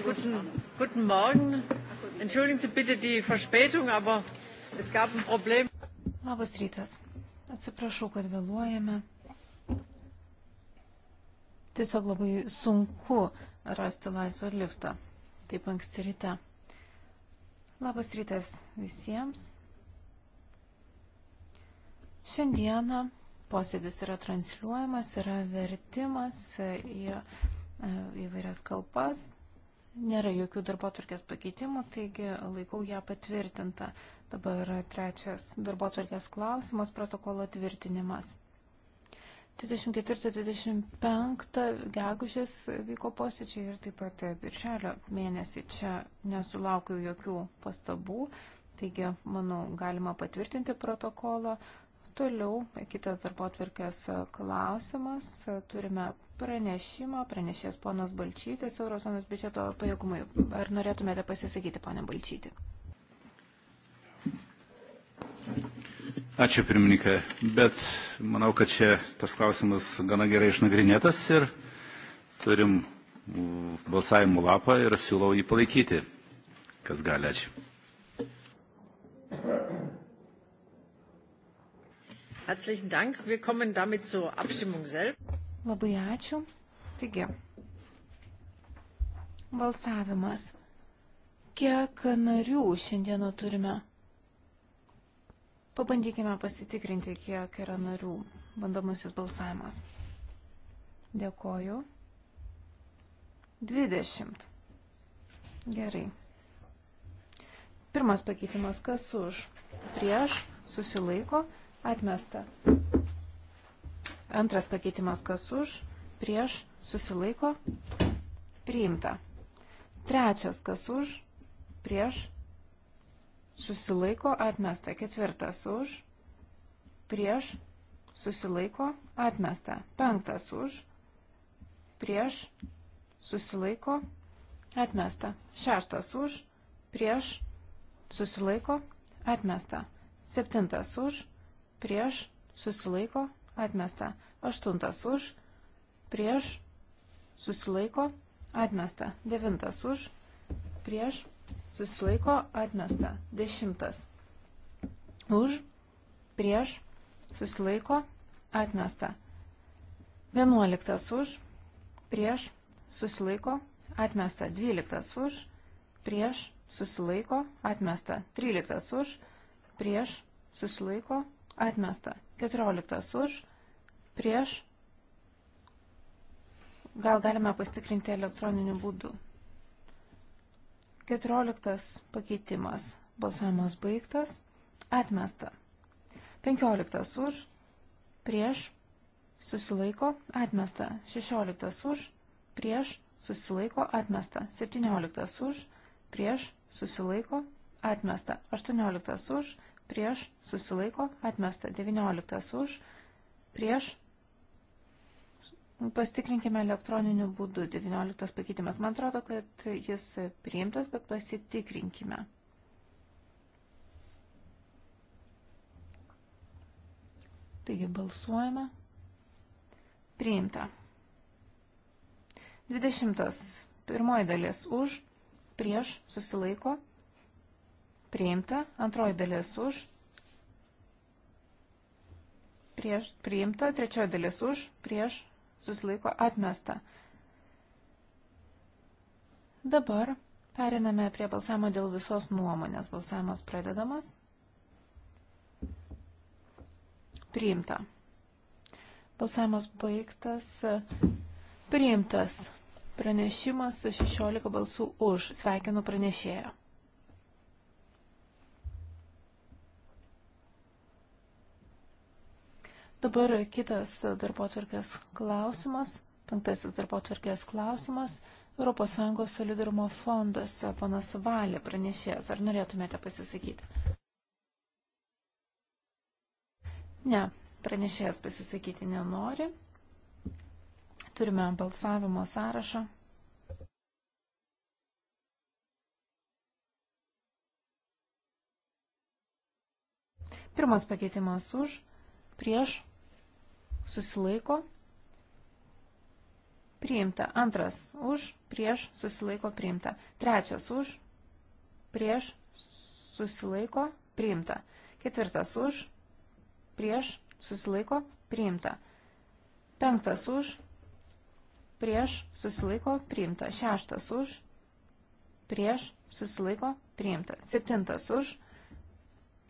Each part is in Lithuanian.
Guten, guten Morgen. Entschuldigen Sie bitte die Verspätung, aber es gab ein Problem. Labas rytas. Atsiprašau, kad vėluojame. Tiesiog labai sunku rasti laisvą liftą taip anksti ryte. Labas rytas visiems. Šiandieną posėdis yra transliuojamas, yra vertimas į įvairias kalbas, Nėra jokių darbo tvarkės pakeitimų, taigi laikau ją patvirtintą. Dabar trečias darbo tvarkės klausimas - protokolo tvirtinimas. 34-35 gegužės vyko posėdžiai ir taip pat birželio mėnesį čia nesulaukiu jokių pastabų, taigi, manau, galima patvirtinti protokolą. Toliau kitas darbo tvarkės klausimas. Turime pranešimo, pranešės ponas Balčytis, Eurozonos biudžeto pajėgumai. Ar norėtumėte pasisakyti, ponė Balčyti? Ačiū pirmininkai, bet manau, kad čia tas klausimas gana gerai išnagrinėtas ir turim mm, balsavimo lapą ir siūlau jį palaikyti, kas gali. Ačiū. Herzlichen Dank. Wir kommen damit zur Abstimmung selbst. Labai ačiū. Taigi, balsavimas. Kiek narių šiandieną turime? Pabandykime pasitikrinti, kiek yra narių. Bandomasis balsavimas. Dėkoju. 20. Gerai. Pirmas pakeitimas, kas už, prieš, susilaiko, atmesta. Antras pakeitimas kas už, prieš, susilaiko, priimta. Trečias kas už, prieš, susilaiko, atmesta. Ketvirtas už, prieš, susilaiko, atmesta. Penktas už, prieš, susilaiko, atmesta. Šeštas už, prieš, susilaiko, atmesta. Septintas už, prieš, susilaiko, atmesta. Aštuntas už, prieš, susilaiko, atmesta. Devintas už, prieš, susilaiko, atmesta. Dešimtas už, prieš, susilaiko, atmesta. Vienuoliktas už, prieš, susilaiko, atmesta. Dvyliktas už, prieš, susilaiko, atmesta. Tryliktas už, prieš, susilaiko, atmesta. 14 už, prieš. Gal galime pastikrinti elektroniniu būdu. 14 pakeitimas. Balsavimas baigtas. Atmesta. 15 už, prieš, susilaiko, atmesta. 16 už, prieš, susilaiko, atmesta. 17 už, prieš, susilaiko, atmesta. 18 už, prieš prieš, susilaiko, atmesta. 19 už, prieš, Pastikrinkime elektroniniu būdu. 19 pakeitimas. Man atrodo, kad jis priimtas, bet pasitikrinkime. Taigi balsuojame. Priimta. 20. Pirmoji dalis už, prieš, susilaiko, atmesta priimta, antroji dalis už, prieš, priimta, trečioji dalis už, prieš, susilaiko, atmesta. Dabar periname prie balsavimo dėl visos nuomonės. Balsavimas pradedamas. Priimta. Balsavimas baigtas. Priimtas. Pranešimas 16 balsų už. Sveikinu pranešėją. Dabar kitas darbo tvarkės klausimas, penktasis darbo tvarkės klausimas, ES solidarumo fondas, panas Valė pranešėjas, ar norėtumėte pasisakyti? Ne, pranešėjas pasisakyti nenori. Turime balsavimo sąrašą. Pirmas pakeitimas už, prieš, susilaiko, priimta. Antras už, prieš, susilaiko, priimta. Trečias už, prieš, susilaiko, priimta. Ketvirtas už, prieš, susilaiko, priimta. Penktas už, prieš, susilaiko, priimta. Šeštas už, prieš, susilaiko, priimta. Septintas už,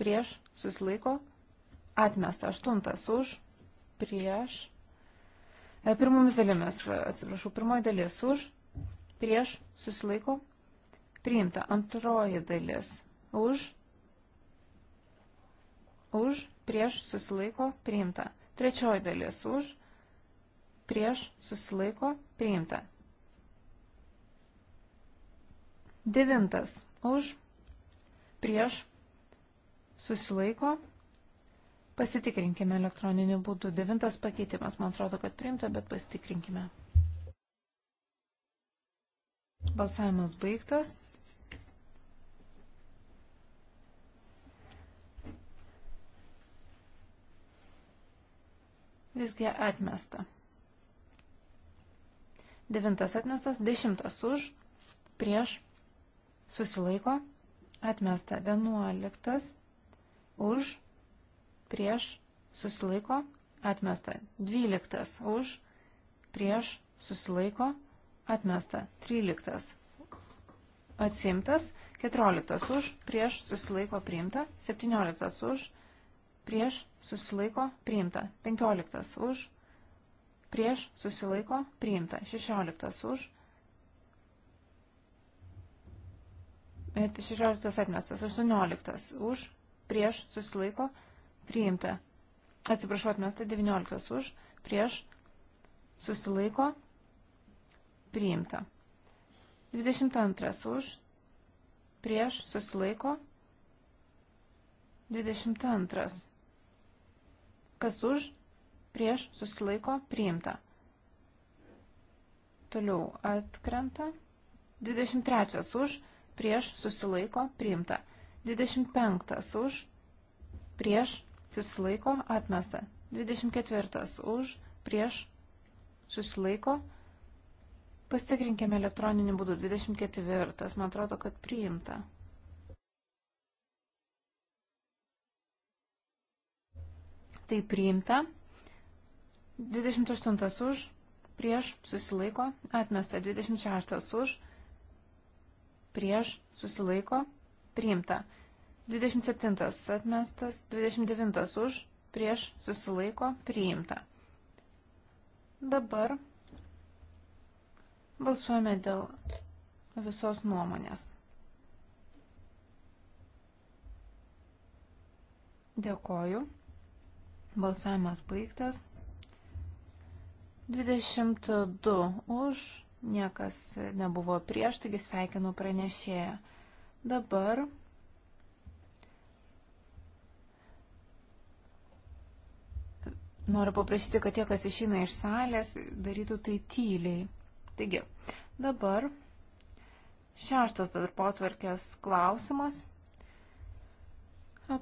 prieš, susilaiko, atmesta. Aštuntas už, prieš, prieš. E, pirmomis dalimis, e, atsiprašau, pirmoji dalis už, prieš, susilaiko, priimta. Antroji dalis už, už, prieš, susilaiko, priimta. Trečioji dalis už, prieš, susilaiko, priimta. Devintas už, prieš, susilaiko, priimta Pasitikrinkime elektroniniu būdu. Devintas pakeitimas, man atrodo, kad priimta, bet pasitikrinkime. Balsavimas baigtas. Visgi atmesta. Devintas atmestas, dešimtas už, prieš, susilaiko, atmesta, vienuoliktas, už, prieš prieš, susilaiko, atmesta. 12 už, prieš, susilaiko, atmesta. 13 atsimtas, 14 už, prieš, susilaiko, priimta, 17 už, prieš, susilaiko, priimta, 15 už, prieš, susilaiko, priimta, 16 už, 16 e, atmestas, 18 už, prieš, susilaiko, priimta priimta. Atsiprašau, atmesta 19 už, prieš, susilaiko, priimta. 22 už, prieš, susilaiko, 22. Kas už, prieš, susilaiko, priimta. Toliau atkrenta. 23 už, prieš, susilaiko, priimta. 25 už, prieš, susilaiko atmesta. 24 už, prieš, susilaiko. Pastikrinkime elektroninį būdų. 24. Man atrodo, kad priimta. Tai priimta. 28 už, prieš, susilaiko, atmesta. 26 už, prieš, susilaiko, priimta. 27 atmestas, 29 už, prieš susilaiko priimta. Dabar balsuojame dėl visos nuomonės. Dėkoju. Balsavimas baigtas. 22 už, niekas nebuvo prieš, taigi sveikinu pranešėją. Dabar Noriu paprašyti, kad tie, kas išeina iš salės, darytų tai tyliai. Taigi, dabar šeštas darbo atvarkės klausimas.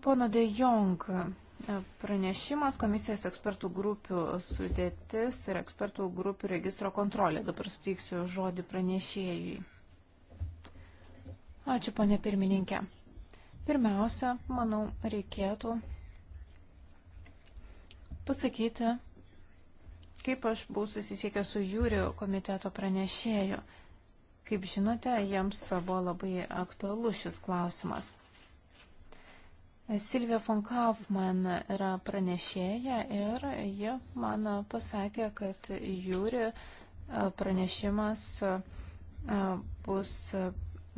Pono De Jong pranešimas komisijos ekspertų grupių sudėtis ir ekspertų grupių registro kontrolė. Dabar suteiksiu žodį pranešėjui. Ačiū, ponė pirmininkė. Pirmiausia, manau, reikėtų pasakyti, kaip aš buvau susisiekęs su jūrių komiteto pranešėju. Kaip žinote, jiems buvo labai aktualus šis klausimas. Silvija von Kaufman yra pranešėja ir ji man pasakė, kad jūri pranešimas bus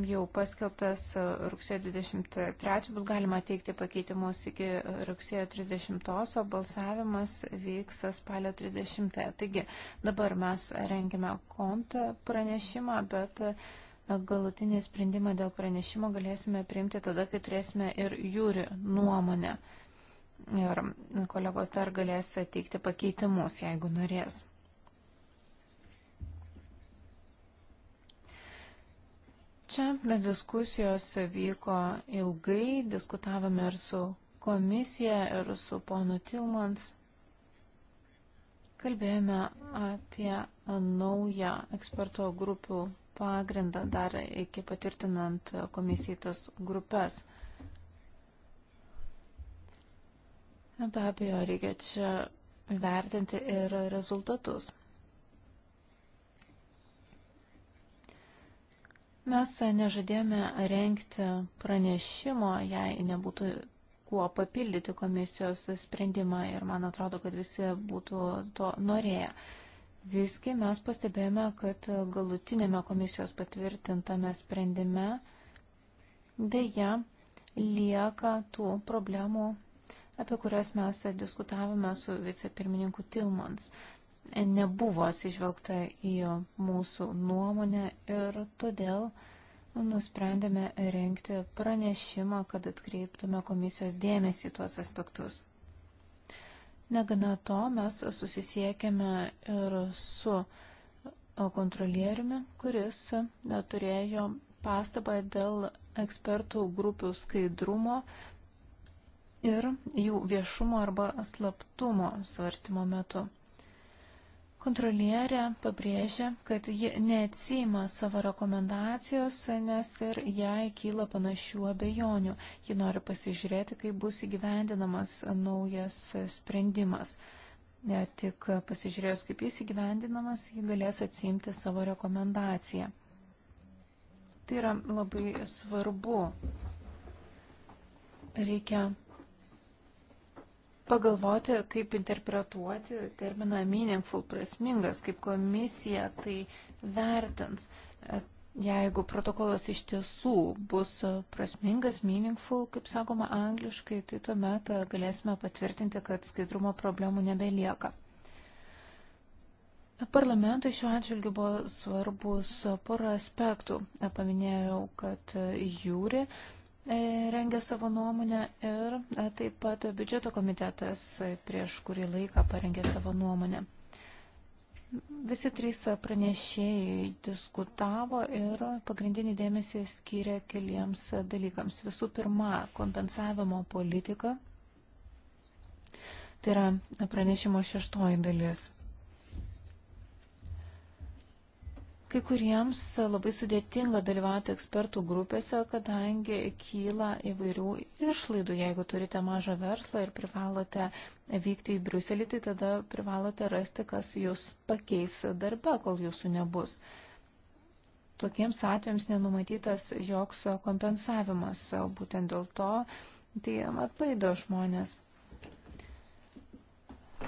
jau paskelbtas e, rugsėjo 23, bus galima teikti pakeitimus iki e, rugsėjo 30, o balsavimas vyks spalio 30. Taigi dabar mes rengime kontą pranešimą, bet e, galutinį sprendimą dėl pranešimo galėsime priimti tada, kai turėsime ir jūri nuomonę. Ir kolegos dar galės teikti pakeitimus, jeigu norės. Čia diskusijos vyko ilgai, diskutavome ir su komisija, ir su ponu Tilmans. Kalbėjome apie naują eksperto grupių pagrindą dar iki patvirtinant komisijotos grupės. Be abejo, reikia čia vertinti ir rezultatus. Mes nežadėjome renkti pranešimo, jei nebūtų kuo papildyti komisijos sprendimą ir man atrodo, kad visi būtų to norėję. Visgi mes pastebėjome, kad galutinėme komisijos patvirtintame sprendime dėja lieka tų problemų, apie kurias mes diskutavome su vicepirmininku Tilmans nebuvo atsižvelgta į mūsų nuomonę ir todėl nusprendėme renkti pranešimą, kad atkreiptume komisijos dėmesį tuos aspektus. Negana to, mes susisiekėme ir su kontrolieriumi, kuris turėjo pastabą dėl ekspertų grupių skaidrumo ir jų viešumo arba slaptumo svarstymo metu. Kontrolierė pabrėžia, kad ji neatsima savo rekomendacijos, nes ir jai kyla panašių abejonių. Ji nori pasižiūrėti, kaip bus įgyvendinamas naujas sprendimas. Ne tik pasižiūrėjus, kaip jis įgyvendinamas, ji galės atsimti savo rekomendaciją. Tai yra labai svarbu. Reikia pagalvoti, kaip interpretuoti terminą meaningful, prasmingas, kaip komisija tai vertins. Jeigu protokolas iš tiesų bus prasmingas, meaningful, kaip sakoma angliškai, tai tuomet galėsime patvirtinti, kad skaidrumo problemų nebelieka. Parlamentui šiuo atžvilgiu buvo svarbus pora aspektų. Paminėjau, kad jūri E, rengia savo nuomonę ir e, taip pat biudžeto komitetas prieš kurį laiką parengė savo nuomonę. Visi trys pranešėjai diskutavo ir pagrindinį dėmesį skyrė keliems dalykams. Visų pirma, kompensavimo politika. Tai yra pranešimo šeštoji dalis. Kai kuriems labai sudėtinga dalyvauti ekspertų grupėse, kadangi kyla įvairių išlaidų. Jeigu turite mažą verslą ir privalote vykti į Briuselį, tai tada privalote rasti, kas jūs pakeis darbe, kol jūsų nebus. Tokiems atvejams nenumatytas joks kompensavimas, būtent dėl to tai atbaido žmonės.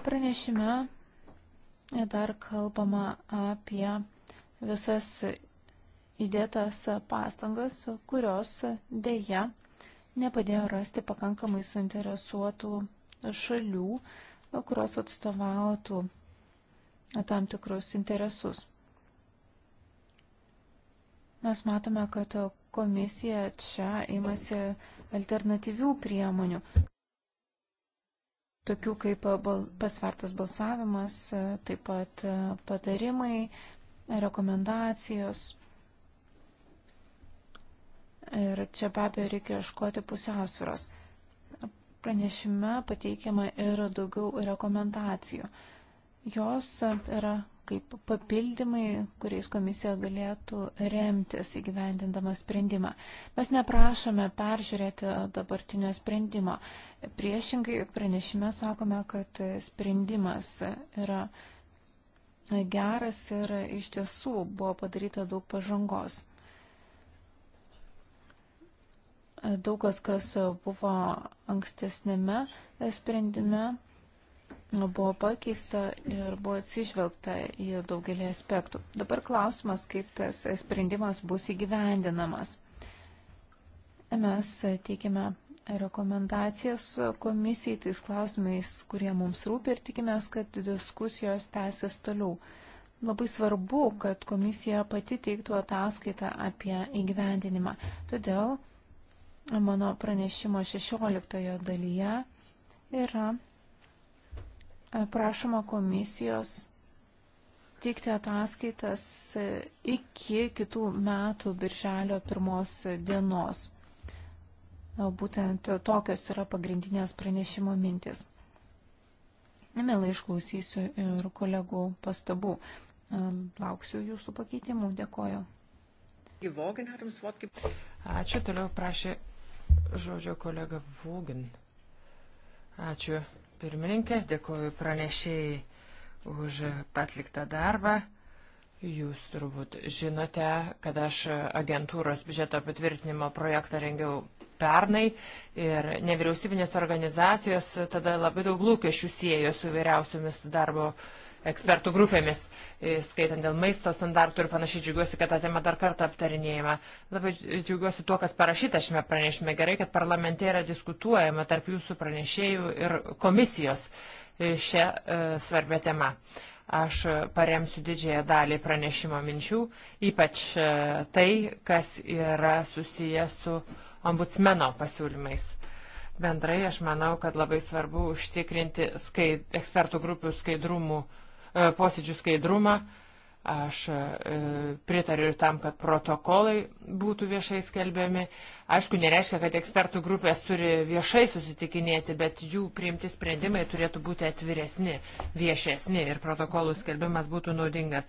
Pranešime dar kalbama apie visas įdėtas pastangas, kurios dėja nepadėjo rasti pakankamai suinteresuotų šalių, kurios atstovautų tam tikrus interesus. Mes matome, kad komisija čia imasi alternatyvių priemonių, tokių kaip pasvertas balsavimas, taip pat padarimai, rekomendacijos. Ir čia be abejo reikia iškoti pusiausvėros. Pranešime pateikiama ir daugiau rekomendacijų. Jos yra kaip papildymai, kuriais komisija galėtų remtis įgyvendindama sprendimą. Mes neprašome peržiūrėti dabartinio sprendimo. Priešingai pranešime sakome, kad sprendimas yra geras ir iš tiesų buvo padaryta daug pažangos. Daugas, kas buvo ankstesnėme sprendime, buvo pakeista ir buvo atsižvelgta į daugelį aspektų. Dabar klausimas, kaip tas sprendimas bus įgyvendinamas. Mes teikime rekomendacijas komisijai tais klausimais, kurie mums rūpi ir tikimės, kad diskusijos tęsis toliau. Labai svarbu, kad komisija pati teiktų ataskaitą apie įgyvendinimą. Todėl mano pranešimo 16 dalyje yra prašoma komisijos teikti ataskaitas iki kitų metų birželio pirmos dienos. Būtent tokios yra pagrindinės pranešimo mintis. Mielai išklausysiu ir kolegų pastabų. Lauksiu jūsų pakeitimų. Dėkoju. Ačiū, toliau prašė žodžio kolega Vogin. Ačiū pirmininkė, dėkoju pranešėjai už patliktą darbą. Jūs turbūt žinote, kad aš agentūros biudžeto patvirtinimo projektą rengiau pernai ir nevyriausybinės organizacijos tada labai daug lūkesčių siejo su vyriausiomis darbo ekspertų grupėmis, skaitant dėl maisto standartų ir panašiai. Džiaugiuosi, kad ta tema dar kartą aptarinėjama. Labai džiaugiuosi tuo, kas parašyta šiame pranešime. Gerai, kad parlamente yra diskutuojama tarp jūsų pranešėjų ir komisijos šią e, svarbę temą. Aš paremsiu didžiąją dalį pranešimo minčių, ypač e, tai, kas yra susijęs su e, ombudsmeno pasiūlymais. Bendrai aš manau, kad labai svarbu užtikrinti skaid, ekspertų grupių skaidrumų, e, posėdžių skaidrumą. Aš e, pritariu ir tam, kad protokolai būtų viešai skelbiami. Aišku, nereiškia, kad ekspertų grupės turi viešai susitikinėti, bet jų priimti sprendimai turėtų būti atviresni, viešesni ir protokolų skelbimas būtų naudingas.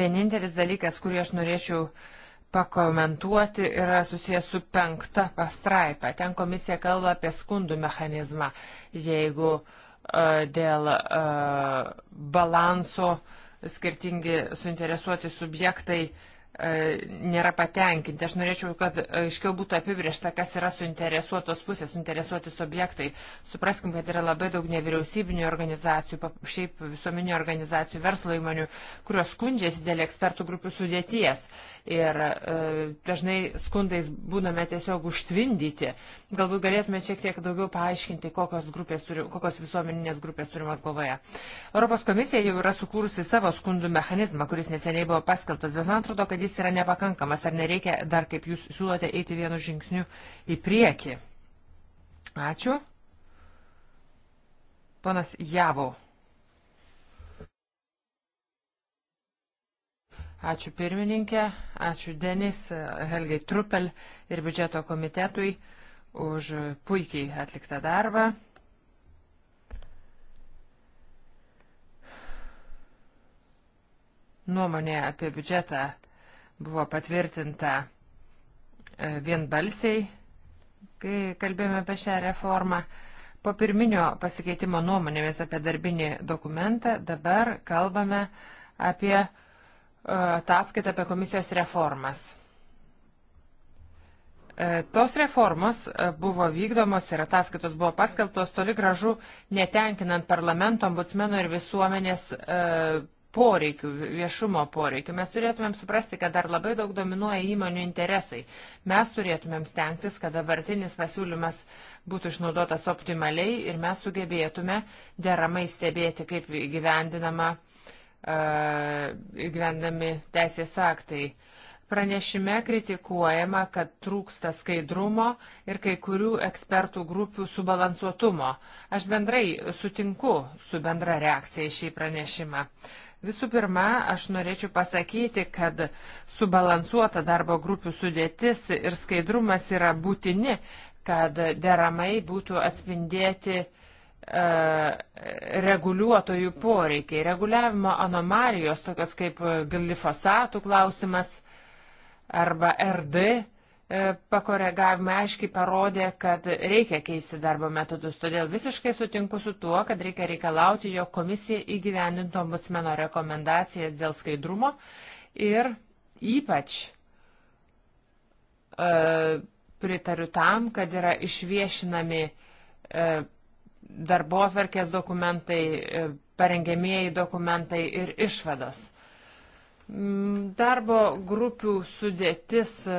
Vienintelis dalykas, kurį aš norėčiau uh, pakomentuoti yra susijęs su penkta pastraipa. Ten komisija kalba apie skundų mechanizmą, jeigu e, dėl e, balanso skirtingi suinteresuoti subjektai e, nėra patenkinti. Aš norėčiau, kad aiškiau būtų apibriešta, kas yra suinteresuotos pusės, suinteresuoti subjektai. Supraskim, kad yra labai daug nevyriausybinių organizacijų, šiaip visuomeninių organizacijų, verslo įmonių, kurios skundžiasi dėl ekspertų grupių sudėties. Uh, ir e, dažnai skundais būname tiesiog užtvindyti. Galbūt galėtume šiek tiek daugiau paaiškinti, kokios, grupės turi, kokios visuomeninės grupės turimas galvoje. Europos komisija jau yra sukūrusi savo skundų mechanizmą, kuris neseniai buvo paskelbtas, bet man atrodo, kad jis yra nepakankamas. Ar nereikia dar, kaip jūs siūlote, eiti vienu žingsniu į priekį? Ačiū. Panas Javau. Ačiū pirmininkė, ačiū Denis, Helgai Trupel ir biudžeto komitetui už puikiai atliktą darbą. Nuomonė apie biudžetą buvo patvirtinta e, vienbalsiai, kai kalbėjome apie šią reformą. Po pirminio pasikeitimo nuomonėmis apie darbinį dokumentą dabar kalbame apie ataskaitą apie komisijos reformas. E, tos reformos e, buvo vykdomos ir ataskaitos buvo paskelbtos toli gražu netenkinant parlamento, ombudsmeno ir visuomenės e, poreikių, viešumo poreikių. Mes turėtumėm suprasti, kad dar labai daug dominuoja įmonių interesai. Mes turėtumėm stengtis, kad dabartinis pasiūlymas būtų išnaudotas optimaliai ir mes sugebėtume deramai stebėti, kaip gyvendinama uh, E, įgyvendami teisės aktai. Pranešime kritikuojama, kad trūksta skaidrumo ir kai kurių ekspertų grupių subalansuotumo. Aš bendrai sutinku su bendra reakcija į šį pranešimą. Visų pirma, aš norėčiau pasakyti, kad subalansuota darbo grupių sudėtis ir skaidrumas yra būtini, kad deramai būtų atspindėti uh, E, reguliuotojų poreikiai. Reguliavimo anomalijos, tokios kaip glifosatų klausimas arba RD e, pakoregavimai aiškiai parodė, kad reikia keisti darbo metodus. Todėl visiškai sutinku su tuo, kad reikia reikalauti, jo komisija įgyvendintų ombudsmeno rekomendacijas dėl skaidrumo ir ypač e, pritariu tam, kad yra išviešinami e, darbo atverkės dokumentai, e, parengėmėjai dokumentai ir išvados. Mm, darbo grupių sudėtis e,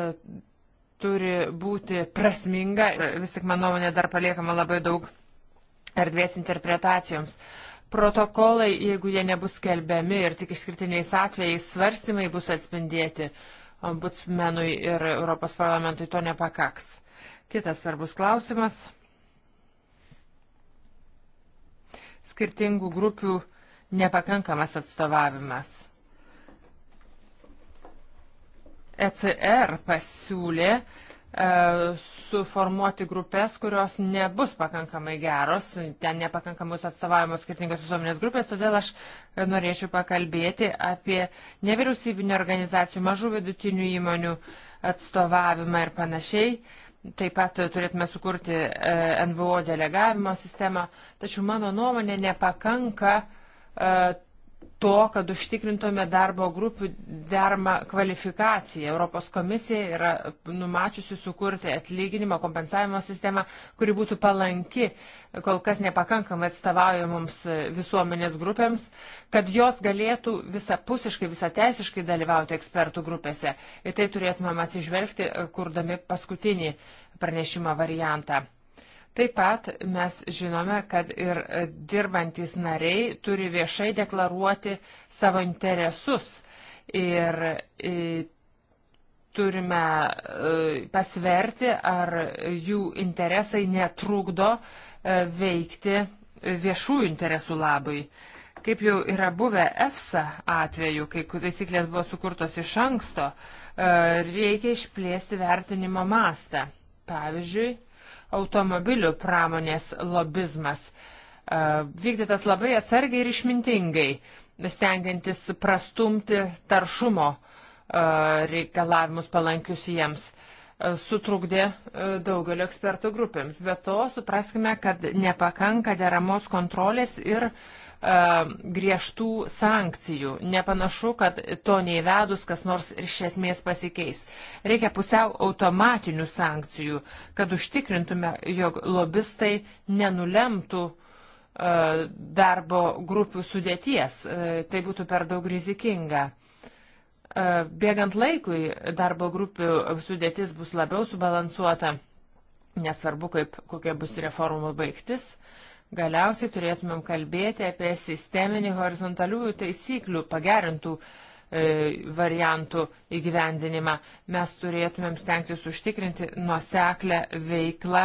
turi būti prasminga ir e, vis tik, manau, dar paliekama labai daug erdvės interpretacijoms. Protokolai, jeigu jie nebus skelbiami ir tik išskirtiniais atvejais svarstymai bus atspindėti ombudsmenui ir Europos parlamentui, to nepakaks. Kitas svarbus klausimas skirtingų grupių nepakankamas atstovavimas. ECR pasiūlė e, suformuoti grupės, kurios nebus pakankamai geros, ten nepakankamus atstovavimus skirtingas visuomenės grupės, todėl aš e, norėčiau pakalbėti apie nevyriausybinio organizacijų, mažų vidutinių įmonių atstovavimą ir panašiai. E, Taip pat turėtume sukurti e, NVO delegavimo sistemą, tačiau mano nuomonė nepakanka e, to, kad užtikrintume darbo grupių dermą kvalifikaciją. Europos komisija yra numačiusi sukurti atlyginimo kompensavimo sistemą, kuri būtų palanki, kol kas nepakankamai atstovaujamoms visuomenės grupėms, kad jos galėtų visapusiškai, visateisiškai dalyvauti ekspertų grupėse. Ir tai turėtumėm atsižvelgti, kurdami paskutinį pranešimą variantą. Taip pat mes žinome, kad ir dirbantis nariai turi viešai deklaruoti savo interesus ir e, turime e, pasverti, ar jų interesai netrukdo e, veikti viešųjų interesų labai. Kaip jau yra buvę EFSA atveju, kai taisyklės buvo sukurtos iš anksto, reikia išplėsti vertinimo mastą. Pavyzdžiui, automobilių pramonės lobizmas, e, vykdytas labai atsargiai ir išmintingai, stengiantis prastumti taršumo e, reikalavimus palankius jiems e, sutrukdė daugelio ekspertų grupėms. Be to, supraskime, kad nepakanka deramos kontrolės ir uh, Um, griežtų sankcijų. Nepanašu, kad to neįvedus kas nors iš esmės pasikeis. Reikia pusiau automatinių sankcijų, kad užtikrintume, jog lobistai nenulemtų uh, darbo grupių sudėties. Uh, tai būtų per daug rizikinga. Uh, bėgant laikui darbo grupių sudėtis bus labiau subalansuota, nesvarbu, kaip, kokia bus reformų baigtis Galiausiai turėtumėm kalbėti apie sisteminį horizontaliųjų taisyklių pagerintų e, variantų įgyvendinimą. Mes turėtumėm stengtis užtikrinti nuoseklę veiklą,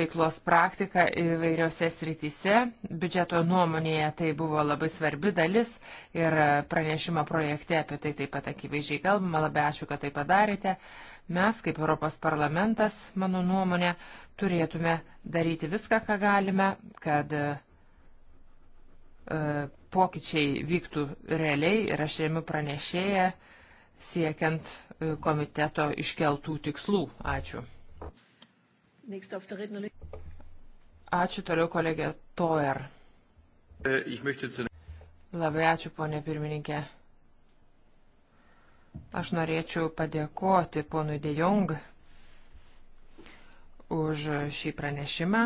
veiklos praktiką įvairiose srityse. Biudžeto nuomonėje tai buvo labai svarbi dalis ir pranešimo projekte apie tai taip pat akivaizdžiai kalbama. Labai ačiū, kad tai padarėte. Mes, kaip Europos parlamentas, mano nuomonė, turėtume daryti viską, ką galime, kad e, e, pokyčiai vyktų realiai ir aš remiu pranešėją siekiant e, komiteto iškeltų tikslų. Ačiū. Ačiū toliau kolegė Toer. Labai ačiū, ponė pirmininkė. Aš norėčiau padėkoti ponui De Jong už šį pranešimą.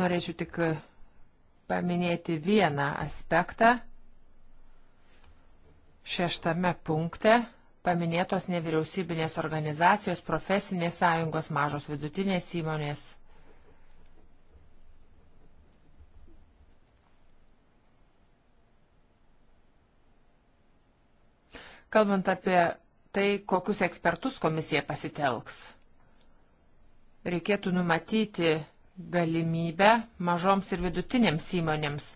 Norėčiau tik paminėti vieną aspektą. Šeštame punkte paminėtos nevyriausybinės organizacijos, profesinės sąjungos, mažos vidutinės įmonės – Kalbant apie tai, kokius ekspertus komisija pasitelks, reikėtų numatyti galimybę mažoms ir vidutinėms įmonėms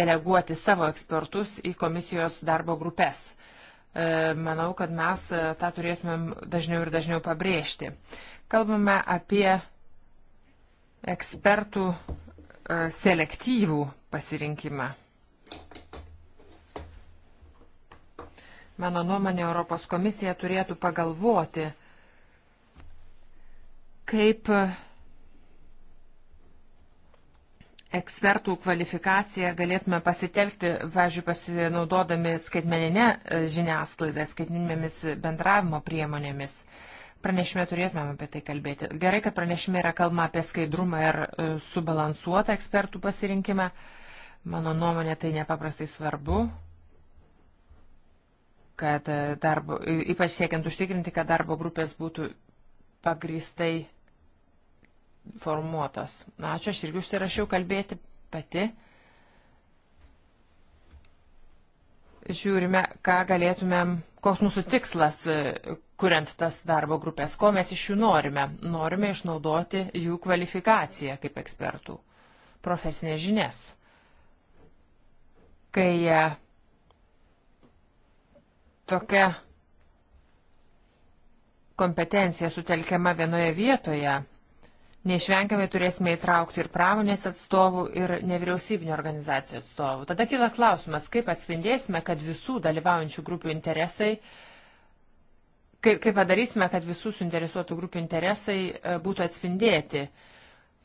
deleguoti savo ekspertus į komisijos darbo grupės. E, manau, kad mes e, tą turėtumėm dažniau ir dažniau pabrėžti. Kalbame apie ekspertų e, selektyvų pasirinkimą. Mano nuomonė, Europos komisija turėtų pagalvoti, kaip ekspertų kvalifikaciją galėtume pasitelkti, važiuoju, pasinaudodami skaitmeninę e, žiniasklaidą, skaitmeninėmis bendravimo priemonėmis. Pranešime turėtumėm apie tai kalbėti. Gerai, kad pranešime yra kalba apie skaidrumą ir e, subalansuotą ekspertų pasirinkimą. Mano nuomonė tai nepaprastai svarbu kad e, darbo, e, ypač siekiant užtikrinti, kad darbo grupės būtų pagristai formuotos. Na, ačiū, aš irgi užsirašiau kalbėti pati. Žiūrime, ką galėtumėm, koks mūsų tikslas, e, kuriant tas darbo grupės, ko mes iš jų norime. Norime išnaudoti jų kvalifikaciją kaip ekspertų, profesinės žinias. Kai tokia kompetencija sutelkiama vienoje vietoje, neišvengiamai turėsime įtraukti ir pramonės atstovų, ir nevyriausybinio organizacijų atstovų. Tada kyla klausimas, kaip atspindėsime, kad visų dalyvaujančių grupių interesai, kaip, kaip padarysime, kad visų suinteresuotų grupių interesai e, būtų atspindėti. Uh,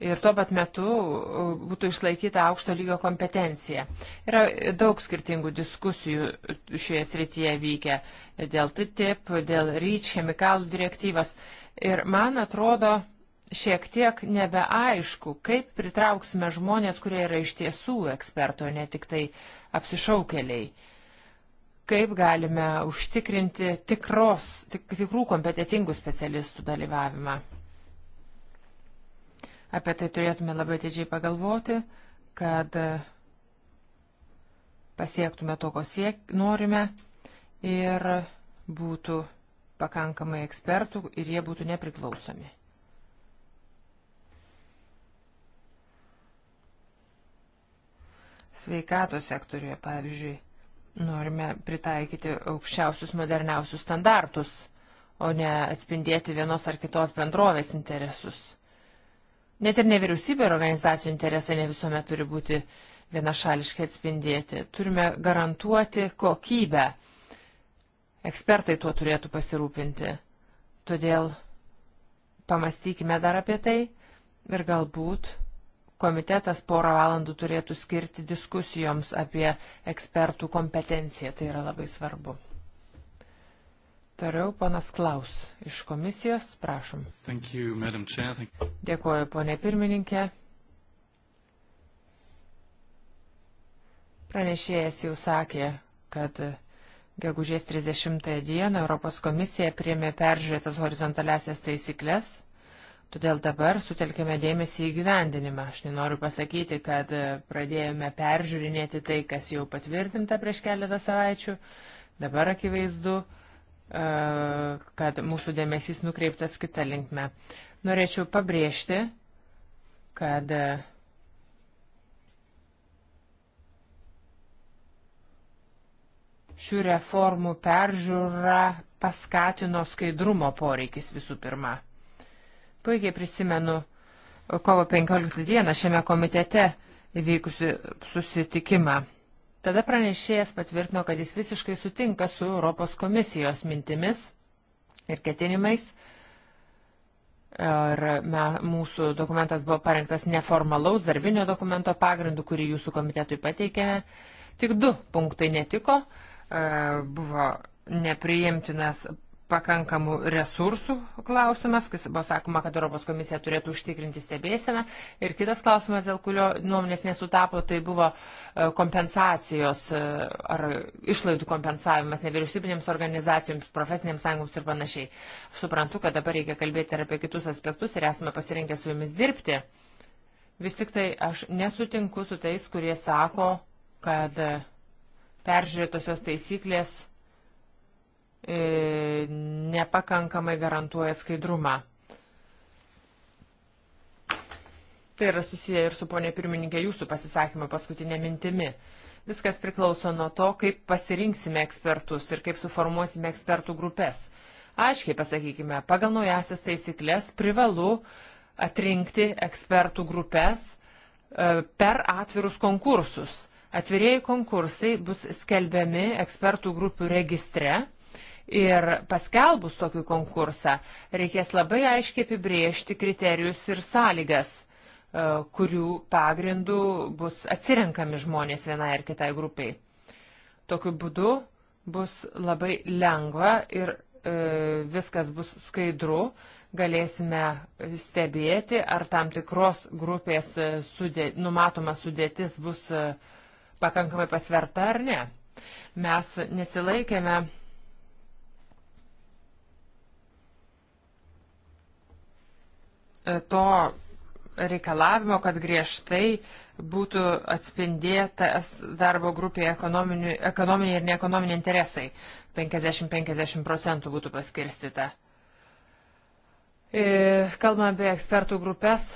ir tuo pat metu e, būtų išlaikyta aukšto lygio kompetencija. Yra daug skirtingų diskusijų šioje srityje vykę dėl TTIP, dėl REACH, chemikalų direktyvas. Ir man atrodo šiek tiek nebeaišku, kaip pritrauksime žmonės, kurie yra iš tiesų eksperto, ne tik tai apsišaukeliai. Kaip galime užtikrinti tikros, tik, tikrų kompetitingų specialistų dalyvavimą. Apie tai turėtume labai atidžiai pagalvoti, kad pasiektume to, ko siek, norime ir būtų pakankamai ekspertų ir jie būtų nepriklausomi. Sveikato sektoriuje, pavyzdžiui, norime pritaikyti aukščiausius moderniausius standartus, o ne atspindėti vienos ar kitos bendrovės interesus. Net ir nevyriausybė ir organizacijų interesai ne visuomet turi būti vienašališkai atspindėti. Turime garantuoti kokybę. Ekspertai tuo turėtų pasirūpinti. Todėl pamastykime dar apie tai ir galbūt komitetas porą valandų turėtų skirti diskusijoms apie ekspertų kompetenciją. Tai yra labai svarbu. Tariau, panas Klaus iš komisijos, prašom. Thank you, Chair, thank... You. Dėkuoju, ponė pirmininkė. Pranešėjas jau sakė, kad gegužės 30 dieną Europos komisija priemė peržiūrėtas horizontalesias taisyklės, todėl dabar sutelkime dėmesį į gyvendinimą. Aš nenoriu pasakyti, kad pradėjome peržiūrinėti tai, kas jau patvirtinta prieš keletą savaičių. Dabar akivaizdu, E, kad mūsų dėmesys nukreiptas kitą linkmę. Norėčiau pabrėžti, kad e, šių reformų peržiūra paskatino skaidrumo poreikis visų pirma. Puikiai prisimenu kovo 15 dieną šiame komitete įvykusi susitikimą Tada pranešėjas patvirtino, kad jis visiškai sutinka su Europos komisijos mintimis ir ketinimais. Ir me, mūsų dokumentas buvo parengtas neformalaus darbinio dokumento pagrindu, kurį jūsų komitetui pateikėme. Tik du punktai netiko. E, buvo nepriimtinas pakankamų resursų klausimas, kas buvo sakoma, kad Europos komisija turėtų užtikrinti stebėseną. Ir kitas klausimas, dėl kurio nuomonės nesutapo, tai buvo e, kompensacijos e, ar išlaidų kompensavimas nevyriausybinėms organizacijoms, profesinėms sąjungoms ir panašiai. Aš suprantu, kad dabar reikia kalbėti ir apie kitus aspektus ir esame pasirinkę su jumis dirbti. Vis tik tai aš nesutinku su tais, kurie sako, kad e, peržiūrėtosios taisyklės E, nepakankamai garantuoja skaidrumą. Tai yra susiję ir su ponė pirmininkė jūsų pasisakymą paskutinė mintimi. Viskas priklauso nuo to, kaip pasirinksime ekspertus ir kaip suformuosime ekspertų grupės. Aiškiai pasakykime, pagal naujasias taisyklės privalu atrinkti ekspertų grupės e, per atvirus konkursus. Atvirieji konkursai bus skelbiami ekspertų grupių registre Ir paskelbus tokį konkursą reikės labai aiškiai apibriežti kriterijus ir sąlygas, e, kurių pagrindų bus atsirenkami žmonės vienai ar kitai grupiai. Tokiu būdu bus labai lengva ir e, viskas bus skaidru, galėsime stebėti, ar tam tikros grupės e, sudė, numatoma sudėtis bus pakankamai pasverta ar ne. Mes nesilaikėme to reikalavimo, kad griežtai būtų atspindėtas darbo grupėje ekonominiai ir neekonominiai interesai. 50-50 procentų būtų paskirstita. E, kalbame apie ekspertų grupės,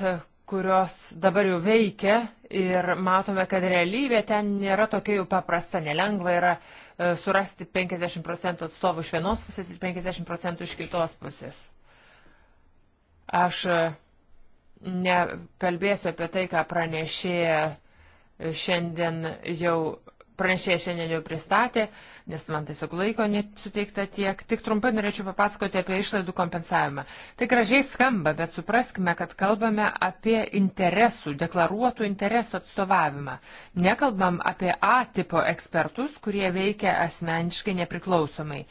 kurios dabar jau veikia ir matome, kad realybė ten nėra tokia jau paprasta, nelengva yra e, surasti 50 procentų atstovų iš vienos pusės ir 50 procentų iš kitos pusės. Aš e, nekalbėsiu apie tai, ką pranešėja šiandien jau. Pranešėja šiandien jau pristatė, nes man tiesiog laiko nesuteikta tiek. Tik trumpai norėčiau papasakoti apie išlaidų kompensavimą. Tai gražiai skamba, bet supraskime, kad kalbame apie interesų, deklaruotų interesų atstovavimą. Nekalbam apie A tipo ekspertus, kurie veikia asmeniškai nepriklausomai.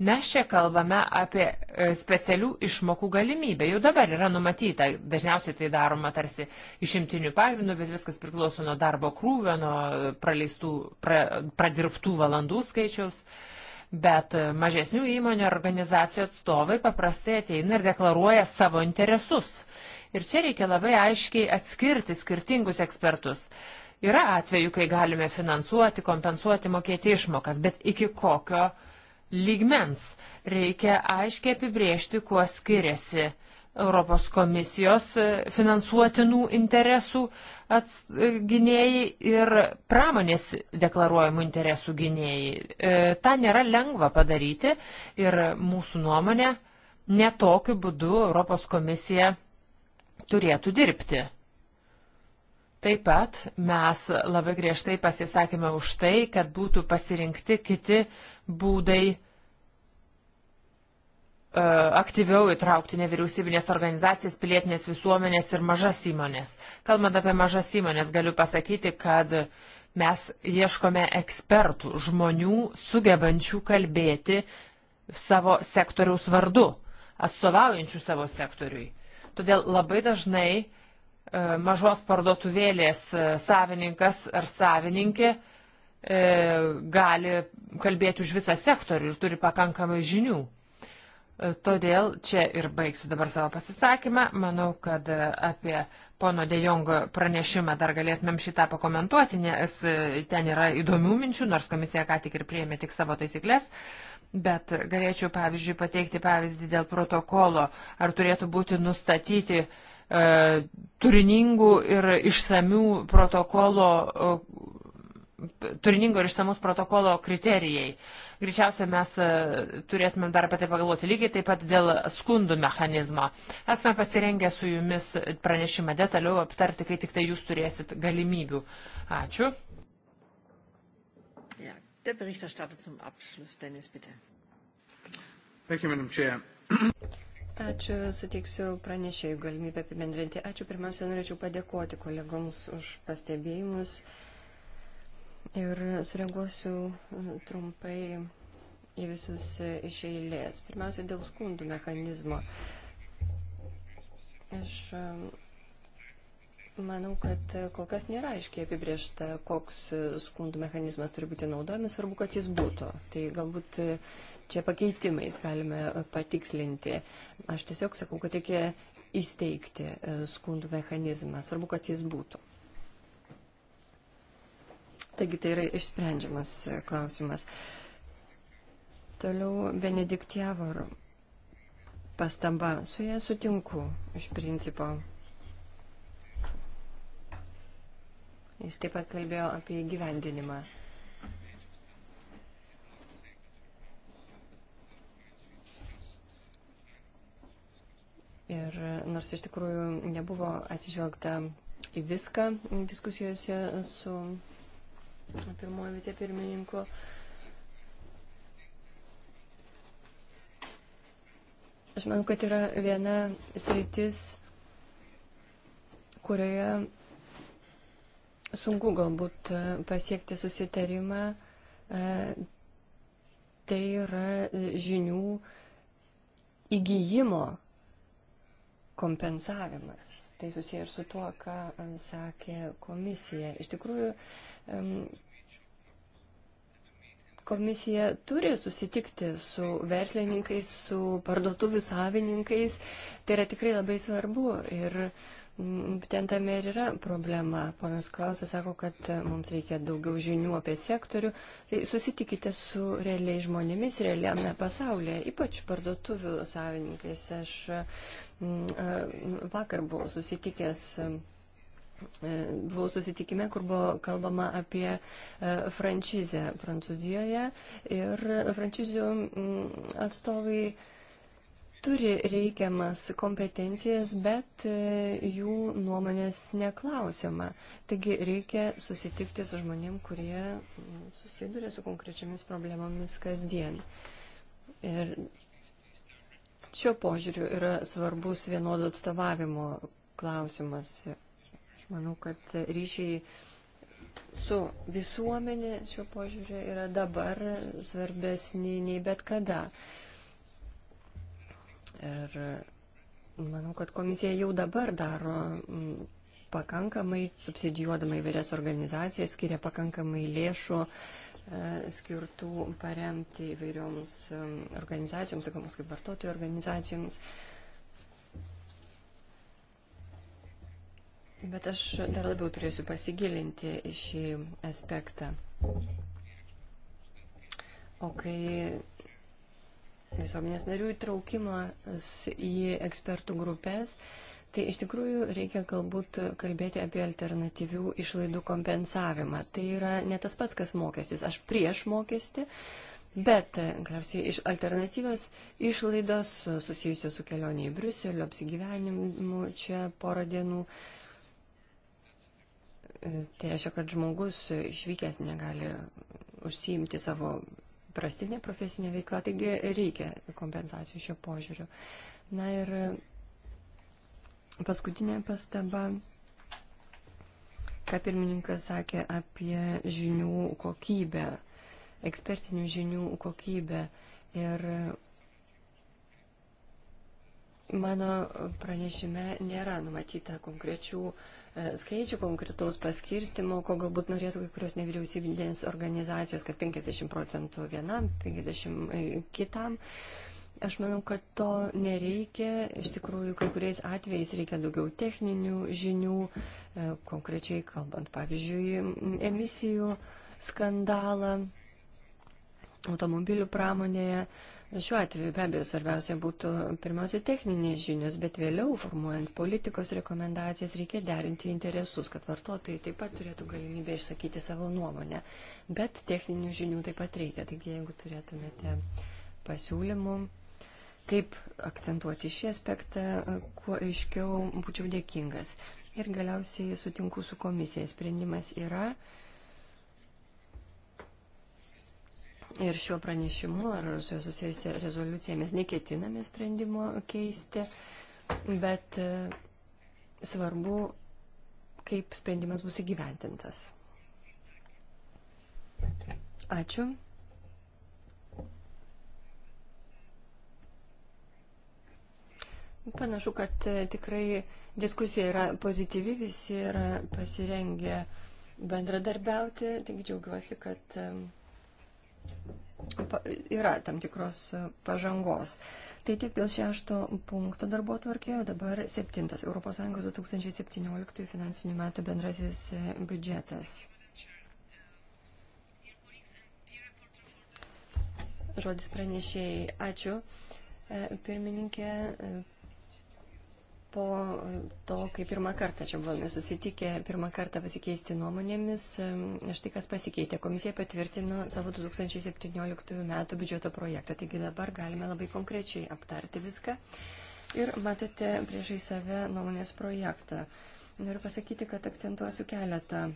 Mes čia kalbame apie e, specialių išmokų galimybę. Jau dabar yra numatyta, dažniausiai tai daroma tarsi išimtinių pagrindų, bet viskas priklauso nuo darbo krūvio, nuo praleistų, pra, pradirbtų valandų skaičiaus. Bet e, mažesnių įmonių organizacijų atstovai paprastai ateina ir deklaruoja savo interesus. Ir čia reikia labai aiškiai atskirti skirtingus ekspertus. Yra atveju, kai galime finansuoti, kompensuoti, mokėti išmokas, bet iki kokio uh, lygmens. Reikia aiškiai apibriežti, kuo skiriasi Europos komisijos e, finansuotinų interesų e, gynėjai ir pramonės deklaruojamų interesų gynėjai. E, Ta nėra lengva padaryti ir mūsų nuomonė netokiu būdu Europos komisija turėtų dirbti. Taip pat mes labai griežtai pasisakėme už tai, kad būtų pasirinkti kiti būdai e, aktyviau įtraukti nevyriausybinės organizacijas, pilietinės visuomenės ir mažas įmonės. Kalbant apie mažas įmonės, galiu pasakyti, kad mes ieškome ekspertų, žmonių sugebančių kalbėti savo sektoriaus vardu, atstovaujančių savo sektoriui. Todėl labai dažnai e, mažos parduotuvėlės e, savininkas ar savininkė E, gali kalbėti už visą sektorių ir turi pakankamai žinių. E, todėl čia ir baigsiu dabar savo pasisakymą. Manau, kad apie pono Dejongo pranešimą dar galėtumėm šitą pakomentuoti, nes e, ten yra įdomių minčių, nors komisija ką tik ir prieėmė tik savo taisyklės. Bet galėčiau, pavyzdžiui, pateikti pavyzdį dėl protokolo, ar turėtų būti nustatyti e, turiningų ir išsamių protokolo e, turiningo ir išsamus protokolo kriterijai. Greičiausiai mes e, turėtumėm dar apie tai pagalvoti lygiai taip pat dėl skundų mechanizmo. Esame pasirengę su jumis pranešimą detaliau aptarti, kai tik tai jūs turėsit galimybių. Ačiū. Ja, der Berichterstatter zum Abschluss, Dennis, bitte. Thank you, Madam Chair. Ačiū, suteiksiu pranešėjų galimybę apibendrinti. Ačiū, pirmiausia, norėčiau padėkoti kolegoms už pastebėjimus. Uh, ir sureaguosiu uh, trumpai į visus uh, iš eilės. Pirmiausia, dėl skundų mechanizmo. Aš um, manau, kad uh, kol kas nėra aiškiai apibriešta, koks skundų mechanizmas turi būti naudojamas, svarbu, kad jis būtų. Tai galbūt čia pakeitimais galime patikslinti. Aš tiesiog sakau, kad reikia įsteigti skundų mechanizmą, svarbu, kad jis būtų. Taigi tai yra išsprendžiamas e, klausimas. Toliau Benediktjavor pastaba. Su jie sutinku iš principo. Jis taip pat kalbėjo apie gyvendinimą. Ir nors iš tikrųjų nebuvo atsižvelgta į viską diskusijose su pirmojo vicepirmininko. Aš manau, kad yra viena sritis, kurioje sunku galbūt e, pasiekti susitarimą. E, tai yra e, žinių įgyjimo kompensavimas. Tai susiję ir su tuo, ką sakė komisija. Iš tikrųjų, Komisija turi susitikti su verslininkais, su parduotuvių savininkais. Tai yra tikrai labai svarbu. Ir būtent tame ir yra problema. Ponas Klausas sako, kad e, mums reikia daugiau žinių apie sektorių. Tai susitikite su realiai žmonėmis, realiame pasaulyje, ypač parduotuvių savininkais. Aš e, vakar buvau susitikęs E, buvau susitikime, kur buvo kalbama apie e, franšizę Prancūzijoje ir franšizių mm, atstovai turi reikiamas kompetencijas, bet e, jų nuomonės neklausima. Taigi reikia susitikti su žmonėm, kurie mm, susiduria su konkrečiamis problemomis kasdien. Ir šio požiūriu yra svarbus vienodo atstovavimo klausimas manau, kad ryšiai su visuomenė šiuo požiūriu yra dabar svarbesni nei bet kada. Ir manau, kad komisija jau dabar daro pakankamai, subsidijuodama įvairias organizacijas, skiria pakankamai lėšų e, skirtų paremti įvairioms organizacijoms, tokioms kaip vartotojų organizacijoms. organizacijoms Bet aš dar labiau turėsiu pasigilinti į šį aspektą. O kai visuomenės narių įtraukimas į ekspertų grupės, tai iš tikrųjų reikia galbūt kalbėti apie alternatyvių išlaidų kompensavimą. Tai yra ne tas pats, kas mokestis. Aš prieš mokestį, Bet, galiausiai, iš alternatyvios išlaidos susijusios su kelionė į Briuselį, apsigyvenimu čia porą dienų, Tai reiškia, kad žmogus išvykęs negali užsiimti savo prastinė profesinė veikla, taigi reikia kompensacijų šio požiūriu. Na ir paskutinė pastaba, ką pirmininkas sakė apie žinių kokybę, ekspertinių žinių kokybę. Ir mano pranešime nėra numatyta konkrečių uh, E, skaičių, konkretaus paskirstimo, ko galbūt norėtų kai kurios nevyriausybinės organizacijos, kad 50 procentų vienam, 50 e, kitam. Aš manau, kad to nereikia. Iš tikrųjų, kai kuriais atvejais reikia daugiau techninių žinių, e, konkrečiai kalbant, pavyzdžiui, emisijų skandalą automobilių pramonėje. Šiuo atveju be abejo svarbiausia būtų pirmiausia techninės žinios, bet vėliau formuojant politikos rekomendacijas reikia derinti interesus, kad vartotojai taip pat turėtų galimybę išsakyti savo nuomonę. Bet techninių žinių taip pat reikia. Taigi jeigu turėtumėte pasiūlymų, kaip akcentuoti šį aspektą, kuo aiškiau būčiau dėkingas. Ir galiausiai sutinku su komisija. Sprendimas yra Ir šiuo pranešimu ar su juo susijusia rezoliucija mes neketiname sprendimo keisti, bet e, svarbu, kaip sprendimas bus įgyventintas. Ačiū. Panašu, kad e, tikrai diskusija yra pozityvi, visi yra pasirengę bendradarbiauti, tik džiaugiuosi, kad e, yra tam tikros e, pažangos. Tai tiek dėl šešto punkto darbo tvarkėjo, dabar septintas ES 2017 finansinių metų bendrasis e, biudžetas. Žodis pranešėjai. Ačiū. E, pirmininkė, po to, kai pirmą kartą čia buvome susitikę, pirmą kartą pasikeisti nuomonėmis, e, štai kas pasikeitė. Komisija patvirtino savo 2017 metų biudžeto projektą, taigi dabar galime labai konkrečiai aptarti viską. Ir matėte priešai save nuomonės projektą. Noriu pasakyti, kad akcentuosiu keletą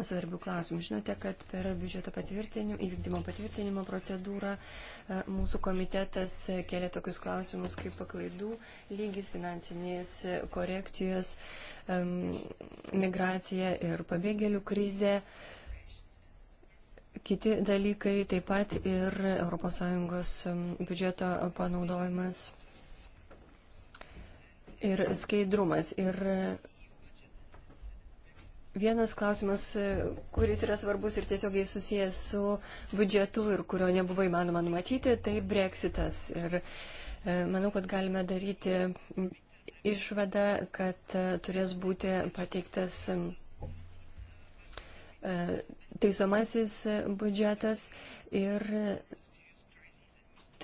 svarbių klausimų. Žinote, kad per biudžeto patvirtinimo, įvykdymo patvirtinimo procedūrą e, mūsų komitetas kelia tokius klausimus kaip paklaidų lygis, finansinės korekcijos, migracija ir pabėgėlių krizė. Kiti dalykai taip pat ir ES biudžeto panaudojimas ir skaidrumas. Ir Vienas klausimas, e, kuris yra svarbus ir tiesiogiai susijęs su biudžetu ir kurio nebuvo įmanoma numatyti, tai breksitas. Ir e, manau, kad galime daryti išvadą, kad e, turės būti pateiktas taisomasis biudžetas ir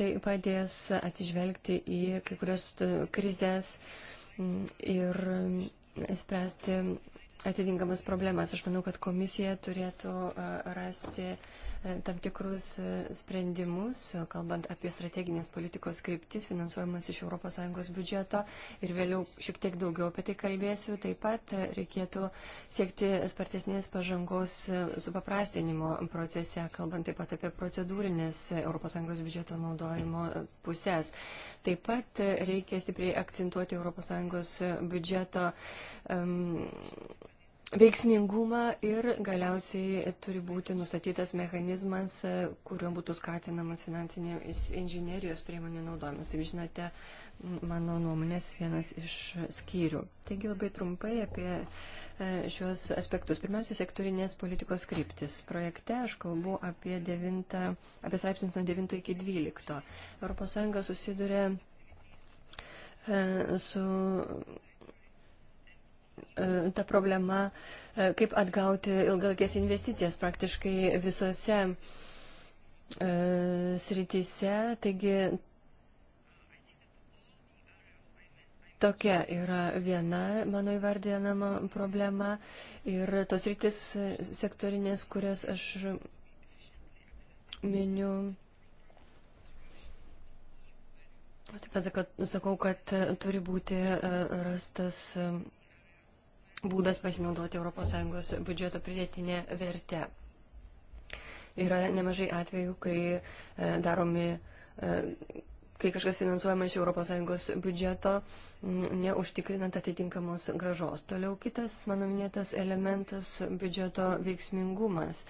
tai padės atsižvelgti į kai kurias krizės ir spręsti atitinkamas problemas. Aš manau, kad komisija turėtų rasti tam tikrus sprendimus, kalbant apie strateginės politikos kryptis, finansuojamas iš ES biudžeto ir vėliau šiek tiek daugiau apie tai kalbėsiu. Taip pat reikėtų siekti spartesnės pažangos supaprastinimo procese, kalbant taip pat apie procedūrinės ES biudžeto naudojimo pusės. Taip pat reikia stipriai akcentuoti ES biudžeto um, veiksmingumą ir galiausiai turi būti nustatytas mechanizmas, kuriuo būtų skatinamas finansinės inžinierijos priemonių naudojimas. Taip žinote, mano nuomonės vienas iš skyrių. Taigi labai trumpai apie e, šios aspektus. Pirmiausia, sektorinės politikos kryptis. Projekte aš kalbu apie, 9, apie straipsnius nuo 9 iki 12. ES susiduria e, su E, ta problema, e, kaip atgauti ilgalkės investicijas praktiškai visose e, srityse. Taigi tokia yra viena mano įvardinama problema ir tos rytis sektorinės, kurias aš miniu. Taip pat sakau, kad turi būti rastas būdas pasinaudoti ES biudžeto pridėtinė vertė. Yra nemažai atvejų, kai e, daromi, e, kai kažkas finansuojama iš ES biudžeto, neužtikrinant atitinkamos gražos. Toliau kitas mano minėtas elementas - biudžeto veiksmingumas.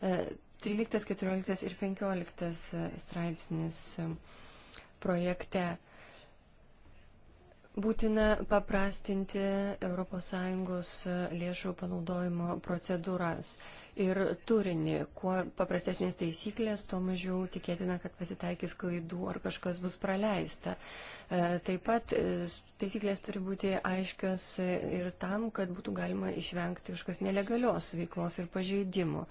13, e, 14 ir 15 straipsnis projekte Būtina paprastinti ES lėšų panaudojimo procedūras ir turinį. Kuo paprastesnės taisyklės, tuo mažiau tikėtina, kad pasitaikys klaidų ar kažkas bus praleista. E, taip pat e, taisyklės turi būti aiškios ir tam, kad būtų galima išvengti kažkokios nelegalios veiklos ir pažeidimų.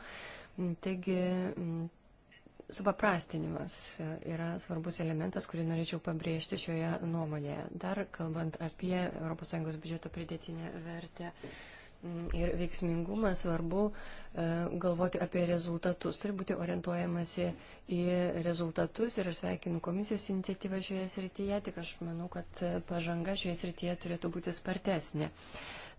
Taigi Supaprastinimas yra svarbus elementas, kurį norėčiau pabrėžti šioje nuomonėje. Dar kalbant apie ES biudžeto pridėtinę vertę mm, ir veiksmingumą, svarbu e, galvoti apie rezultatus. Turi būti orientuojamasi į rezultatus ir aš sveikinu komisijos iniciatyvą šioje srityje, tik aš manau, kad pažanga šioje srityje turėtų būti spartesnė.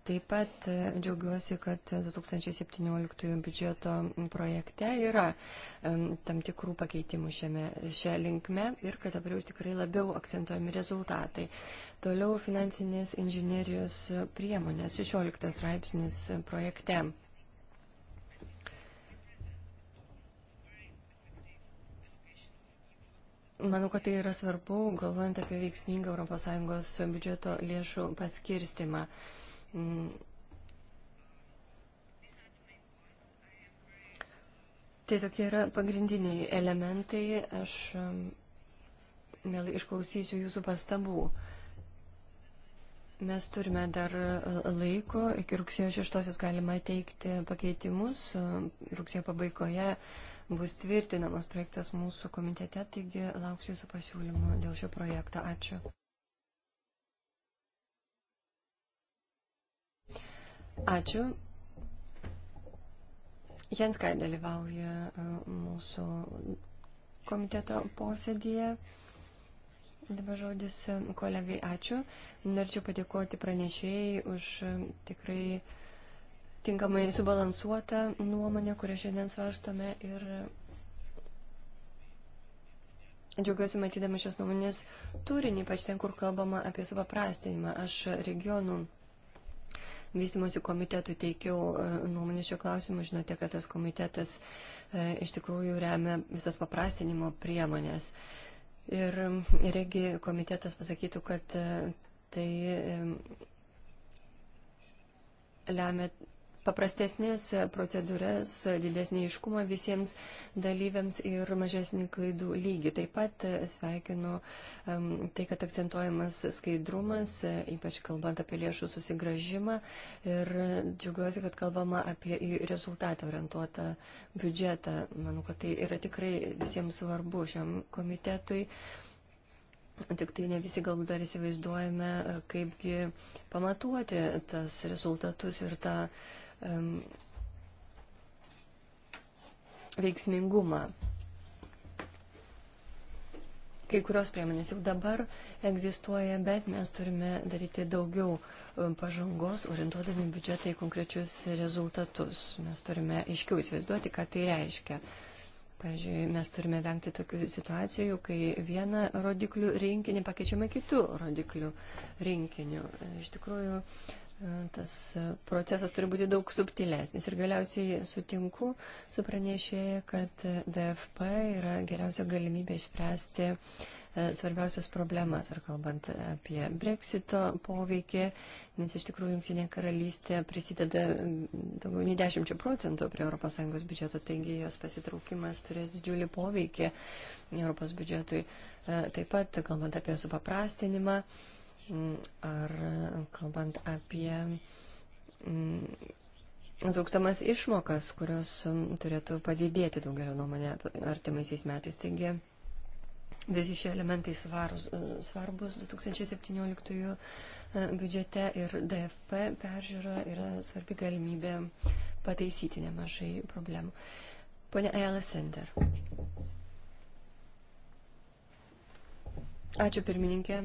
Taip pat e, džiaugiuosi, kad 2017 biudžeto projekte yra e, tam tikrų pakeitimų šiame, šią linkme ir kad dabar jau tikrai labiau akcentuojami rezultatai. Toliau finansinės inžinierijos priemonės 16 straipsnis projekte. Manau, kad tai yra svarbu, galvojant apie veiksmingą ES biudžeto lėšų paskirstimą. Uh, Mm. Tai tokie yra pagrindiniai elementai. Aš um, mielai išklausysiu jūsų pastabų. Mes turime dar e, laiko, iki rugsėjo 6 galima teikti pakeitimus, e, rugsėjo pabaigoje bus tvirtinamas projektas mūsų komitete, taigi lauksiu jūsų pasiūlymų dėl šio projekto. Ačiū. Ačiū. Jenskai dalyvauja e, mūsų komiteto posėdėje. Dabar žodis e, kolegai ačiū. Norėčiau padėkoti pranešėjai už e, tikrai tinkamai subalansuotą nuomonę, kurią šiandien svarstome. Ir džiaugiuosi matydama šios nuomonės turinį, ypač ten, kur kalbama apie supaprastinimą. Aš regionų vystimosi komitetui teikiau e, nuomonę šio klausimu. Žinote, kad tas komitetas e, iš tikrųjų remia visas paprastinimo priemonės. Ir regi komitetas pasakytų, kad e, tai lemia paprastesnės procedūras, didesnį iškumą visiems dalyviams ir mažesnį klaidų lygį. Taip pat e, sveikinu tai, kad akcentuojamas skaidrumas, e, ypač kalbant apie lėšų susigražimą ir džiugiuosi, kad kalbama apie į rezultatą orientuotą biudžetą. Manau, kad tai yra tikrai visiems svarbu šiam komitetui. Tik tai ne visi galbūt dar įsivaizduojame, e, kaipgi pamatuoti tas rezultatus ir tą ta um, veiksmingumą. Kai kurios priemonės jau dabar egzistuoja, bet mes turime daryti daugiau pažangos, orientuodami biudžetą į konkrečius rezultatus. Mes turime aiškiau įsivaizduoti, ką tai reiškia. Pavyzdžiui, mes turime vengti tokių situacijų, kai vieną rodiklių rinkinį pakeičiame kitų rodiklių rinkiniu. Iš tikrųjų, tas procesas turi būti daug subtilesnis. Ir galiausiai sutinku su pranešėje, kad DFP yra geriausia galimybė išspręsti e, svarbiausias problemas, ar kalbant apie breksito poveikį, nes iš tikrųjų Junktinė karalystė prisideda daugiau nei 10 procentų prie ES biudžeto, taigi jos pasitraukimas turės didžiulį poveikį ES biudžetui. E, taip pat, kalbant apie supaprastinimą, Mm, ar kalbant apie mm, trūkstamas išmokas, kurios mm, turėtų padidėti daugelio nuomonė artimaisiais metais. Taigi visi šie elementai svarus, svarbus 2017 e, biudžete ir DFP peržiūra yra svarbi galimybė pataisyti nemažai problemų. Pone Ayala Sender. Ačiū pirmininkė.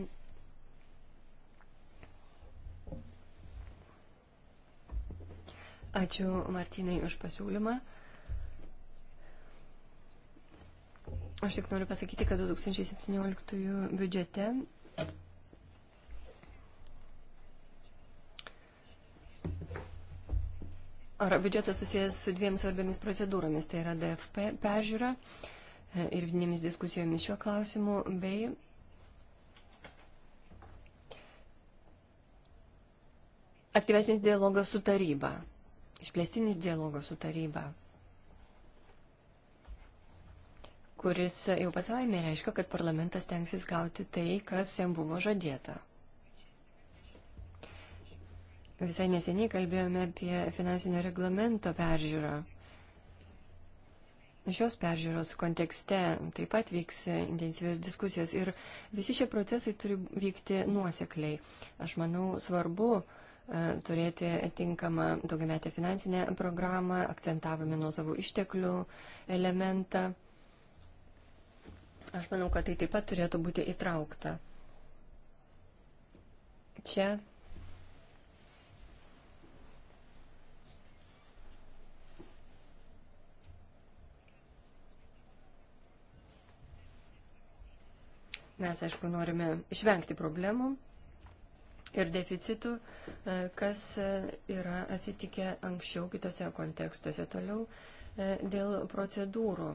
Ačiū Martinai už pasiūlymą. Aš tik noriu pasakyti, kad 2017 biudžete Ar biudžetas susijęs su dviem svarbiamis procedūromis, tai yra DFP peržiūra e, ir vidinėmis diskusijomis šiuo klausimu, bei aktyvesnis dialogas su taryba išplėstinis dialogas su taryba, kuris jau pats savaime reiškia, kad parlamentas tenksis gauti tai, kas jam buvo žadėta. Visai neseniai kalbėjome apie finansinio reglamento peržiūrą. Šios peržiūros kontekste taip pat vyks intensyvios diskusijos ir visi šie procesai turi vykti nuosekliai. Aš manau, svarbu uh, turėti tinkamą daugiametę finansinę programą, akcentavome nuo savo išteklių elementą. Aš manau, kad tai taip pat turėtų būti įtraukta. Čia Mes, aišku, norime išvengti problemų, ir deficitų, e, kas e, yra atsitikę anksčiau kitose kontekstuose. Toliau e, dėl procedūrų.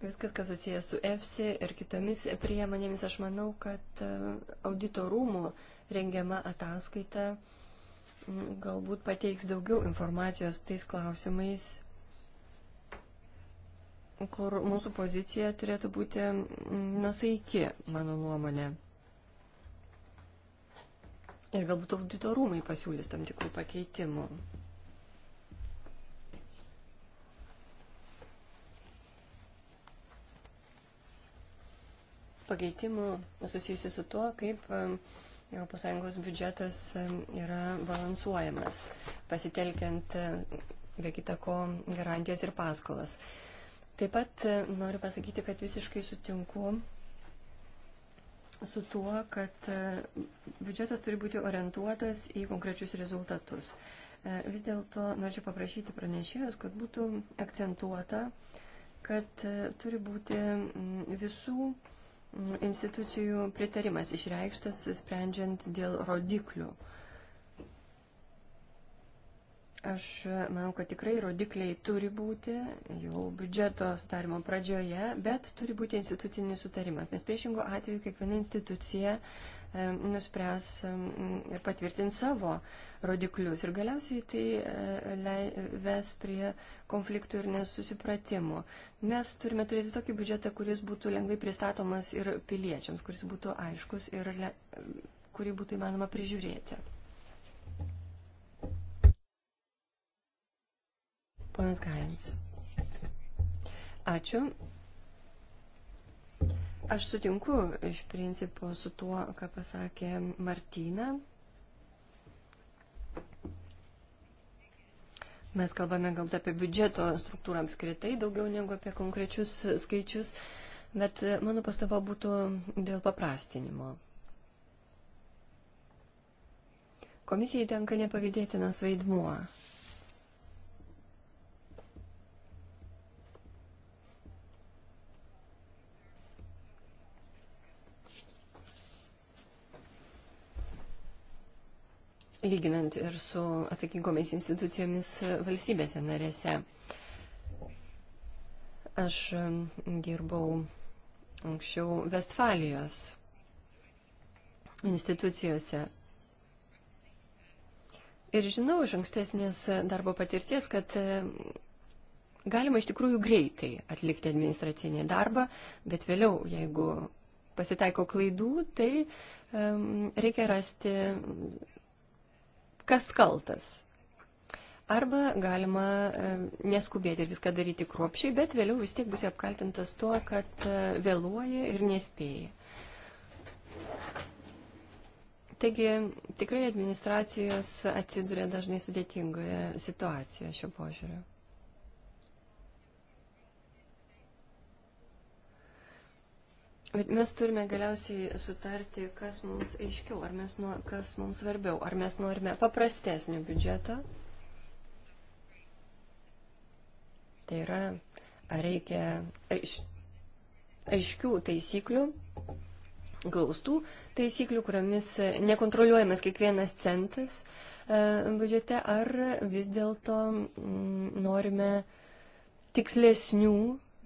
Viskas, kas susijęs su EFSI ir kitomis priemonėmis, aš manau, kad auditorumų rengiama ataskaita galbūt pateiks daugiau informacijos tais klausimais, kur mūsų pozicija turėtų būti nusaiki, mano nuomonė. Ir galbūt auditorumai pasiūlys tam tikrų pakeitimų. pakeitimų susijusių su tuo, kaip um, ES biudžetas um, yra balansuojamas, pasitelkiant um, be kita ko garantijas ir paskolas. Taip pat noriu pasakyti, kad visiškai sutinku su tuo, kad e, biudžetas turi būti orientuotas į konkrečius rezultatus. E, vis dėlto norėčiau paprašyti pranešėjos, kad būtų akcentuota, kad e, turi būti visų institucijų pritarimas išreikštas, sprendžiant dėl rodiklių. Uh, Aš manau, kad tikrai rodikliai turi būti jau biudžeto sutarimo pradžioje, bet turi būti institucinis sutarimas, nes priešingo atveju kiekviena institucija nuspręs ir patvirtins savo rodiklius. Ir galiausiai tai e, ves prie konfliktų ir nesusipratimų. Mes turime turėti tokį biudžetą, kuris būtų lengvai pristatomas ir piliečiams, kuris būtų aiškus ir kurį būtų įmanoma prižiūrėti. Ponas Gains. Ačiū. Aš sutinku iš principo su tuo, ką pasakė Martina. Mes kalbame galbūt apie biudžeto struktūrą apskritai daugiau negu apie konkrečius skaičius, bet mano pastaba būtų dėl paprastinimo. Komisijai tenka nepavydėtinas vaidmuo lyginant ir su atsakingomis institucijomis valstybėse narėse. Aš um, dirbau anksčiau Vestfalijos institucijose. Ir žinau iš ankstesnės darbo patirties, kad um, galima iš tikrųjų greitai atlikti administracinį darbą, bet vėliau, jeigu pasitaiko klaidų, tai um, reikia rasti kas kaltas. Arba galima e, neskubėti ir viską daryti kruopšiai, bet vėliau vis tiek bus apkaltintas tuo, kad e, vėluoji ir nespėjai. Taigi tikrai administracijos atsiduria dažnai sudėtingoje situacijoje šio požiūriu. Bet mes turime galiausiai sutarti, kas mums aiškiau, ar mes, nu, kas mums svarbiau, ar mes norime paprastesnio biudžeto. Tai yra, ar reikia aiš, aiškių taisyklių, glaustų taisyklių, kuriamis nekontroliuojamas kiekvienas centas e, biudžete, ar vis dėlto mm, norime tikslesnių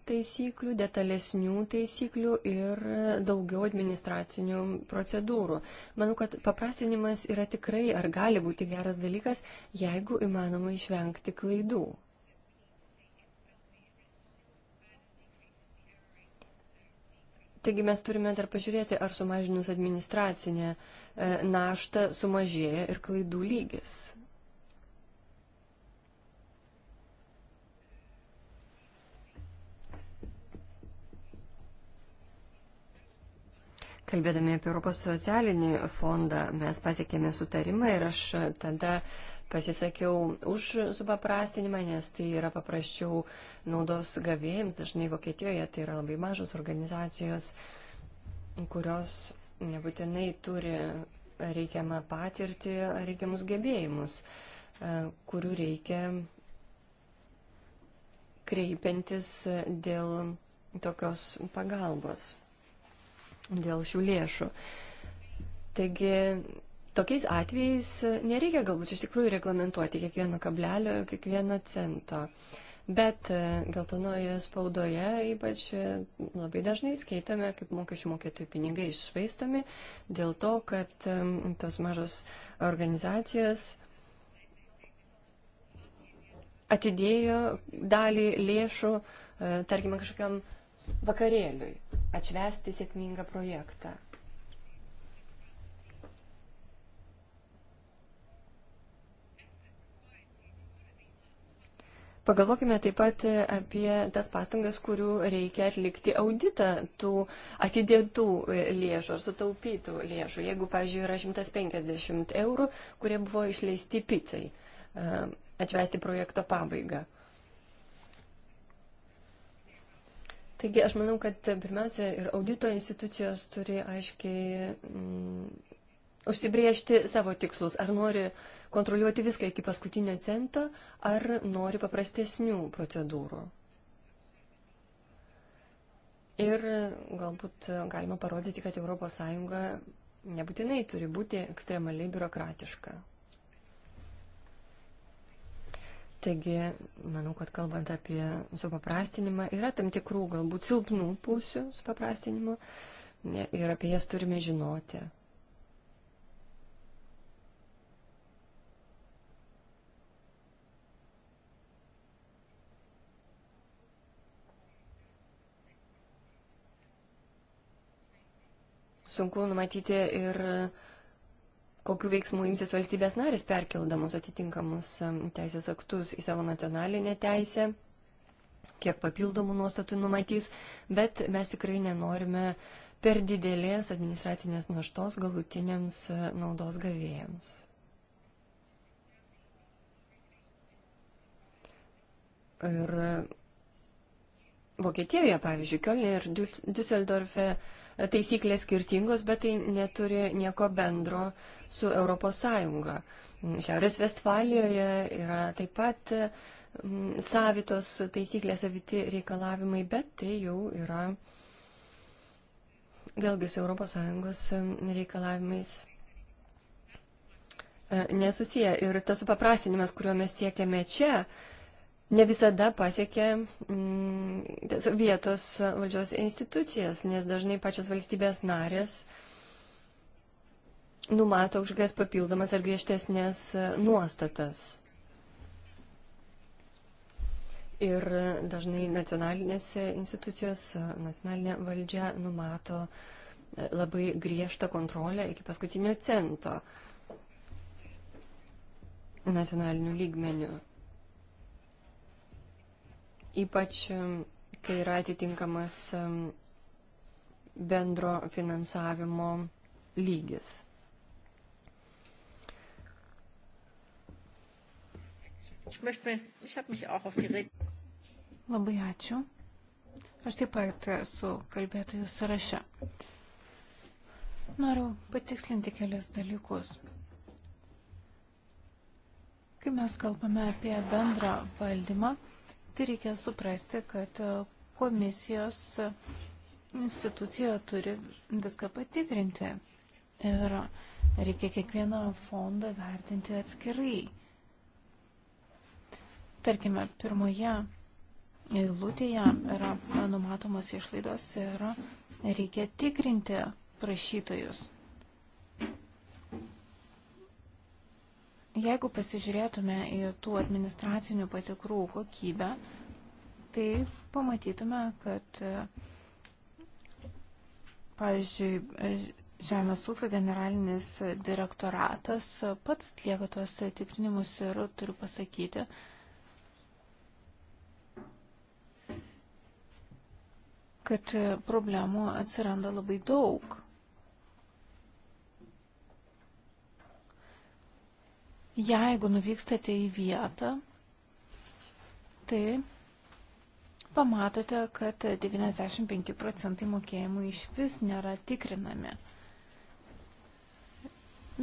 taisyklių, detalesnių taisyklių ir daugiau administracinių procedūrų. Manau, kad paprastinimas yra tikrai ar gali būti geras dalykas, jeigu įmanoma išvengti klaidų. Taigi mes turime dar pažiūrėti, ar sumažinus administracinę e, naštą sumažėja ir klaidų lygis. Kalbėdami apie Europos socialinį fondą, mes pasiekėme sutarimą ir aš tada pasisakiau už supaprastinimą, nes tai yra paprasčiau naudos gavėjams. Dažnai Vokietijoje tai yra labai mažos organizacijos, kurios nebūtinai turi reikiamą patirtį, reikiamus gebėjimus, e, kurių reikia kreipiantis dėl tokios pagalbos dėl šių lėšų. Taigi tokiais atvejais nereikia galbūt iš tikrųjų reglamentuoti kiekvieno kablelio, kiekvieno cento. Bet e, geltonoje spaudoje ypač e, labai dažnai skaitome, kaip mokesčių mokėtojų pinigai iššvaistomi dėl to, kad e, tos mažos organizacijos atidėjo dalį lėšų, tarkime, kažkokiam vakarėliui, atšvesti sėkmingą projektą. Pagalvokime taip pat apie tas pastangas, kurių reikia atlikti auditą tų atidėtų lėšų ar sutaupytų lėšų. Jeigu, pavyzdžiui, yra 150 eurų, kurie buvo išleisti picai e, atšvesti projekto pabaigą. Taigi aš manau, kad pirmiausia ir audito institucijos turi aiškiai mm, užsibriežti savo tikslus. Ar nori kontroliuoti viską iki paskutinio cento, ar nori paprastesnių procedūrų. Ir galbūt galima parodyti, kad ES nebūtinai turi būti ekstremaliai biurokratiška. Taigi, manau, kad kalbant apie supaprastinimą, yra tam tikrų galbūt silpnų pusių supaprastinimo ir apie jas turime žinoti. Sunku numatyti ir uh, kokiu veiksmu imsis valstybės narės perkeldamos atitinkamus teisės aktus į savo nacionalinę teisę kiek papildomų nuostatų numatys, bet mes tikrai nenorime per didelės administracinės naštos galutiniams e, naudos gavėjams. Ir e, Vokietijoje, pavyzdžiui, Kielne ir Düsseldorfe taisyklės skirtingos, bet tai neturi nieko bendro su ES. Šiaurės Vestfalijoje yra taip pat mm, savitos taisyklės, saviti reikalavimai, bet tai jau yra vėlgi su ES mm, reikalavimais e, nesusiję. Ir tas supaprastinimas, kuriuo mes siekiame čia, ne visada pasiekia mm, vietos valdžios institucijas, nes dažnai pačios valstybės narės numato kažkokias papildomas ar griežtesnės e, nuostatas. Ir dažnai nacionalinės institucijos, e, nacionalinė valdžia numato e, labai griežtą kontrolę iki paskutinio cento nacionalinių lygmenių ypač kai yra atitinkamas bendro finansavimo lygis. Labai ačiū. Aš taip pat esu kalbėtojų sąraše. Noriu patikslinti kelias dalykus. Kai mes kalbame apie bendrą valdymą, tai reikia suprasti, kad e, komisijos institucija turi viską patikrinti ir reikia kiekvieną fondą vertinti atskirai. Tarkime, pirmoje eilutėje yra numatomos išlaidos ir reikia tikrinti prašytojus. Jeigu pasižiūrėtume į tų administracinių patikrų kokybę, tai pamatytume, kad, pavyzdžiui, Žemės ūkio generalinis direktoratas pats atlieka tuos tikrinimus ir turiu pasakyti, kad problemų atsiranda labai daug. Jeigu nuvykstate į vietą, tai pamatote, kad 95 procentai mokėjimų iš vis nėra tikrinami.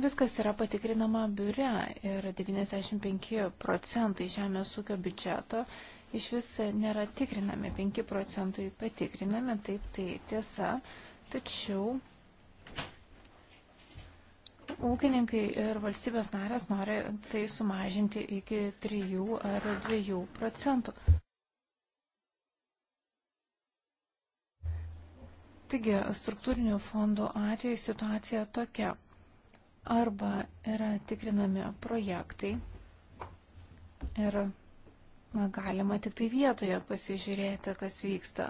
Viskas yra patikrinama biure ir 95 procentai žemės ūkio biudžeto iš vis nėra tikrinami, 5 procentai patikrinami, taip tai tiesa, tačiau Ūkininkai ir valstybės narės nori tai sumažinti iki 3 ar 2 procentų. Taigi, struktūrinių fondų atveju situacija tokia. Arba yra tikrinami projektai ir na, galima tik tai vietoje pasižiūrėti, kas vyksta.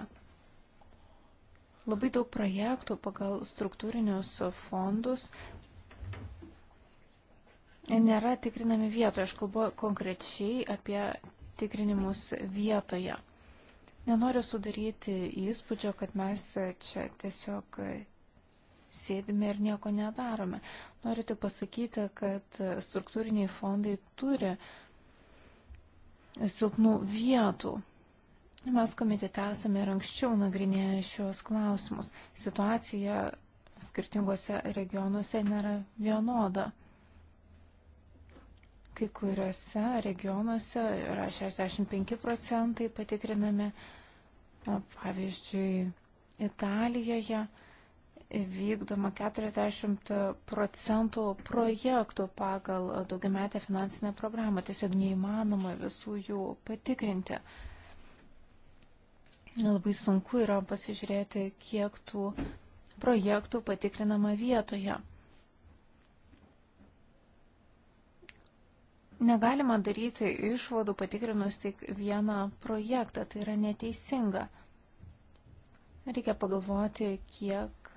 Labai daug projektų pagal struktūrinius fondus nėra tikrinami vietoje. Aš kalbu konkrečiai apie tikrinimus vietoje. Nenoriu sudaryti įspūdžio, kad mes čia tiesiog sėdime ir nieko nedarome. Noriu tik pasakyti, kad struktūriniai fondai turi silpnų vietų. Mes komitete esame ir anksčiau nagrinėję šios klausimus. Situacija skirtingose regionuose nėra vienoda. Kai kuriuose regionuose yra 65 procentai patikrinami, pavyzdžiui, Italijoje vykdoma 40 procentų projektų pagal daugiametę finansinę programą. Tiesiog neįmanoma visų jų patikrinti. Labai sunku yra pasižiūrėti, kiek tų projektų patikrinama vietoje. Negalima daryti išvadų patikrinus tik vieną projektą, tai yra neteisinga. Reikia pagalvoti, kiek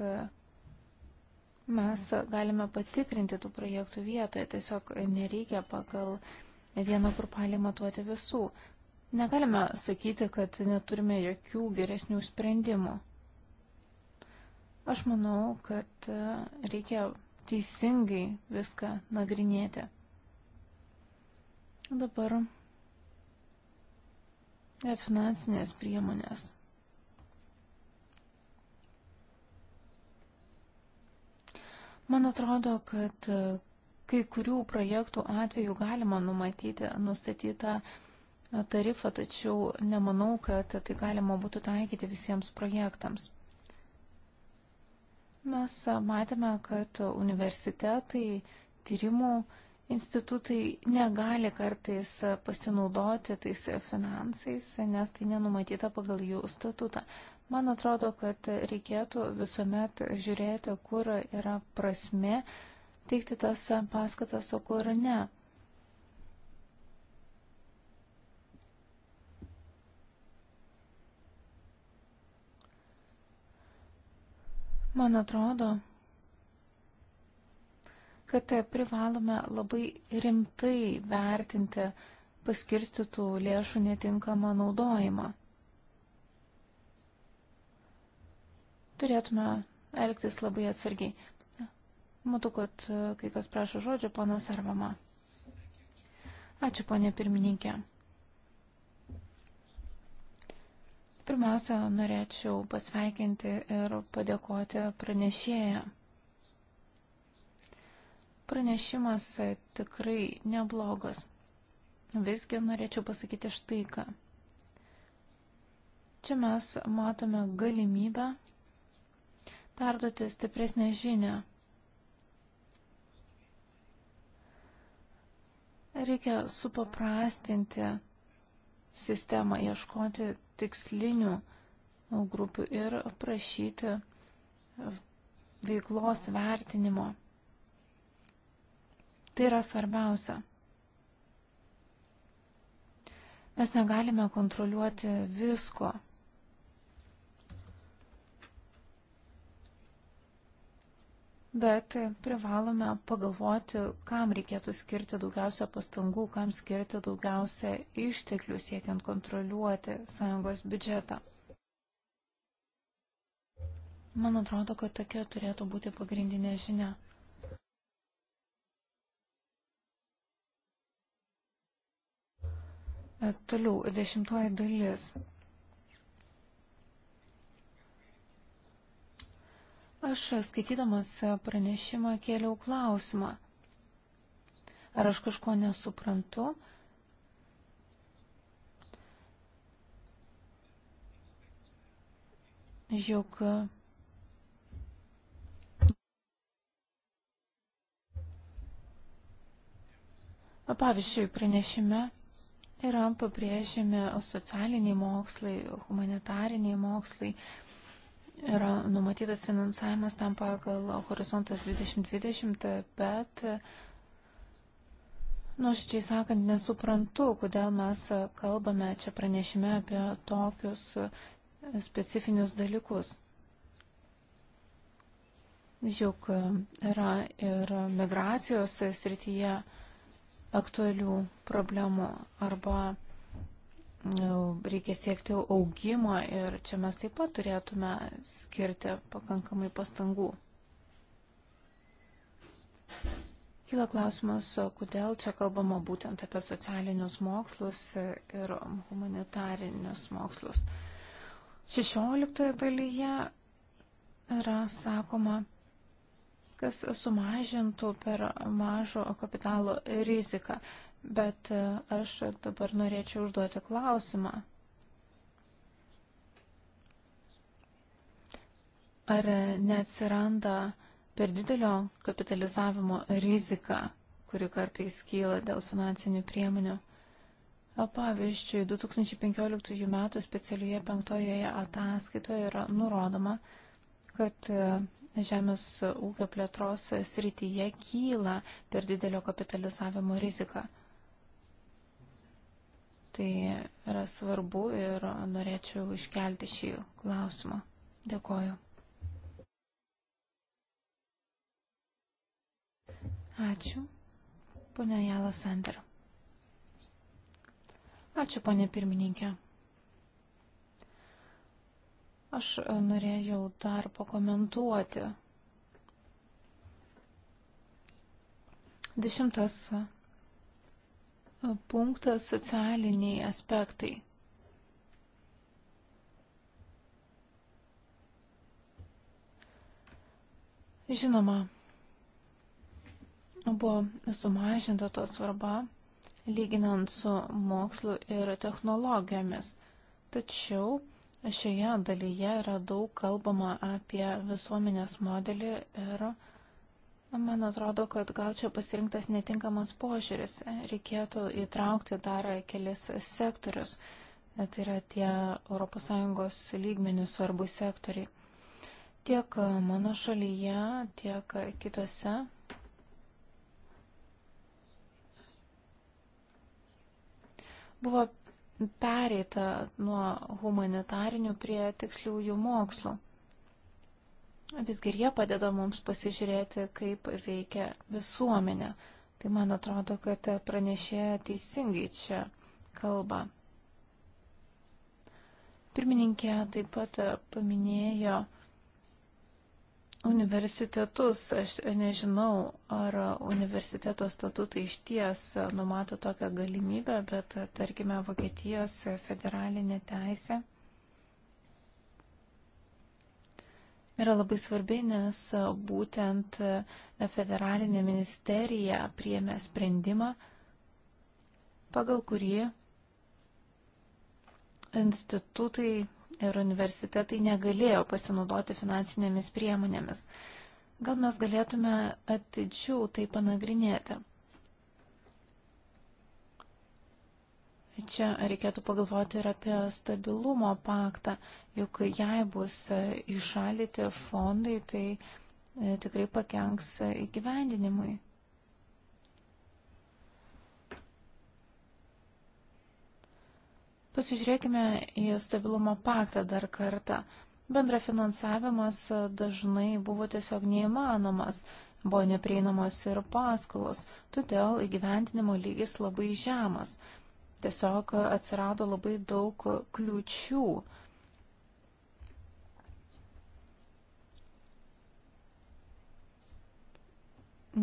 mes galime patikrinti tų projektų vietoje. Tiesiog nereikia pagal vieną kurpalį matuoti visų. Negalime sakyti, kad neturime jokių geresnių sprendimų. Aš manau, kad reikia teisingai viską nagrinėti. Dabar finansinės priemonės. Man atrodo, kad e, kai kurių projektų atveju galima numatyti nustatytą e, tarifą, tačiau nemanau, kad tai galima būtų taikyti visiems projektams. Mes matėme, kad universitetai tyrimų institutai negali kartais pasinaudoti tais finansais, nes tai nenumatyta pagal jų statutą. Man atrodo, kad reikėtų visuomet žiūrėti, kur yra prasme teikti tas paskatas, o kur ne. Man atrodo, kad privalome labai rimtai vertinti paskirstytų lėšų netinkamą naudojimą. Turėtume elgtis labai atsargiai. Matau, kad kai kas prašo žodžio, ponas Arvama. Ačiū, ponė pirmininkė. Pirmiausia, norėčiau pasveikinti ir padėkoti pranešėją. Pranešimas tikrai neblogas. Visgi norėčiau pasakyti štai ką. Čia mes matome galimybę perduoti stipresnę žinę. Reikia supaprastinti sistemą, ieškoti tikslinių grupių ir prašyti veiklos vertinimo. Tai yra svarbiausia. Mes negalime kontroliuoti visko. Bet privalome pagalvoti, kam reikėtų skirti daugiausia pastangų, kam skirti daugiausia išteklių siekiant kontroliuoti sąjungos biudžetą. Man atrodo, kad tokia turėtų būti pagrindinė žinia. E, toliau, dešimtoji dalis. Aš skaitydamas pranešimą kėliau klausimą. Ar aš kažko nesuprantu? Juk Pavyzdžiui, pranešime yra pabrėžiami socialiniai mokslai, humanitariniai mokslai. Yra numatytas finansavimas tam pagal Horizontas 2020, bet nuoširdžiai sakant, nesuprantu, kodėl mes kalbame čia pranešime apie tokius specifinius dalykus. Juk yra ir migracijos srityje aktualių problemų arba e, reikia siekti augimo ir čia mes taip pat turėtume skirti pakankamai pastangų. Kyla klausimas, kodėl čia kalbama būtent apie socialinius mokslus ir humanitarinius mokslus. 16 dalyje yra sakoma, kas sumažintų per mažo kapitalo riziką. Bet e, aš dabar norėčiau užduoti klausimą. Ar neatsiranda per didelio kapitalizavimo rizika, kuri kartais kyla dėl finansinių priemonių? Pavyzdžiui, 2015 m. specialioje penktojoje ataskaitoje yra nurodoma, kad e, žemės ūkio plėtros srityje kyla per didelio kapitalizavimo riziką. Tai yra svarbu ir norėčiau iškelti šį klausimą. Dėkoju. Ačiū. Pone Jala Sander. Ačiū, ponė pirmininkė. Aš e, norėjau dar pakomentuoti. Dešimtas e, punktas socialiniai aspektai. Žinoma, buvo sumažinta to svarba lyginant su mokslu ir technologijomis. Tačiau Šioje dalyje yra daug kalbama apie visuomenės modelį ir man atrodo, kad gal čia pasirinktas netinkamas požiūris. Reikėtų įtraukti dar kelis sektorius. Tai yra tie ES lygmenių svarbų sektoriai. Tiek mano šalyje, tiek kitose buvo pereita nuo humanitarinių prie tiksliųjų mokslų. Visgi ir jie padeda mums pasižiūrėti, kaip veikia visuomenė. Tai man atrodo, kad pranešė teisingai čia kalba. Pirmininkė taip pat paminėjo Universitetus, aš nežinau, ar universiteto statutai iš ties numato tokią galimybę, bet tarkime Vokietijos federalinė teisė yra labai svarbi, nes būtent federalinė ministerija priėmė sprendimą, pagal kurį institutai ir universitetai negalėjo pasinaudoti finansinėmis priemonėmis. Gal mes galėtume atidžiau tai panagrinėti. Čia reikėtų pagalvoti ir apie stabilumo paktą, juk jei bus išalyti fondai, tai e, tikrai pakenks įgyvendinimui. Pasižiūrėkime į stabilumo paktą dar kartą. Bendrafinansavimas e, dažnai buvo tiesiog neįmanomas, buvo neprieinamos ir paskolos, todėl įgyventinimo lygis labai žemas. Tiesiog atsirado labai daug kliučių.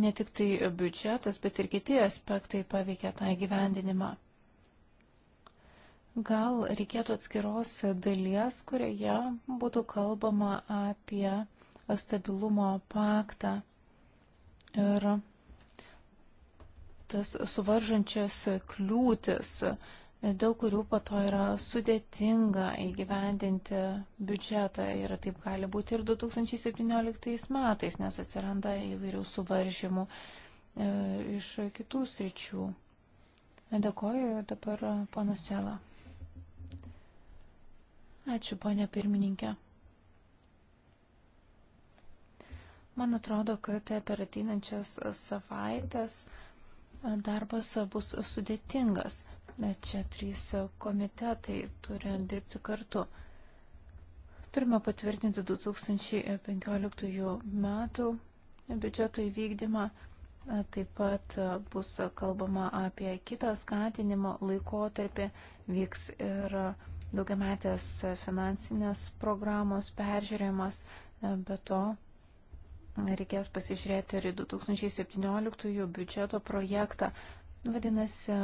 Ne tik tai biudžetas, bet ir kiti aspektai paveikia tą įgyvendinimą. Gal reikėtų atskiros dalies, kurioje būtų kalbama apie stabilumo paktą ir tas suvaržančias kliūtis, dėl kurių po to yra sudėtinga įgyvendinti biudžetą ir taip gali būti ir 2017 metais, nes atsiranda įvairių suvaržymų e, iš kitų sričių. Dėkoju dabar panas Cela. Ačiū, ponė pirmininkė. Man atrodo, kad per ateinančias savaitės darbas bus sudėtingas. Čia trys komitetai turi dirbti kartu. Turime patvirtinti 2015 metų biudžeto įvykdymą. Taip pat bus kalbama apie kitą skatinimo laikotarpį, vyks ir uh, daugiametės finansinės programos peržiūrėjimas, be to reikės pasižiūrėti ir 2017 biudžeto projektą. Vadinasi,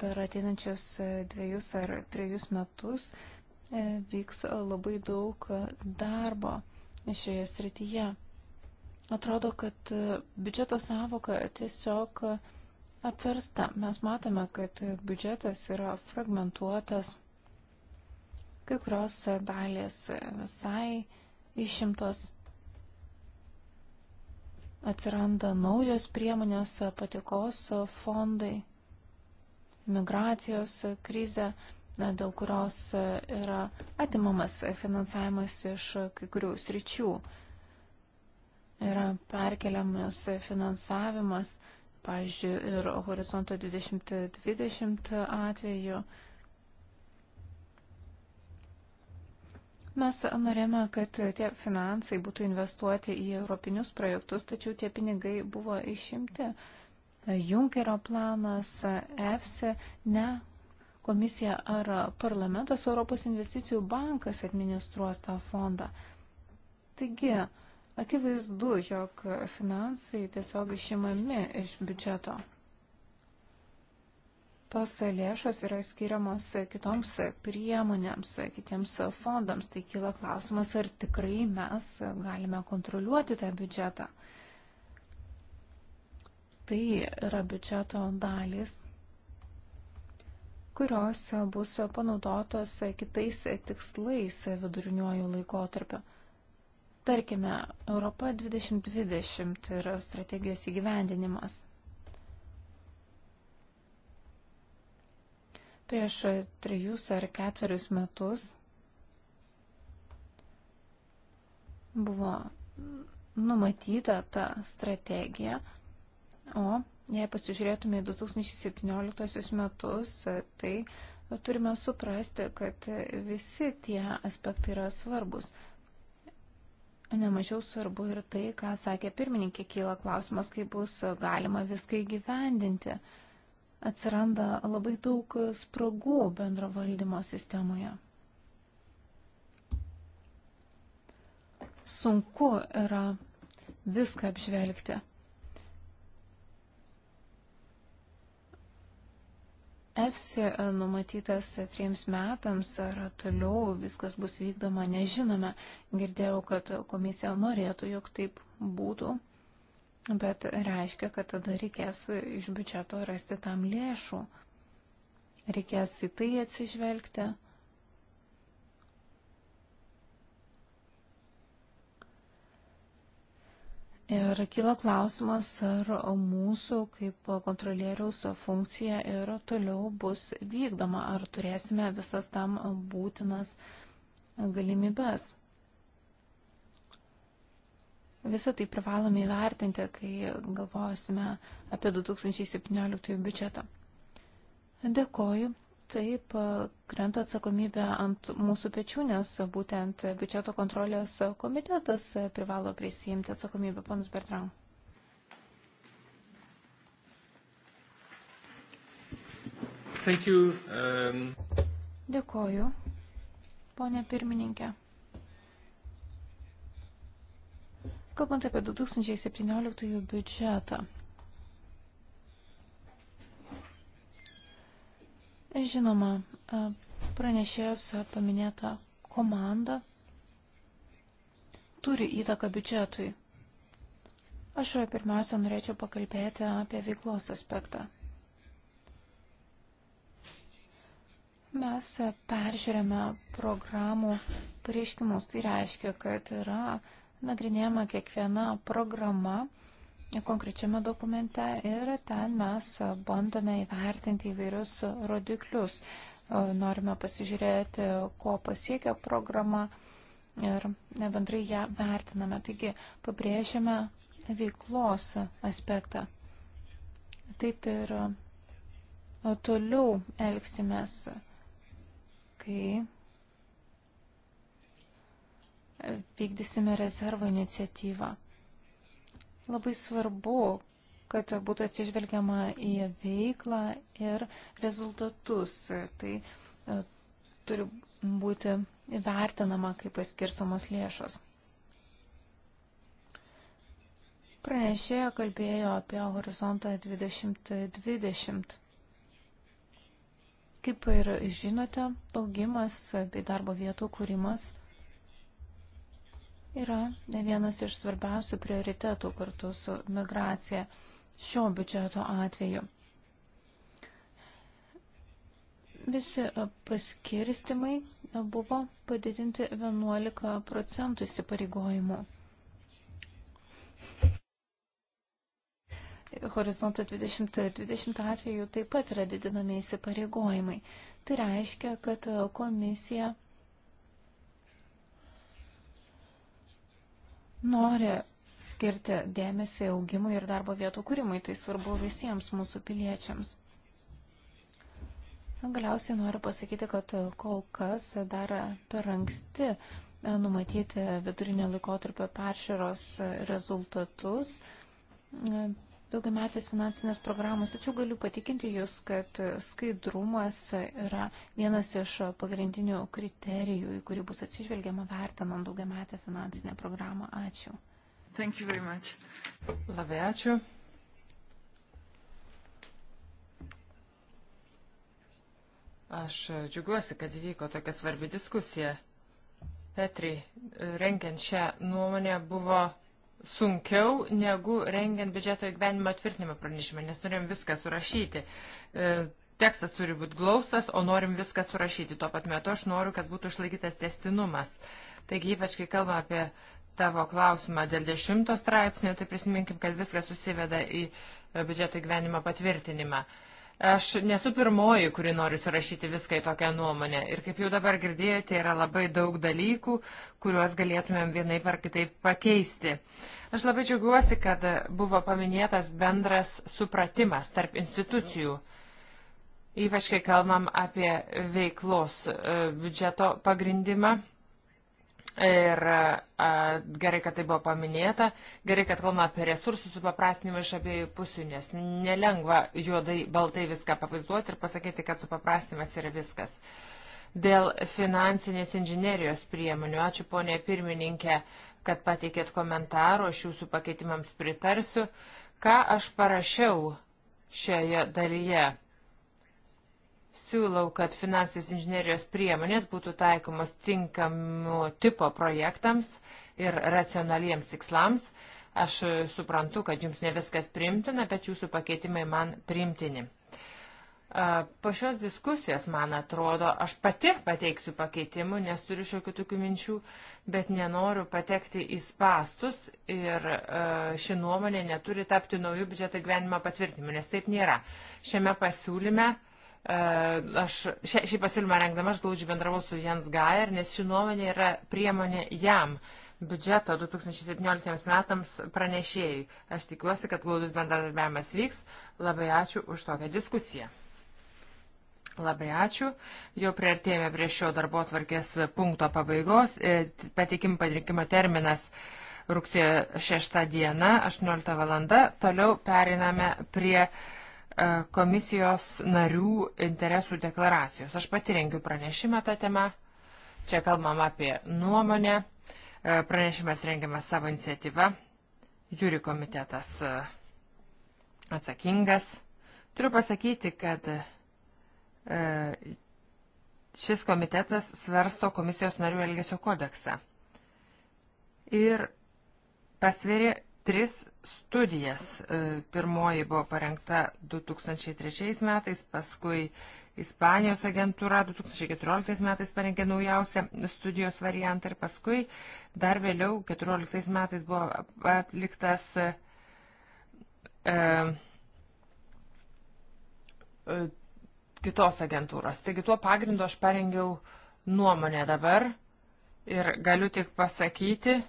per ateinančius dviejus ar trejus metus e, vyks labai daug darbo šioje srityje. Atrodo, kad biudžeto savoka tiesiog apversta. Mes matome, kad biudžetas yra fragmentuotas kai kurios dalės visai išimtos. Atsiranda naujos priemonės patikos fondai, migracijos krize, dėl kurios yra atimamas finansavimas iš kai kurių sričių. Yra perkeliamas finansavimas, pavyzdžiui, ir Horizonto 2020 atveju Mes norėjome, kad tie finansai būtų investuoti į europinius projektus, tačiau tie pinigai buvo išimti. Junkerio planas, EFSI, ne komisija ar parlamentas Europos investicijų bankas administruos tą fondą. Taigi, akivaizdu, jog finansai tiesiog išimami iš biudžeto tos lėšos yra skiriamos kitoms priemonėms, kitiems fondams. Tai kyla klausimas, ar tikrai mes galime kontroliuoti tą biudžetą. Tai yra biudžeto dalys, kurios bus panaudotos kitais tikslais viduriniuoju laikotarpiu. Tarkime, Europa 2020 yra strategijos įgyvendinimas. Prieš trejus ar ketverius metus buvo numatyta ta strategija, o jei pasižiūrėtume į 2017 metus, tai turime suprasti, kad visi tie aspektai yra svarbus. Nemažiau svarbu ir tai, ką sakė pirmininkė, kyla klausimas, kaip bus galima viską įgyvendinti. gyvendinti atsiranda labai daug spragų bendro valdymo sistemoje. Sunku yra viską apžvelgti. EFSI numatytas trims metams, ar toliau viskas bus vykdoma, nežinome. Girdėjau, kad komisija norėtų, jog taip būtų bet reiškia, kad tada reikės iš biudžeto rasti tam lėšų. Reikės į tai atsižvelgti. Ir kyla klausimas, ar mūsų kaip kontrolieriaus funkcija ir toliau bus vykdoma, ar turėsime visas tam būtinas galimybės. Visą tai privalome įvertinti, kai galvosime apie 2017 biudžetą. Dėkoju. Taip, krenta atsakomybė ant mūsų pečių, nes būtent biudžeto kontrolės komitetas privalo prisijimti atsakomybę, panas Bertram. Um... Dėkoju, ponė pirmininkė. Kalbant apie 2017 biudžetą. Žinoma, pranešėjas paminėta komanda turi įtaką biudžetui. Aš pirmiausia norėčiau pakalbėti apie veiklos aspektą. Mes peržiūrėme programų pareiškimus. Tai reiškia, kad yra nagrinėjama kiekviena programa konkrečiame dokumente ir ten mes bandome įvertinti įvairius rodiklius. Norime pasižiūrėti, ko pasiekia programa ir bendrai ją vertiname. Taigi pabrėžiame veiklos aspektą. Taip ir toliau elgsimės, kai vykdysime rezervo iniciatyvą. Labai svarbu, kad būtų atsižvelgiama į veiklą ir rezultatus. Tai e, turi būti vertinama, kaip paskirstomos lėšos. Pranešėjo kalbėjo apie horizontą 2020. Kaip ir žinote, augimas bei darbo vietų kūrimas – yra vienas iš svarbiausių prioritetų kartu su migracija šio biudžeto atveju. Visi paskirstimai buvo padidinti 11 procentų įsipareigojimų. Horizonto 2020 atveju taip pat yra didinami įsipareigojimai. Tai reiškia, kad komisija nori skirti dėmesį augimui ir darbo vietų kūrimui. Tai svarbu visiems mūsų piliečiams. Galiausiai noriu pasakyti, kad kol kas dar per anksti numatyti vidurinio laikotarpio peršėros rezultatus daugiametės finansinės programos, tačiau galiu patikinti Jūs, kad skaidrumas yra vienas iš pagrindinių kriterijų, į kurį bus atsižvelgiama vertinant daugiametę finansinę programą. Ačiū. Labai ačiū. Aš džiugiuosi, kad įvyko tokia svarbi diskusija. Petri, renkiant šią nuomonę, buvo sunkiau negu rengiant biudžeto įgyvenimo atvirtinimo pranešimą, nes norėjom viską surašyti. E, tekstas turi būti glaustas, o norim viską surašyti. Tuo pat metu aš noriu, kad būtų išlaikytas testinumas. Taigi, ypač kai kalbame apie tavo klausimą dėl dešimto straipsnio, tai prisiminkim, kad viskas susiveda į biudžeto įgyvenimo patvirtinimą. E, Aš nesu pirmoji, kuri nori surašyti viską į tokią nuomonę. Ir kaip jau dabar girdėjote, yra labai daug dalykų, kuriuos galėtumėm vienaip ar kitaip pakeisti. Aš labai džiaugiuosi, kad buvo paminėtas bendras supratimas tarp institucijų, ypač kai kalbam apie veiklos e, biudžeto pagrindimą Ir a, gerai, kad tai buvo paminėta, gerai, kad kalbame apie resursų supaprastinimą iš abiejų pusių, nes nelengva juodai, baltai viską pavaizduoti ir pasakyti, kad supaprastinimas yra viskas. Dėl finansinės inžinerijos priemonių, ačiū ponė pirmininkė, kad pateikėt komentarų, aš jūsų pakeitimams pritarsiu. Ką aš parašiau šioje dalyje? Siūlau, kad finansinės inžinerijos priemonės būtų taikomas tinkamų tipo projektams ir racionaliems tikslams. Aš suprantu, kad jums ne viskas primtina, bet jūsų pakeitimai man primtini. Po šios diskusijos, man atrodo, aš pati pateiksiu pakeitimų, nes turiu šiokių tokių minčių, bet nenoriu patekti į spastus ir ši nuomonė neturi tapti naujų biudžeto gyvenimo patvirtinimu, nes taip nėra. Šiame pasiūlyme uh, Aš šį pasiūlymą rengdama aš glaudžiai bendravau su Jens Gaier, nes ši nuomonė yra priemonė jam biudžeto 2017 metams pranešėjai. Aš tikiuosi, kad glaudus bendradarbiavimas vyks. Labai ačiū už tokią diskusiją. Labai ačiū. Jau priartėjome prie šio darbo tvarkės punkto pabaigos. E, Patikim padrinkimo terminas rugsėjo 6 diena, 18 valanda. Toliau periname prie E, komisijos narių interesų deklaracijos. Aš pati rengiu pranešimą tą temą. Čia kalbam apie nuomonę. E, pranešimas rengiamas savo iniciatyvą. Jūri komitetas e, atsakingas. Turiu pasakyti, kad šis komitetas svarsto komisijos narių elgesio kodeksą. Ir pasveri tris studijas. E, pirmoji buvo parengta 2003 metais, paskui Ispanijos agentūra 2014 metais parengė naujausią studijos variantą ir paskui dar vėliau 2014 metais buvo atliktas e, e, kitos agentūros. Taigi tuo pagrindu aš parengiau nuomonę dabar ir galiu tik pasakyti,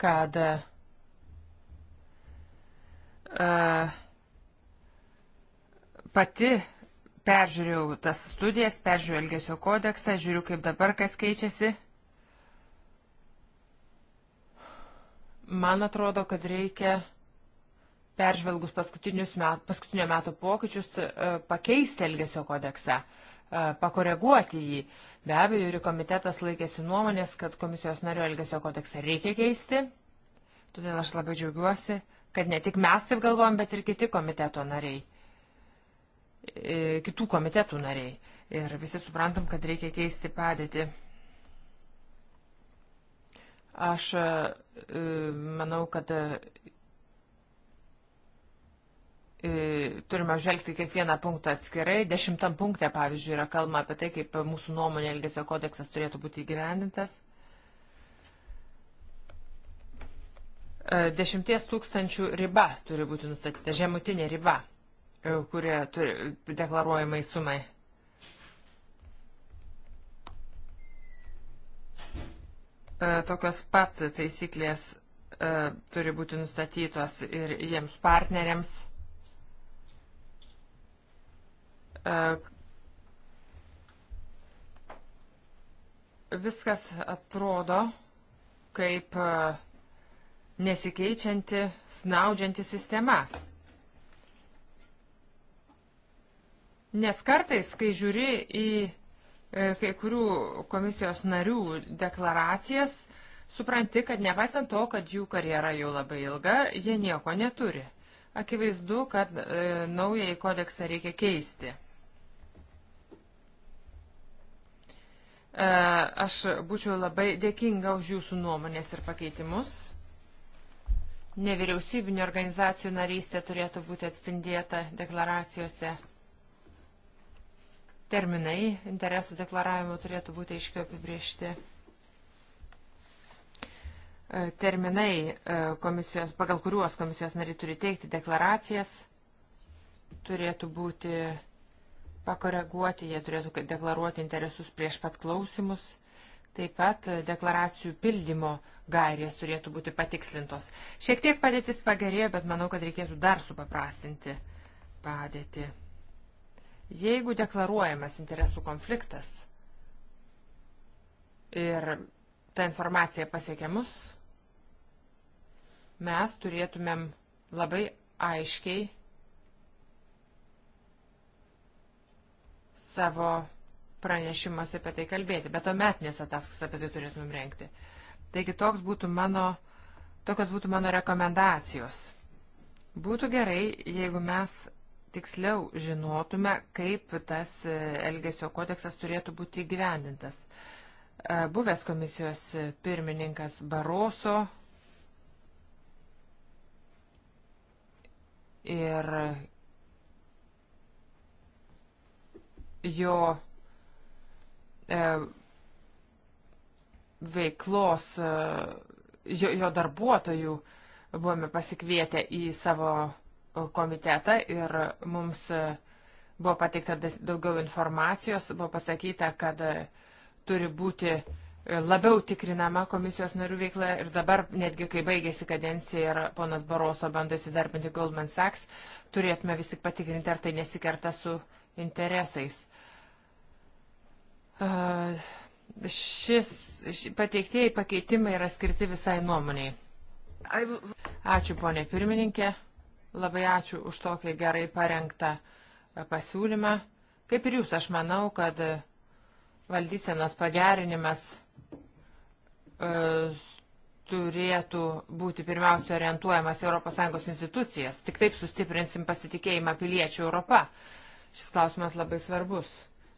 kad e, pati peržiūrėjau tas studijas, peržiūrėjau Elgesio kodeksą, žiūriu, kaip dabar kas keičiasi. Man atrodo, kad reikia peržvelgus met, paskutinio metų pokyčius pakeisti Elgesio kodeksą, pakoreguoti jį. Be abejo, ir komitetas laikėsi nuomonės, kad komisijos nario Elgesio kodeksą reikia keisti. Todėl aš labai džiaugiuosi, kad ne tik mes taip galvojam, bet ir kiti komiteto nariai, e, kitų komitetų nariai. Ir visi suprantam, kad reikia keisti padėtį. Aš e, manau, kad e, turime žvelgti kiekvieną punktą atskirai. Dešimtam punktė, pavyzdžiui, yra kalba apie tai, kaip mūsų nuomonė Elgesio kodeksas turėtų būti įgyvendintas. E, dešimties tūkstančių riba turi būti nustatyta, žemutinė riba, e, kurie turi deklaruojamai sumai. E, tokios pat taisyklės turi būti nustatytos ir jiems partneriams viskas atrodo kaip nesikeičianti, snaudžianti sistema. Nes kartais, kai žiūri į e, kai kurių komisijos narių deklaracijas, supranti, kad nepaisant to, kad jų karjera jau labai ilga, jie nieko neturi. Akivaizdu, kad e, naująjį kodeksą reikia keisti. E, aš būčiau labai dėkinga už jūsų nuomonės ir pakeitimus nevyriausybinio organizacijų narystė turėtų būti atspindėta deklaracijose. Terminai interesų deklaravimo turėtų būti aiškiai apibriežti e, terminai, e, komisijos, pagal kuriuos komisijos nariai turi teikti deklaracijas, turėtų būti pakoreguoti, jie turėtų deklaruoti interesus prieš pat klausimus. Taip pat e, deklaracijų pildymo gairės turėtų būti patikslintos. Šiek tiek padėtis pagerėjo, bet manau, kad reikėtų dar supaprastinti padėtį. Jeigu deklaruojamas interesų konfliktas ir ta informacija pasiekia mus, mes turėtumėm labai aiškiai savo pranešimas apie tai kalbėti, bet to metinės ataskas apie tai turėtumėm renkti. Taigi toks būtų mano, tokios būtų mano rekomendacijos. Būtų gerai, jeigu mes tiksliau žinotume, kaip tas e, Elgesio kodeksas turėtų būti įgyvendintas. E, buvęs komisijos pirmininkas Baroso ir jo E, veiklos, e, jo, jo darbuotojų buvome pasikvietę į savo komitetą ir mums e, buvo pateikta daugiau informacijos, buvo pasakyta, kad turi būti labiau tikrinama komisijos narių veikla ir dabar, netgi kai baigėsi kadencija ir ponas Baroso bando įsidarbinti Goldman Sachs, turėtume vis tik patikrinti, ar tai nesikerta su interesais šis ši, pateiktieji pakeitimai yra skirti visai nuomoniai. Ačiū, ponė pirmininkė. Labai ačiū už tokį gerai parengtą e, pasiūlymą. Kaip ir jūs, aš manau, kad e, valdysenos pagerinimas e, turėtų būti pirmiausia orientuojamas ES institucijas. Tik taip sustiprinsim pasitikėjimą piliečių Europą. Šis klausimas labai svarbus.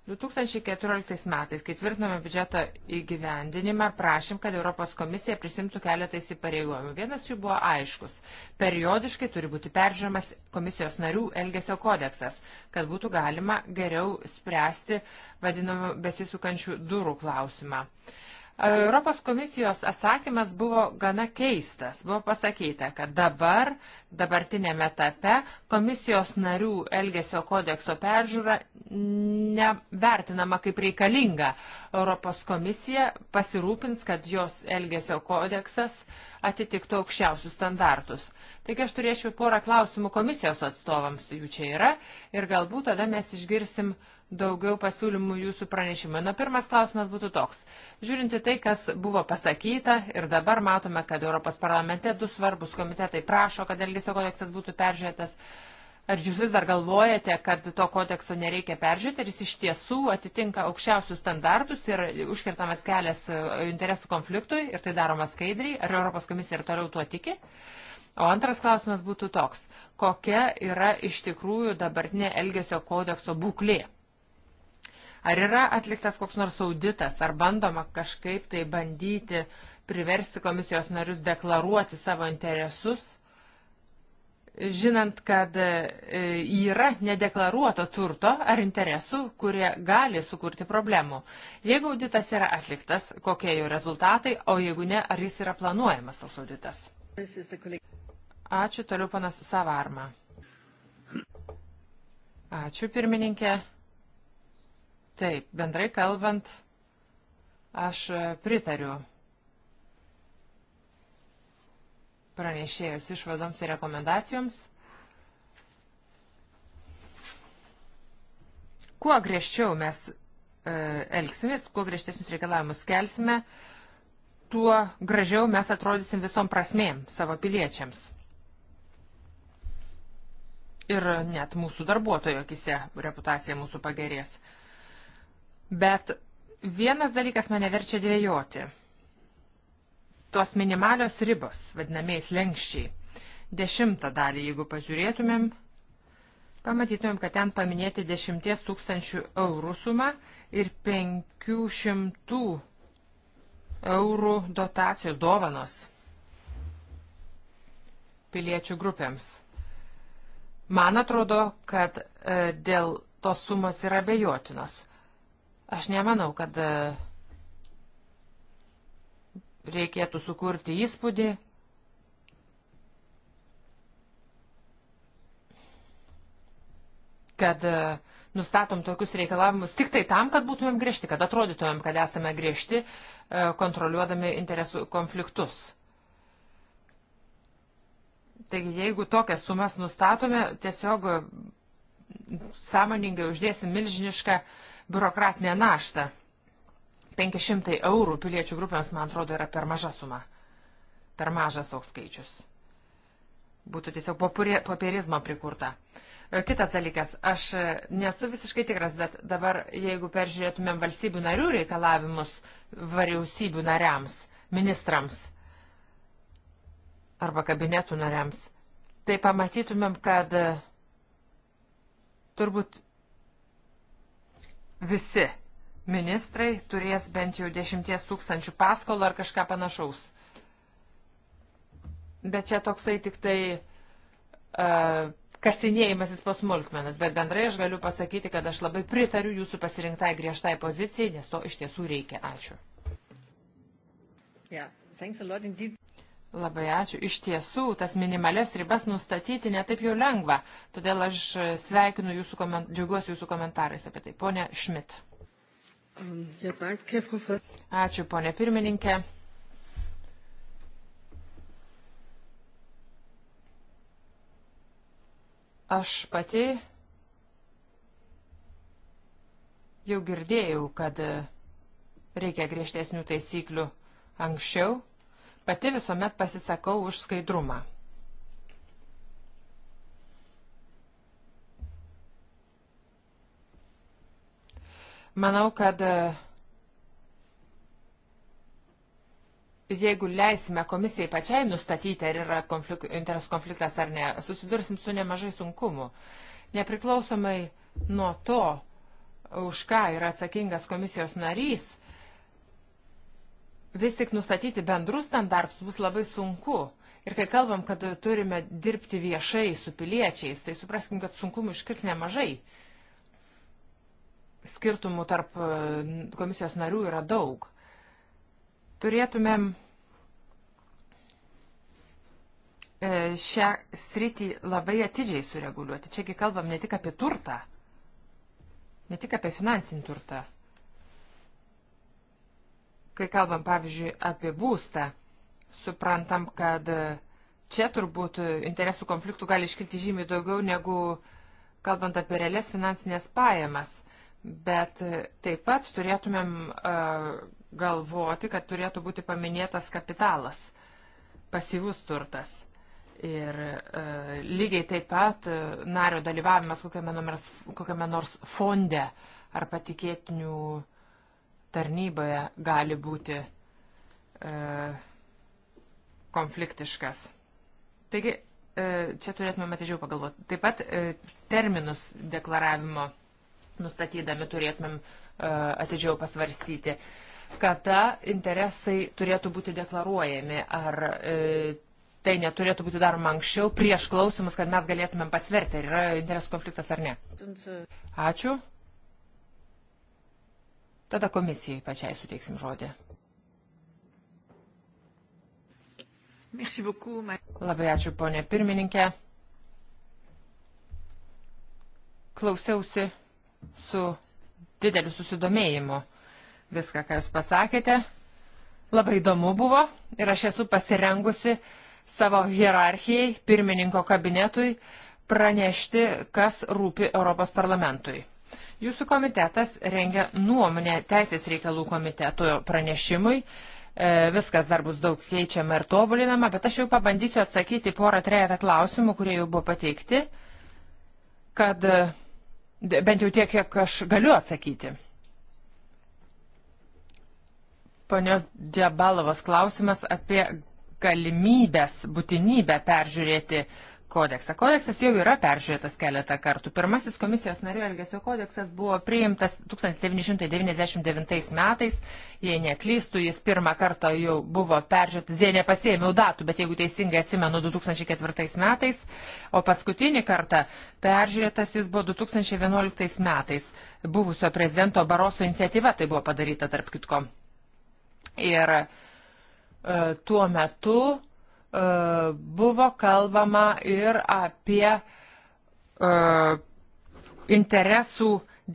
2014 metais, kai tvirtinome biudžeto įgyvendinimą, prašym, kad Europos komisija prisimtų keletą įsipareigojimų. Vienas jų buvo aiškus. Periodiškai turi būti peržiūrimas komisijos narių elgesio kodeksas, kad būtų galima geriau spręsti vadinamų besisukančių durų klausimą. Uh, Europos komisijos atsakymas buvo gana keistas. Buvo pasakyta, kad dabar, dabartinėme etape, komisijos narių Elgesio kodekso peržiūra nevertinama kaip reikalinga. Europos komisija pasirūpins, kad jos Elgesio kodeksas atitiktų aukščiausius standartus. Taigi aš turėčiau porą klausimų komisijos atstovams, jų čia yra, ir galbūt tada mes išgirsim uh, daugiau pasiūlymų jūsų pranešimą. Na, pirmas klausimas būtų toks. Žiūrinti tai, kas buvo pasakyta ir dabar matome, kad Europos parlamente du svarbus komitetai prašo, kad Elgesio kodeksas būtų peržiūrėtas. Ar jūs vis dar galvojate, kad to kodekso nereikia peržiūrėti, ar jis iš tiesų atitinka aukščiausius standartus ir užkirtamas kelias e, interesų konfliktui ir tai daroma skaidriai, ar Europos komisija ir toliau tuo tiki? O antras klausimas būtų toks, kokia yra iš tikrųjų dabartinė Elgesio kodekso būklė? Ar yra atliktas koks nors auditas, ar bandoma kažkaip tai bandyti priversti komisijos narius deklaruoti savo interesus, žinant, kad e, yra nedeklaruoto turto ar interesų, kurie gali sukurti problemų. Jeigu auditas yra atliktas, kokie jo rezultatai, o jeigu ne, ar jis yra planuojamas tas auditas? Ačiū, toliau panas Savarma. Ačiū, pirmininkė. Taip, bendrai kalbant, aš pritariu pranešėjos išvadoms ir rekomendacijoms. Kuo griežčiau mes e, elgsimės, kuo griežtesnius reikalavimus kelsime, tuo gražiau mes atrodysim visom prasmėm savo piliečiams. Ir net mūsų darbuotojo akise reputacija mūsų pagerės. E, Bet vienas dalykas mane verčia dvėjoti. Tos minimalios ribos, vadinamiais lenkščiai. Dešimtą dalį, jeigu pažiūrėtumėm, pamatytumėm, kad ten paminėti 10 tūkstančių eurų sumą ir 500 eurų dotacijos dovanos piliečių grupėms. Man atrodo, kad e, dėl tos sumos yra bejotinos. Aš nemanau, kad e, reikėtų sukurti įspūdį, kad e, nustatom tokius reikalavimus tik tai tam, kad būtumėm griežti, kad atrodytumėm, kad esame griežti, e, kontroliuodami interesų konfliktus. Taigi, jeigu tokias sumas nustatome, tiesiog sąmoningai uždėsim milžinišką uh, biurokratinę naštą. 500 eurų piliečių grupėms, man atrodo, yra per maža suma. Per mažas toks skaičius. Būtų tiesiog popierizmo prikurta. E, kitas dalykas, aš e, nesu visiškai tikras, bet dabar, jeigu peržiūrėtumėm valstybių narių reikalavimus vyriausybių nariams, ministrams arba kabinetų nariams, tai pamatytumėm, kad e, turbūt visi ministrai turės bent jau dešimties tūkstančių paskolą ar kažką panašaus. Bet čia toksai tik tai uh, kasinėjimasis po smulkmenas, bet bendrai aš galiu pasakyti, kad aš labai pritariu jūsų pasirinktai griežtai pozicijai, nes to iš tiesų reikia. Ačiū. Yeah. Thanks a lot indeed. Labai ačiū. Iš tiesų, tas minimales ribas nustatyti netaip jau lengva. Todėl aš e, sveikinu jūsų, koment... džiaugiuosi jūsų komentarais apie tai. Pone Šmit. Ačiū, ponė pirmininkė. Aš pati jau girdėjau, kad e, reikia griežtesnių taisyklių anksčiau Pati visuomet pasisakau už skaidrumą. Manau, kad e, jeigu leisime komisijai pačiai nustatyti, ar yra konflik interesų konfliktas ar ne, susidursim su nemažai sunkumu. Nepriklausomai nuo to, už ką yra atsakingas komisijos narys, vis tik nustatyti bendrus standartus bus labai sunku. Ir kai kalbam, kad turime dirbti viešai su piliečiais, tai supraskim, kad sunkumų iškils nemažai. Skirtumų tarp e, komisijos narių yra daug. Turėtumėm e, šią sritį labai atidžiai sureguliuoti. Čiagi kalbam ne tik apie turtą, ne tik apie finansinį turtą. Kai kalbam, pavyzdžiui, apie būstą, suprantam, kad čia turbūt interesų konfliktų gali iškilti žymiai daugiau negu kalbant apie realias finansinės pajamas. Bet taip pat turėtumėm uh, galvoti, kad turėtų būti paminėtas kapitalas, pasyvus turtas. Ir uh, lygiai taip pat uh, nario dalyvavimas kokiame nors, kokiame nors fonde ar patikėtinių uh, tarnyboje gali būti e, konfliktiškas. Taigi, e, čia turėtume matydžiau pagalvoti. Taip pat e, terminus deklaravimo nustatydami turėtumėm e, atidžiau pasvarstyti, kada interesai turėtų būti deklaruojami, ar e, tai neturėtų būti daroma anksčiau prieš klausimus, kad mes galėtumėm pasverti, ar yra interesų konfliktas ar ne. Ačiū. Tada komisijai pačiai suteiksim žodį. Labai ačiū, ponė pirmininkė. Klausiausi su dideliu susidomėjimu viską, ką jūs pasakėte. Labai įdomu buvo ir aš esu pasirengusi savo hierarchijai, pirmininko kabinetui, pranešti, kas rūpi Europos parlamentui. Jūsų komitetas rengia nuomonę Teisės reikalų komiteto pranešimui. E, viskas dar bus daug keičiama ir tobulinama, bet aš jau pabandysiu atsakyti porą trejatą klausimų, kurie jau buvo pateikti, kad e, bent jau tiek, kiek aš galiu atsakyti. Ponios Džabalovas klausimas apie galimybės, būtinybę peržiūrėti uh, kodeksą. Kodeksas jau yra peržiūrėtas keletą kartų. Pirmasis komisijos nario elgesio kodeksas buvo priimtas 1999 metais. Jei neklystų, jis pirmą kartą jau buvo peržiūrėtas. Jie nepasėmiau datų, bet jeigu teisingai atsimenu, 2004 metais. O paskutinį kartą peržiūrėtas jis buvo 2011 metais. Buvusio prezidento Baroso iniciatyva tai buvo padaryta tarp kitko. Ir e, tuo metu E, buvo kalbama ir apie e, interesų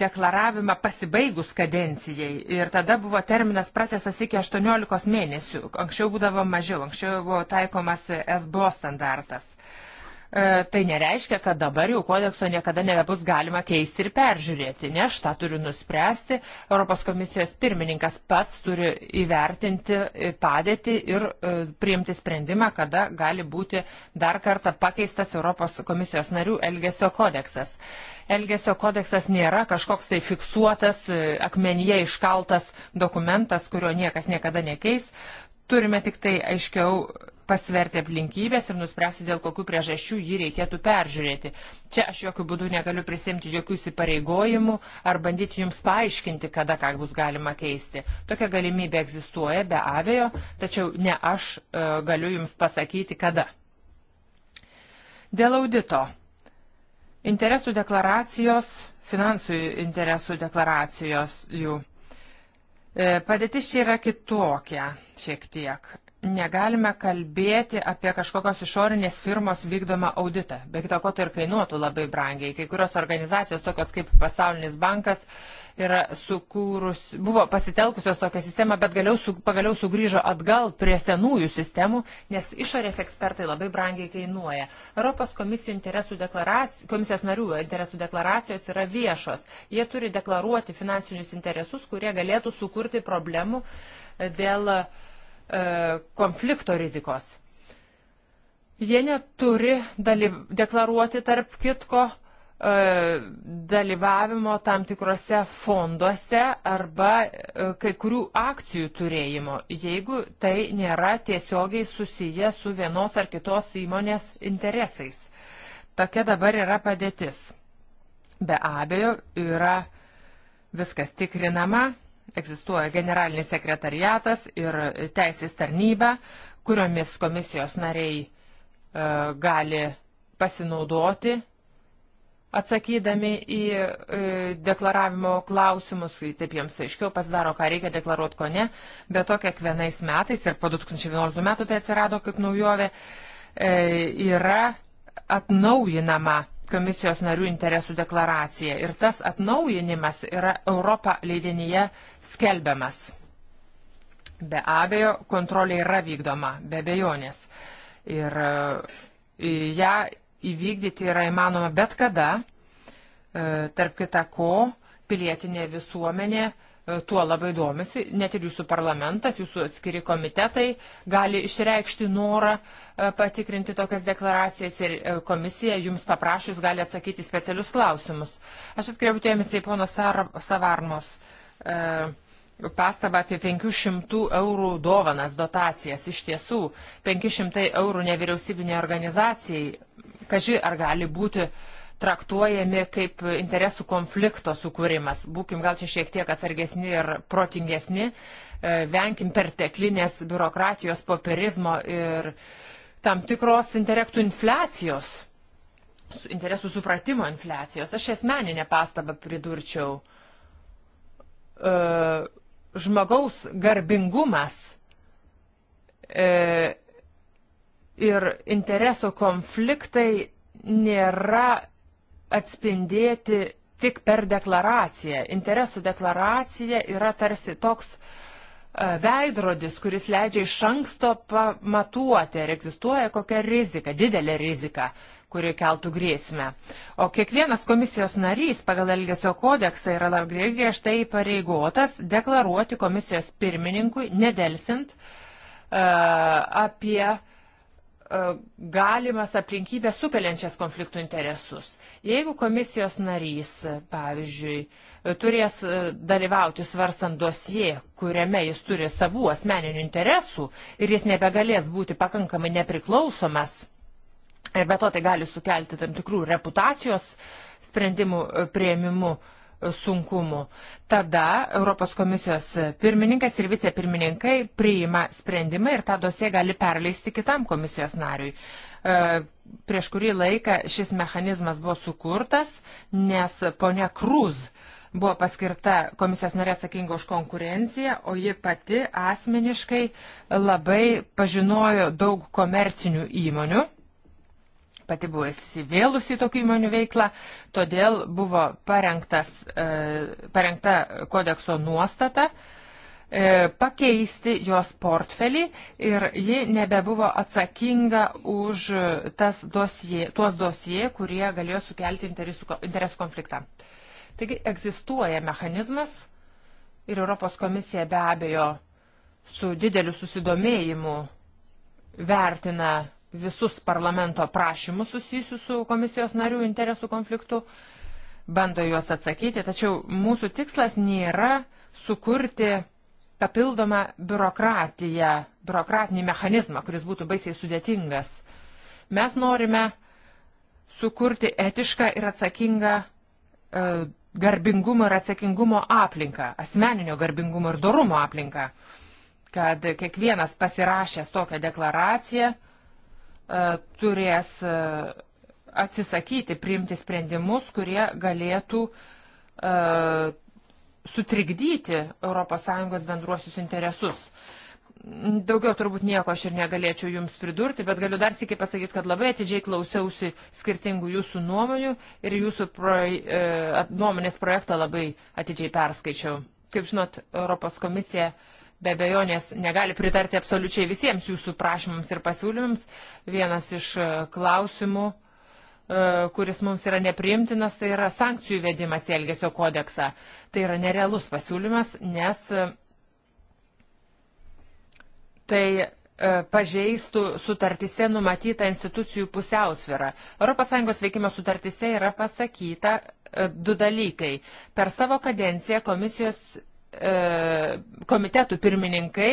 deklaravimą pasibaigus kadencijai ir tada buvo terminas pratęsas iki 18 mėnesių. Anksčiau būdavo mažiau, anksčiau buvo taikomas SBO standartas. Uh, E, tai nereiškia, kad dabar jau kodekso niekada nebebus galima keisti ir peržiūrėti. Ne aš tą turiu nuspręsti. Europos komisijos pirmininkas pats turi įvertinti padėtį ir e, priimti sprendimą, kada gali būti dar kartą pakeistas Europos komisijos narių Elgesio kodeksas. Elgesio kodeksas nėra kažkoks tai fiksuotas, e, akmenyje iškaltas dokumentas, kurio niekas niekada nekeis. Turime tik tai aiškiau pasverti aplinkybės ir nuspręsti, dėl kokių priežasčių jį reikėtų peržiūrėti. Čia aš jokių būdų negaliu prisimti jokių įsipareigojimų ar bandyti jums paaiškinti, kada ką bus galima keisti. Tokia galimybė egzistuoja be abejo, tačiau ne aš e, galiu jums pasakyti, kada. Dėl audito. Interesų deklaracijos, finansų interesų deklaracijos jų. E, padėtis čia yra kitokia šiek tiek negalime kalbėti apie kažkokios išorinės firmos vykdomą auditą. Be kita ko, tai ir kainuotų labai brangiai. Kai kurios organizacijos, tokios kaip Pasaulinis bankas, yra sukūrus, buvo pasitelkusios tokią sistemą, bet galiau, su, pagaliau sugrįžo atgal prie senųjų sistemų, nes išorės ekspertai labai brangiai kainuoja. Europos komisijos narių interesų deklaracijos yra viešos. Jie turi deklaruoti finansinius interesus, kurie galėtų sukurti problemų dėl uh, E, konflikto rizikos. Jie neturi dalyv, deklaruoti tarp kitko e, dalyvavimo tam tikrose fonduose arba e, kai kurių akcijų turėjimo, jeigu tai nėra tiesiogiai susiję su vienos ar kitos įmonės interesais. Tokia dabar yra padėtis. Be abejo, yra viskas tikrinama, Egzistuoja generalinis sekretariatas ir teisės tarnyba, kuriomis komisijos nariai e, gali pasinaudoti atsakydami į e, deklaravimo klausimus, taip jiems aiškiau pasidaro, ką reikia deklaruoti, ko ne, bet to kiekvienais metais ir po 2011 metų tai atsirado kaip naujovė, e, yra atnaujinama komisijos narių interesų deklaracija. Ir tas atnaujinimas yra Europą leidinyje skelbiamas. Be abejo, kontrolė yra vykdoma, be bejonės. Ir e, ją įvykdyti yra įmanoma bet kada, e, tarp kita ko, pilietinė visuomenė E, tuo labai domisi, net ir jūsų parlamentas, jūsų atskiri komitetai gali išreikšti norą e, patikrinti tokias deklaracijas ir e, komisija jums paprašus gali atsakyti specialius klausimus. Aš atkreipiu dėmesį į pono Savarnos pastabą apie 500 eurų dovanas, dotacijas. Iš tiesų, 500 eurų nevyriausybinė organizacijai, kaži ar gali būti uh, traktuojami kaip interesų konflikto sukūrimas. Būkim gal čia šiek tiek atsargesni ir protingesni, e, venkim perteklinės biurokratijos, popierizmo ir tam tikros intelektų infliacijos, interesų supratimo infliacijos. Aš esmeninę pastabą pridurčiau. E, žmogaus garbingumas e, ir interesų konfliktai nėra atspindėti tik per deklaraciją. Interesų deklaracija yra tarsi toks e, veidrodis, kuris leidžia iš anksto pamatuoti, ar egzistuoja kokia rizika, didelė rizika, kuri keltų grėsmę. O kiekvienas komisijos narys pagal Elgesio kodeksą yra labai griežtai pareigotas deklaruoti komisijos pirmininkui, nedelsint, e, apie e, galimas aplinkybės sukeliančias konfliktų interesus. Jeigu komisijos narys, pavyzdžiui, turės e, dalyvauti svarstant dosie, kuriame jis turi savų asmeninių interesų ir jis nebegalės būti pakankamai nepriklausomas, ir be to tai gali sukelti tam tikrų reputacijos sprendimų e, prieimimu, uh, sunkumų. Tada Europos komisijos pirmininkas ir vicepirmininkai priima sprendimą ir tą dosie gali perleisti kitam komisijos nariui. E, prieš kurį laiką šis mechanizmas buvo sukurtas, nes ponia Krūz buvo paskirta komisijos narė atsakinga už konkurenciją, o ji pati asmeniškai labai pažinojo daug komercinių įmonių pati buvo įsivėlusi į tokių įmonių veiklą, todėl buvo parengtas, e, parengta kodekso nuostata e, pakeisti jos portfelį ir ji nebebuvo atsakinga už tas dosie, tuos dosie, kurie galėjo sukelti interesų, interesų konfliktą. Taigi egzistuoja mechanizmas ir Europos komisija be abejo su dideliu susidomėjimu vertina visus parlamento prašymus susijusius su komisijos narių interesų konfliktu, bando juos atsakyti, tačiau mūsų tikslas nėra sukurti papildomą biurokratiją, biurokratinį mechanizmą, kuris būtų baisiai sudėtingas. Mes norime sukurti etišką ir atsakingą e, garbingumo ir atsakingumo aplinką, asmeninio garbingumo ir dorumo aplinką, kad kiekvienas pasirašęs tokią deklaraciją, E, turės e, atsisakyti priimti sprendimus, kurie galėtų e, sutrikdyti ES bendruosius interesus. Daugiau turbūt nieko aš ir negalėčiau jums pridurti, bet galiu dar sėkiai pasakyti, kad labai atidžiai klausiausi skirtingų jūsų nuomonių ir jūsų proj, e, nuomonės projektą labai atidžiai perskaičiau. Kaip žinot, Europos komisija e, be bejonės negali pritarti absoliučiai visiems jūsų prašymams ir pasiūlymams. Vienas iš e, klausimų, e, kuris mums yra nepriimtinas, tai yra sankcijų vedimas į Elgesio kodeksą. Tai yra nerealus pasiūlymas, nes e, tai pažeistų sutartise numatytą institucijų pusiausvyrą. ES veikimo sutartise yra pasakyta du dalykai. Per savo kadenciją komisijos E, komitetų pirmininkai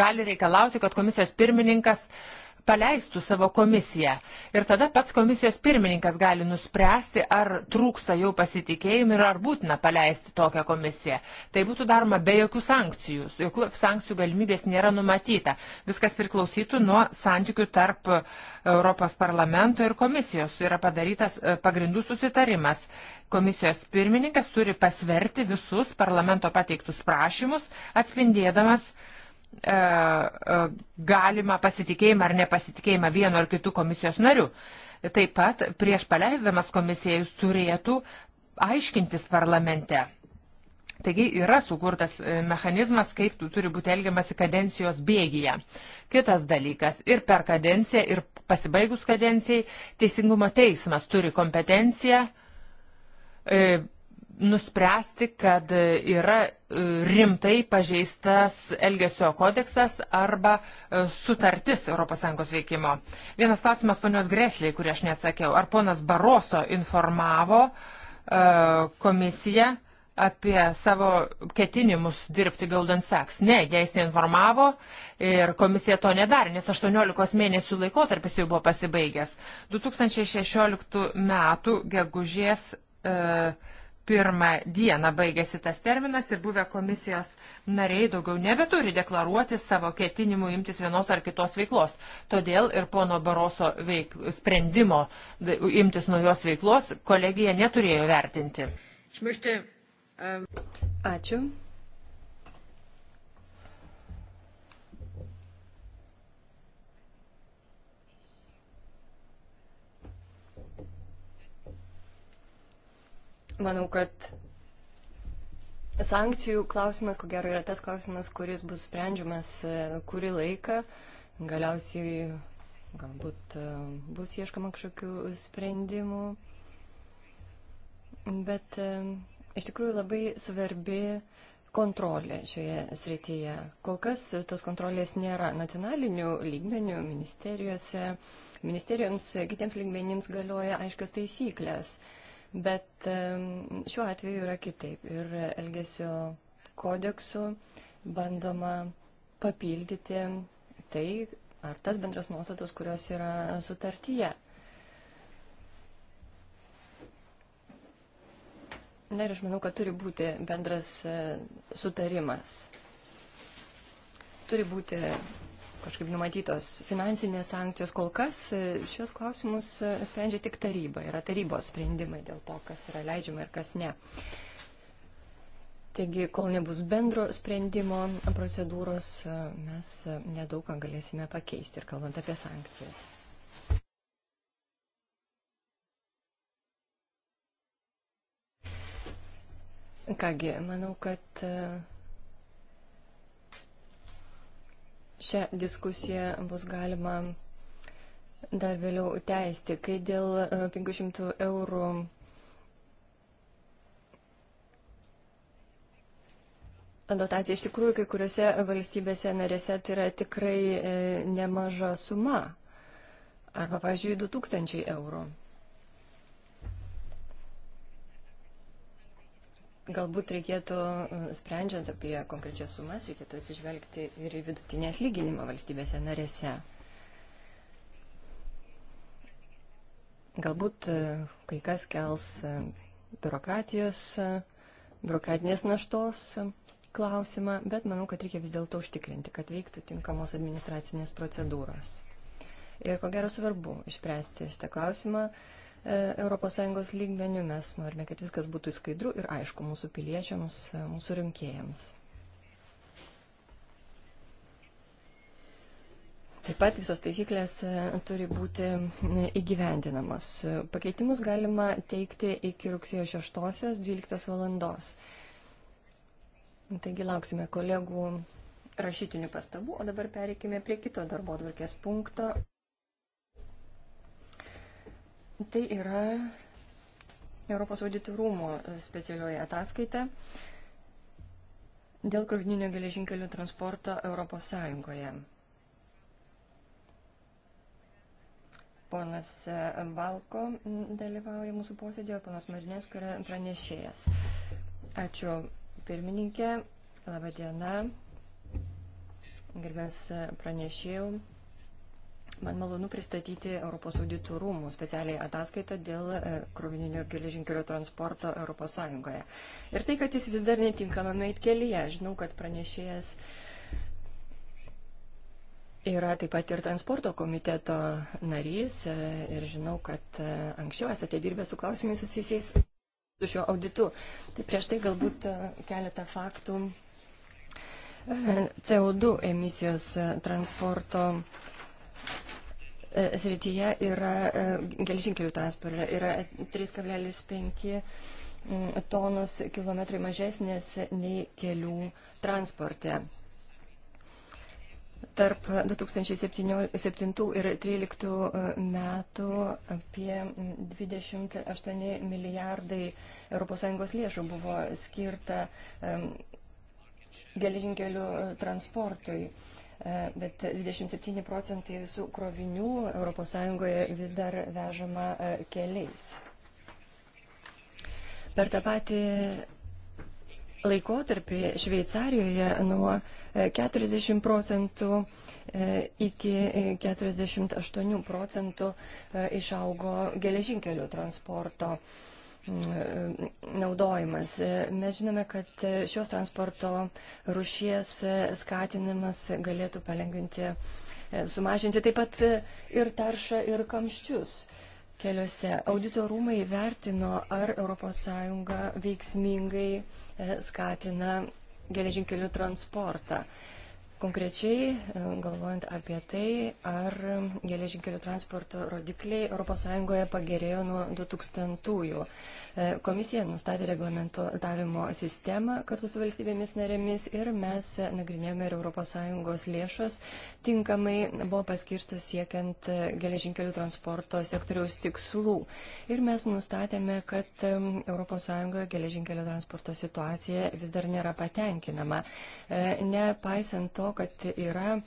gali reikalauti, kad komisijos pirmininkas uh, paleistų savo komisiją. Ir tada pats komisijos pirmininkas gali nuspręsti, ar trūksta jau pasitikėjimų ir ar būtina paleisti tokią komisiją. Tai būtų daroma be jokių sankcijų. Jokių sankcijų galimybės nėra numatyta. Viskas priklausytų nuo santykių tarp e, Europos parlamento ir komisijos. Yra padarytas e, pagrindų susitarimas. Komisijos pirmininkas turi pasverti visus parlamento pateiktus prašymus, atspindėdamas E, e, galima pasitikėjimą ar nepasitikėjimą vienu ar kitu komisijos nariu. Taip pat prieš paleisdamas komisiją jis turėtų aiškintis parlamente. Taigi yra sukurtas e, mechanizmas, kaip turi būti elgiamasi kadencijos bėgyje. Kitas dalykas - ir per kadenciją, ir pasibaigus kadencijai Teisingumo teismas turi kompetenciją nuspręsti, kad yra e, rimtai pažeistas Elgesio kodeksas arba e, sutartis ES veikimo. Vienas klausimas ponios Gresliai, kurį aš neatsakiau. Ar ponas Baroso informavo e, komisiją apie savo ketinimus dirbti Golden Sachs? Ne, jie įsiinformavo ir komisija to nedarė, nes 18 mėnesių laikotarpis jau buvo pasibaigęs. 2016 metų gegužės. Uh, 31 dieną baigėsi tas terminas ir buvę komisijos nariai daugiau nebeturi deklaruoti savo ketinimų imtis vienos ar kitos veiklos. Todėl ir pono Baroso veik, sprendimo imtis naujos veiklos kolegija neturėjo vertinti. Ähm, Ačiū. Manau, kad sankcijų klausimas, ko gero, yra tas klausimas, kuris bus sprendžiamas e, kurį laiką. Galiausiai galbūt e, bus ieškama kažkokių sprendimų. Bet e, iš tikrųjų labai svarbi kontrolė šioje srityje. Kol kas tos kontrolės nėra nacionalinių lygmenių, ministerijose, ministerijoms, kitiems lygmenims galioja aiškios taisyklės. Bet šiuo atveju yra kitaip. Ir Elgesio kodeksu bandoma papildyti tai, ar tas bendras nuostatas, kurios yra sutartyje. Na ir aš manau, kad turi būti bendras e, sutarimas. Turi būti kažkaip numatytos finansinės sankcijos. Kol kas e, šios klausimus e, sprendžia tik taryba. Yra tarybos sprendimai dėl to, kas yra leidžiama ir kas ne. Taigi, kol nebus bendro sprendimo procedūros, e, mes nedaug ką galėsime pakeisti ir kalbant apie sankcijas. Kągi, manau, kad Šią diskusiją bus galima dar vėliau teisti, kai dėl 500 e, eurų dotacija iš tikrųjų kai kuriuose valstybėse narėse tai yra tikrai e, nemaža suma. Arba, pavyzdžiui, 2000 eurų. Galbūt reikėtų, sprendžiant apie konkrečias sumas, reikėtų atsižvelgti ir į vidutinį atlyginimą valstybėse narėse. Galbūt e, kai kas kels e, biurokratijos, e, biurokratinės naštos klausimą, bet manau, kad reikia vis dėlto užtikrinti, kad veiktų tinkamos administracinės procedūros. Ir ko gero svarbu išspręsti šitą klausimą E, ES lygmenių. Mes norime, kad viskas būtų skaidru ir aišku mūsų piliečiams, e, mūsų rinkėjams. Taip pat visos taisyklės e, turi būti įgyvendinamos. Pakeitimus galima teikti iki rugsėjo 6.12 valandos. Taigi lauksime kolegų rašytinių pastabų, o dabar pereikime prie kito darbo atvarkės punkto. Tai yra Europos auditų rūmo e, specialioje ataskaita dėl krovininio geležinkelių transporto Europos Sąjungoje. Ponas e, Balko dalyvauja mūsų posėdėje, ponas Marinės, kur yra pranešėjas. Ačiū pirmininkė, laba diena, gerbės e, pranešėjau, Man malonu pristatyti Europos auditų rūmų specialiai ataskaitą dėl e, krovininio geležinkelio transporto ES. Ir tai, kad jis vis dar netinkamame kelyje. Žinau, kad pranešėjas yra taip pat ir transporto komiteto narys e, ir žinau, kad e, anksčiau esate dirbę su klausimais susijusiais su šiuo auditu. Tai prieš tai galbūt keletą faktų. CO2 emisijos transporto E, srityje yra e, gelžinkelių transporte yra 3,5 mm, tonos kilometrai mažesnės nei kelių transporte. Tarp 2007 ir 2013 e, metų apie 28 mm, milijardai ES lėšų buvo skirta geležinkelių transportui. E, bet 27 procentai visų krovinių ES vis dar vežama e, keliais. Per tą patį laikotarpį Šveicarijoje nuo 40 e, procentų iki 48 procentų išaugo geležinkelių transporto Mm, naudojimas. Mes žinome, kad šios transporto rušies skatinimas galėtų palengvinti, sumažinti taip pat ir taršą, ir kamščius keliuose. Audito rūmai vertino, ar ES veiksmingai e, skatina geležinkelių transportą. Konkrečiai, e, galvojant apie tai, ar geležinkelių transporto rodikliai ES pagerėjo nuo 2000-ųjų. E, komisija nustatė reglamentavimo sistemą kartu su valstybėmis narėmis ir mes nagrinėjome ir ES lėšos tinkamai buvo paskirstos siekiant e, geležinkelių transporto sektoriaus tikslų. Ir mes nustatėme, kad ES geležinkelių transporto situacija vis dar nėra patenkinama. Nepaisant to, kad yra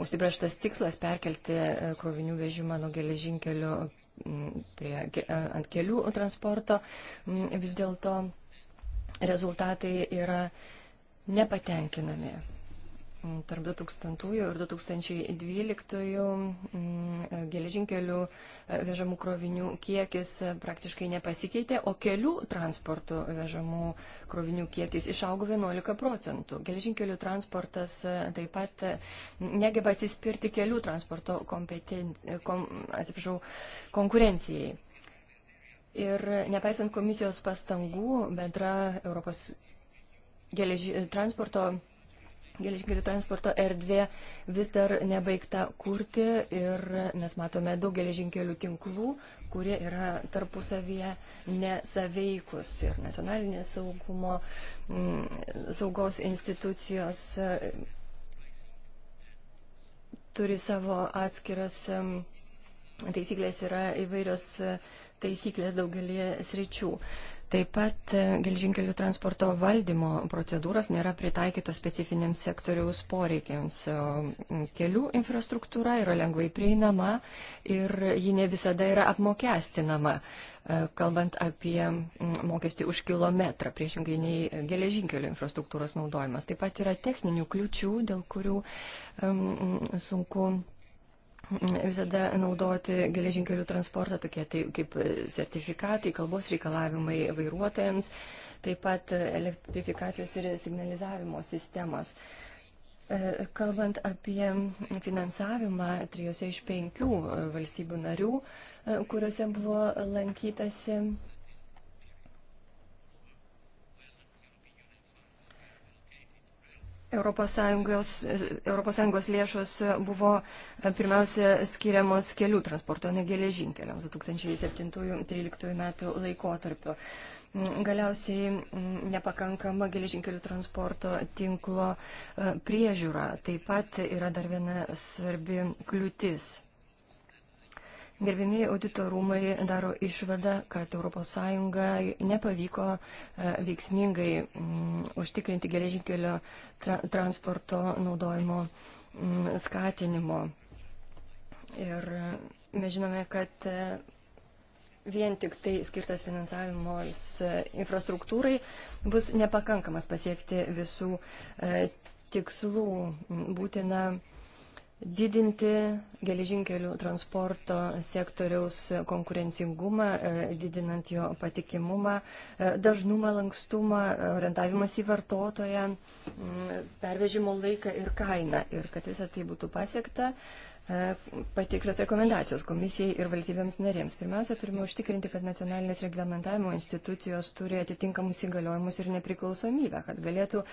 užsibrieštas tikslas perkelti e, krovinių vežimą nuo geležinkelių prie, e, ant kelių transporto, vis dėlto rezultatai yra nepatenkinami tarp 2000 ir 2012 mm, geležinkelių e, vežamų krovinių kiekis e, praktiškai nepasikeitė, o kelių transportų vežamų krovinių kiekis išaugo 11 procentų. Geležinkelių transportas e, taip pat negeba atsispirti kelių transporto kompeten... kom... atsiprašau, konkurencijai. Ir nepaisant komisijos pastangų, bendra Europos geleži... transporto geležinkelių transporto erdvė vis dar nebaigta kurti ir mes matome daug geležinkelių tinklų, kurie yra tarpusavyje nesaveikus ir nacionalinės saugumo, mm, saugos institucijos mm, turi savo atskiras mm, taisyklės, yra įvairios taisyklės daugelį sričių. Taip pat e, gelžinkelių transporto valdymo procedūros nėra pritaikytos specifiniams sektoriaus poreikiams. E, kelių infrastruktūra yra lengvai prieinama ir ji ne visada yra apmokestinama, e, kalbant apie mokestį už kilometrą, priešingai nei geležinkelių infrastruktūros naudojimas. Taip pat yra techninių kliučių, dėl kurių um, sunku visada naudoti geležinkelių transportą, tokie tai, kaip sertifikatai, kalbos reikalavimai vairuotojams, taip pat elektrifikacijos ir signalizavimo sistemos. E, kalbant apie finansavimą trijose iš penkių valstybių narių, e, kuriuose buvo lankytasi ES, ES lėšos buvo e, pirmiausia skiriamos kelių transporto, ne geležinkeliams 2007-2013 metų laikotarpiu. Mm, galiausiai mm, nepakankama geležinkelių transporto tinklo e, priežiūra taip pat yra dar viena svarbi kliūtis Gerbėmiai auditorumai daro išvadą, kad ES nepavyko e, veiksmingai mm, užtikrinti geležinkelio tra transporto naudojimo mm, skatinimo. Ir mes žinome, kad e, vien tik tai skirtas finansavimas e, infrastruktūrai bus nepakankamas pasiekti visų tikslų. Būtina didinti geležinkelių transporto sektoriaus konkurencingumą, e, didinant jo patikimumą, e, dažnumą, lankstumą, orientavimas į vartotoją, pervežimo laiką ir kainą. Ir kad visą tai būtų pasiekta, E, pateiktos rekomendacijos komisijai ir valstybėms narėms. Pirmiausia, turime užtikrinti, kad nacionalinės reglamentavimo institucijos turi atitinkamus įgaliojimus ir nepriklausomybę, kad galėtų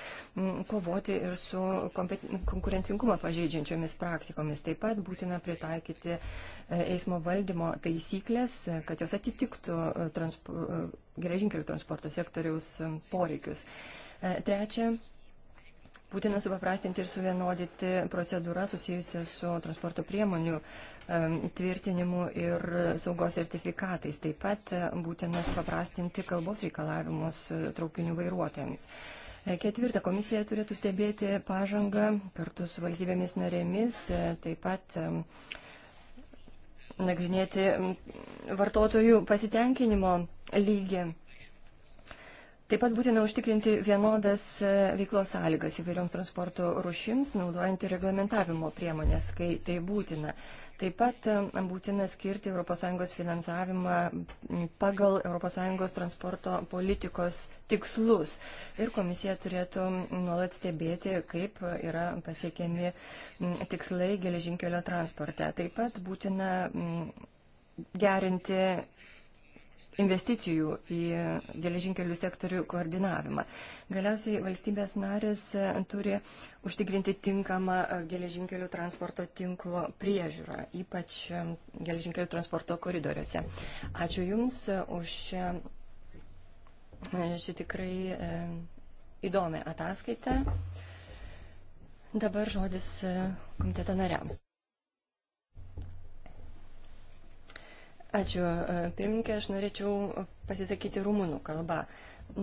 kovoti ir su konkurencingumą pažeidžiančiomis praktikomis. Taip pat būtina pritaikyti e, eismo valdymo taisyklės, kad jos atitiktų e, transpo, geležinkelių transporto sektoriaus poreikius. Trečia, Būtina supaprastinti ir suvienodyti procedūrą susijusią su transporto priemonių tvirtinimu ir saugos sertifikatais. Taip pat e, būtina supaprastinti kalbos reikalavimus e, traukinių vairuotojams. E, ketvirta, komisija turėtų stebėti pažangą kartu su valstybėmis narėmis, taip pat nagrinėti vartotojų pasitenkinimo lygį Taip pat būtina užtikrinti vienodas e, veiklos sąlygas įvairioms transporto rušims, naudojant reglamentavimo priemonės, kai tai būtina. Taip pat e, būtina skirti ES finansavimą pagal ES transporto politikos tikslus. Ir komisija turėtų nuolat stebėti, kaip yra pasiekiami tikslai geležinkelio transporte. Taip pat būtina gerinti investicijų į geležinkelių sektorių koordinavimą. Galiausiai valstybės narės e, turi užtikrinti tinkamą e, geležinkelių transporto tinklo priežiūrą, ypač e, geležinkelių transporto koridoriuose. Ačiū Jums už šią, šią tikrai įdomią ataskaitą. Dabar žodis komiteto nariams. Ačiū, e, pirmininkė, aš norėčiau pasisakyti rumunų kalbą.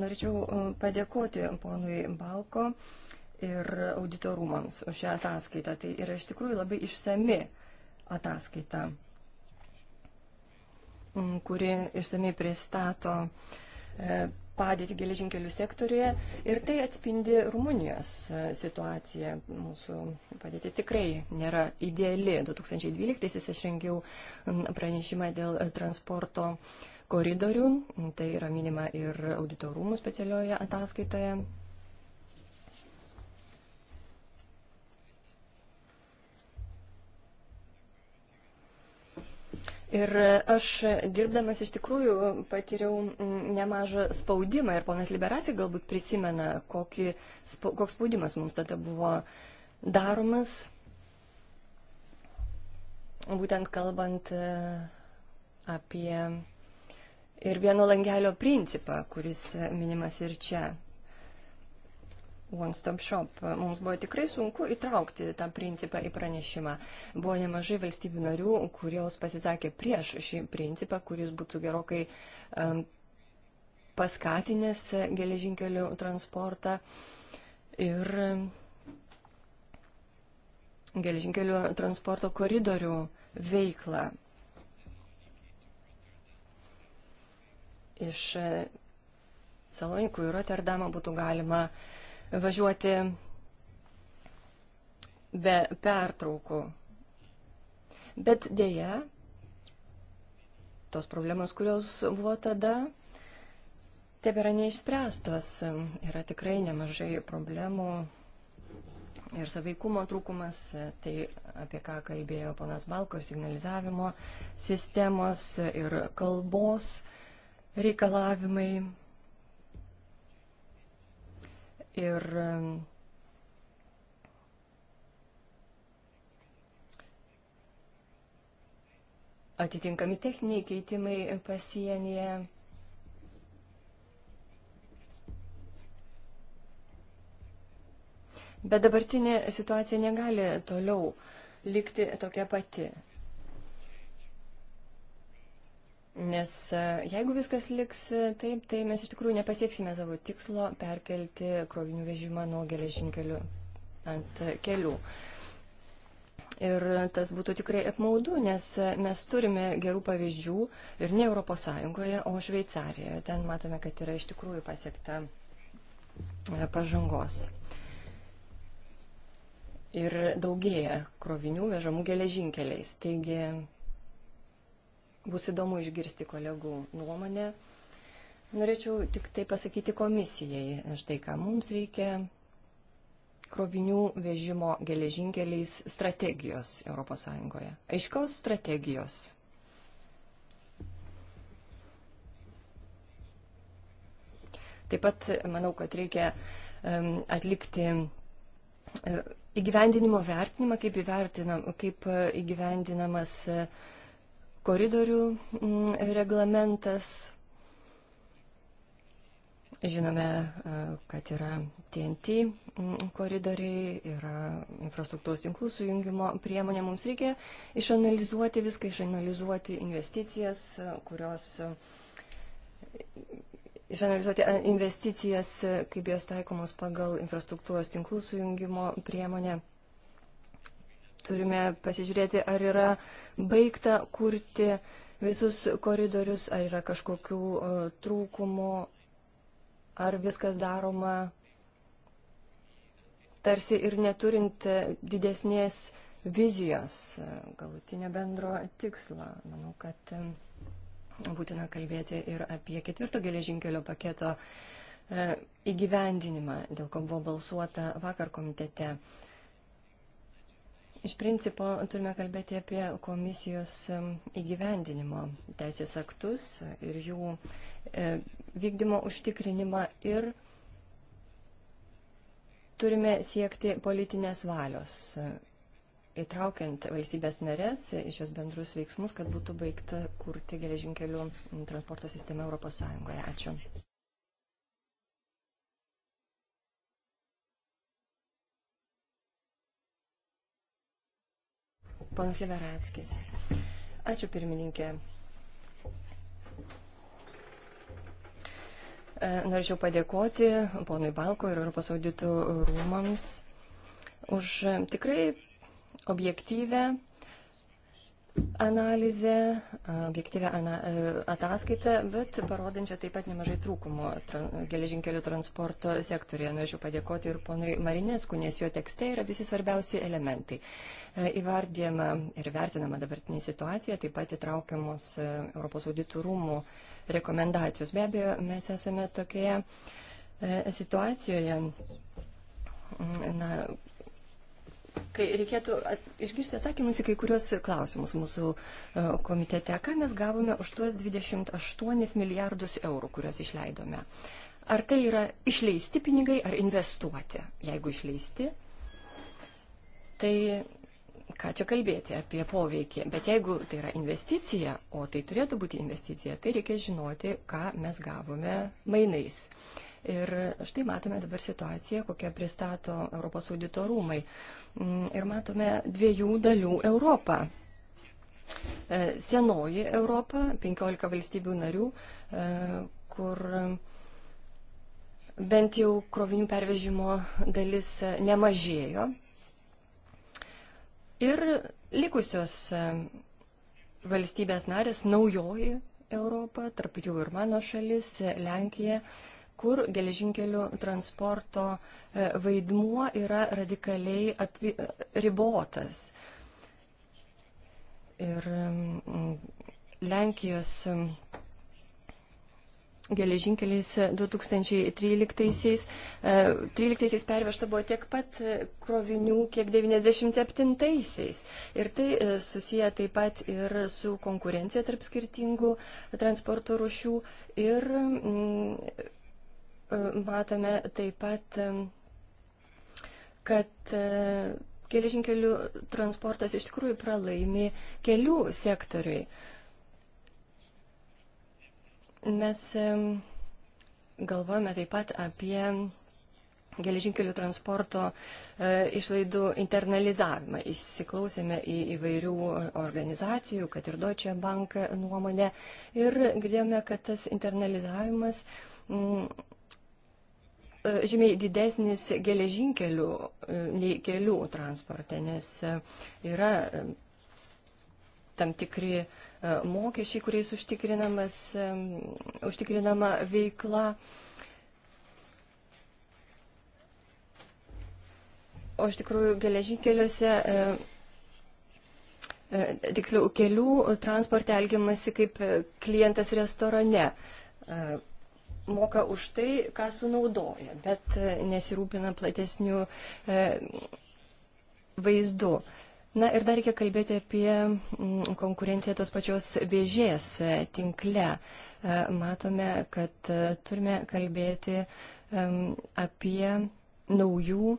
Norėčiau e, padėkoti ponui Balko ir auditorumams už šią ataskaitą. Tai yra iš tikrųjų labai išsami ataskaita, kuri išsami pristato e, padėtį geležinkelių sektoriuje ir tai atspindi Rumunijos e, situaciją. Mūsų padėtis tikrai nėra ideali. 2012 aš rengiau pranešimą dėl e, transporto koridorių, tai yra minima ir auditorumų specialioje ataskaitoje. Ir aš dirbdamas iš tikrųjų patyriau mm, nemažą spaudimą ir ponas Liberacija galbūt prisimena, kokį, koks spaudimas mums tada buvo daromas, būtent kalbant e, apie ir vieno langelio principą, kuris minimas ir čia. One Stop Shop. Mums buvo tikrai sunku įtraukti tą principą į pranešimą. Buvo nemažai valstybių narių, kurios pasisakė prieš šį principą, kuris būtų gerokai um, paskatinęs geležinkelių transportą. Ir geležinkelių transporto koridorių veiklą iš Salonikų į Rotterdamą būtų galima uh, važiuoti be pertraukų. Bet dėja, tos problemos, kurios buvo tada, tebėra neišspręstos. Yra tikrai nemažai problemų ir saveikumo trūkumas, tai apie ką kalbėjo ponas Balko, signalizavimo sistemos ir kalbos reikalavimai. Ir atitinkami techniniai keitimai pasienyje. Bet dabartinė situacija negali toliau likti tokia pati. Nes e, jeigu viskas liks e, taip, tai mes iš tikrųjų nepasieksime savo tikslo perkelti krovinių vežimą nuo geležinkelių ant kelių. Ir tas būtų tikrai apmaudu, nes e, mes turime gerų pavyzdžių ir ne ES, o Šveicarijoje. Ten matome, kad yra iš tikrųjų pasiekta pažangos. Ir daugėja krovinių vežamų geležinkeliais. Taigi Bus įdomu išgirsti kolegų nuomonę. Norėčiau tik tai pasakyti komisijai, štai ką mums reikia krovinių vežimo geležinkeliais strategijos ES. Aiškios strategijos. Taip pat manau, kad reikia atlikti įgyvendinimo vertinimą, kaip, įvertinam, kaip e, įgyvendinamas koridorių mm, reglamentas. Žinome, e, kad yra TNT mm, koridoriai, yra infrastruktūros tinklų sujungimo priemonė. Mums reikia išanalizuoti viską, išanalizuoti investicijas, e, kurios e, išanalizuoti investicijas, kaip jos taikomos pagal infrastruktūros tinklų sujungimo priemonę. Turime pasižiūrėti, ar yra baigta kurti visus koridorius, ar yra kažkokių trūkumų, ar viskas daroma tarsi ir neturint didesnės vizijos galutinio bendro tikslo. Manau, kad e, būtina kalbėti ir apie ketvirto geležinkelio paketo e, įgyvendinimą, dėl ko buvo balsuota vakar komitete. Iš principo turime kalbėti apie komisijos įgyvendinimo teisės aktus ir jų e, vykdymo užtikrinimą ir turime siekti politinės valios, e, įtraukiant valstybės narės į šios bendrus veiksmus, kad būtų baigta kurti geležinkelių transporto sistemą Europos Sąjungoje. Ačiū. Ponas Liberatskis. Ačiū pirmininkė. E, norėčiau padėkoti ponui Balko ir Europos auditų rūmams už tikrai objektyvę analizę, objektyvę ana, e, ataskaitą, bet parodančią taip pat nemažai trūkumų tran, geležinkelių transporto sektorėje. Norėčiau padėkoti ir ponui Marinesku, nes jo tekste yra visi svarbiausi elementai. E, Įvardėma ir vertinama dabartinė situacija, taip pat įtraukiamos e, Europos auditų rūmų rekomendacijos. Be abejo, mes esame tokioje situacijoje. Na, kai reikėtų išgirsti atsakymus į kai kurios klausimus mūsų e, komitete. Ką mes gavome už tuos 28 milijardus eurų, kuriuos išleidome? Ar tai yra išleisti pinigai ar investuoti? Jeigu išleisti, tai ką čia kalbėti apie poveikį. Bet jeigu tai yra investicija, o tai turėtų būti investicija, tai reikia žinoti, ką mes gavome mainais. Uh, Ir štai matome dabar situaciją, kokią pristato Europos audito rūmai. Mm, ir matome dviejų dalių Europą. E, senoji Europa, 15 valstybių narių, e, kur bent jau krovinių pervežimo dalis nemažėjo. Ir likusios e, valstybės narės, naujoji Europa, tarp jų ir mano šalis, Lenkija, kur geležinkelių transporto e, vaidmuo yra radikaliai api, ribotas. Ir mm, Lenkijos mm, geležinkeliais 2013-aisiais 13 e, pervežta buvo tiek pat e, krovinių, kiek 97-aisiais. Ir tai susiję taip pat ir su konkurencija tarp skirtingų transporto rušių ir mm, matome taip pat, kad e, geležinkelių transportas iš tikrųjų pralaimi kelių sektoriui. Mes galvojame taip pat apie geležinkelių transporto e, išlaidų internalizavimą. Įsiklausėme į įvairių organizacijų, kad ir Deutsche Bank nuomonę ir girdėjome, kad tas internalizavimas E, žymiai didesnis geležinkelių e, nei kelių transporte, nes e, yra tam tikri mokesčiai, kuriais užtikrinama veikla. O iš tikrųjų geležinkeliuose, tiksliau, kelių transporte elgiamasi kaip klientas restorane moka už tai, ką sunaudoja, bet e, nesirūpina platesnių e, vaizdų. Na ir dar reikia kalbėti apie mm, konkurenciją tos pačios vėžės e, tinkle. Matome, kad turime kalbėti apie naujų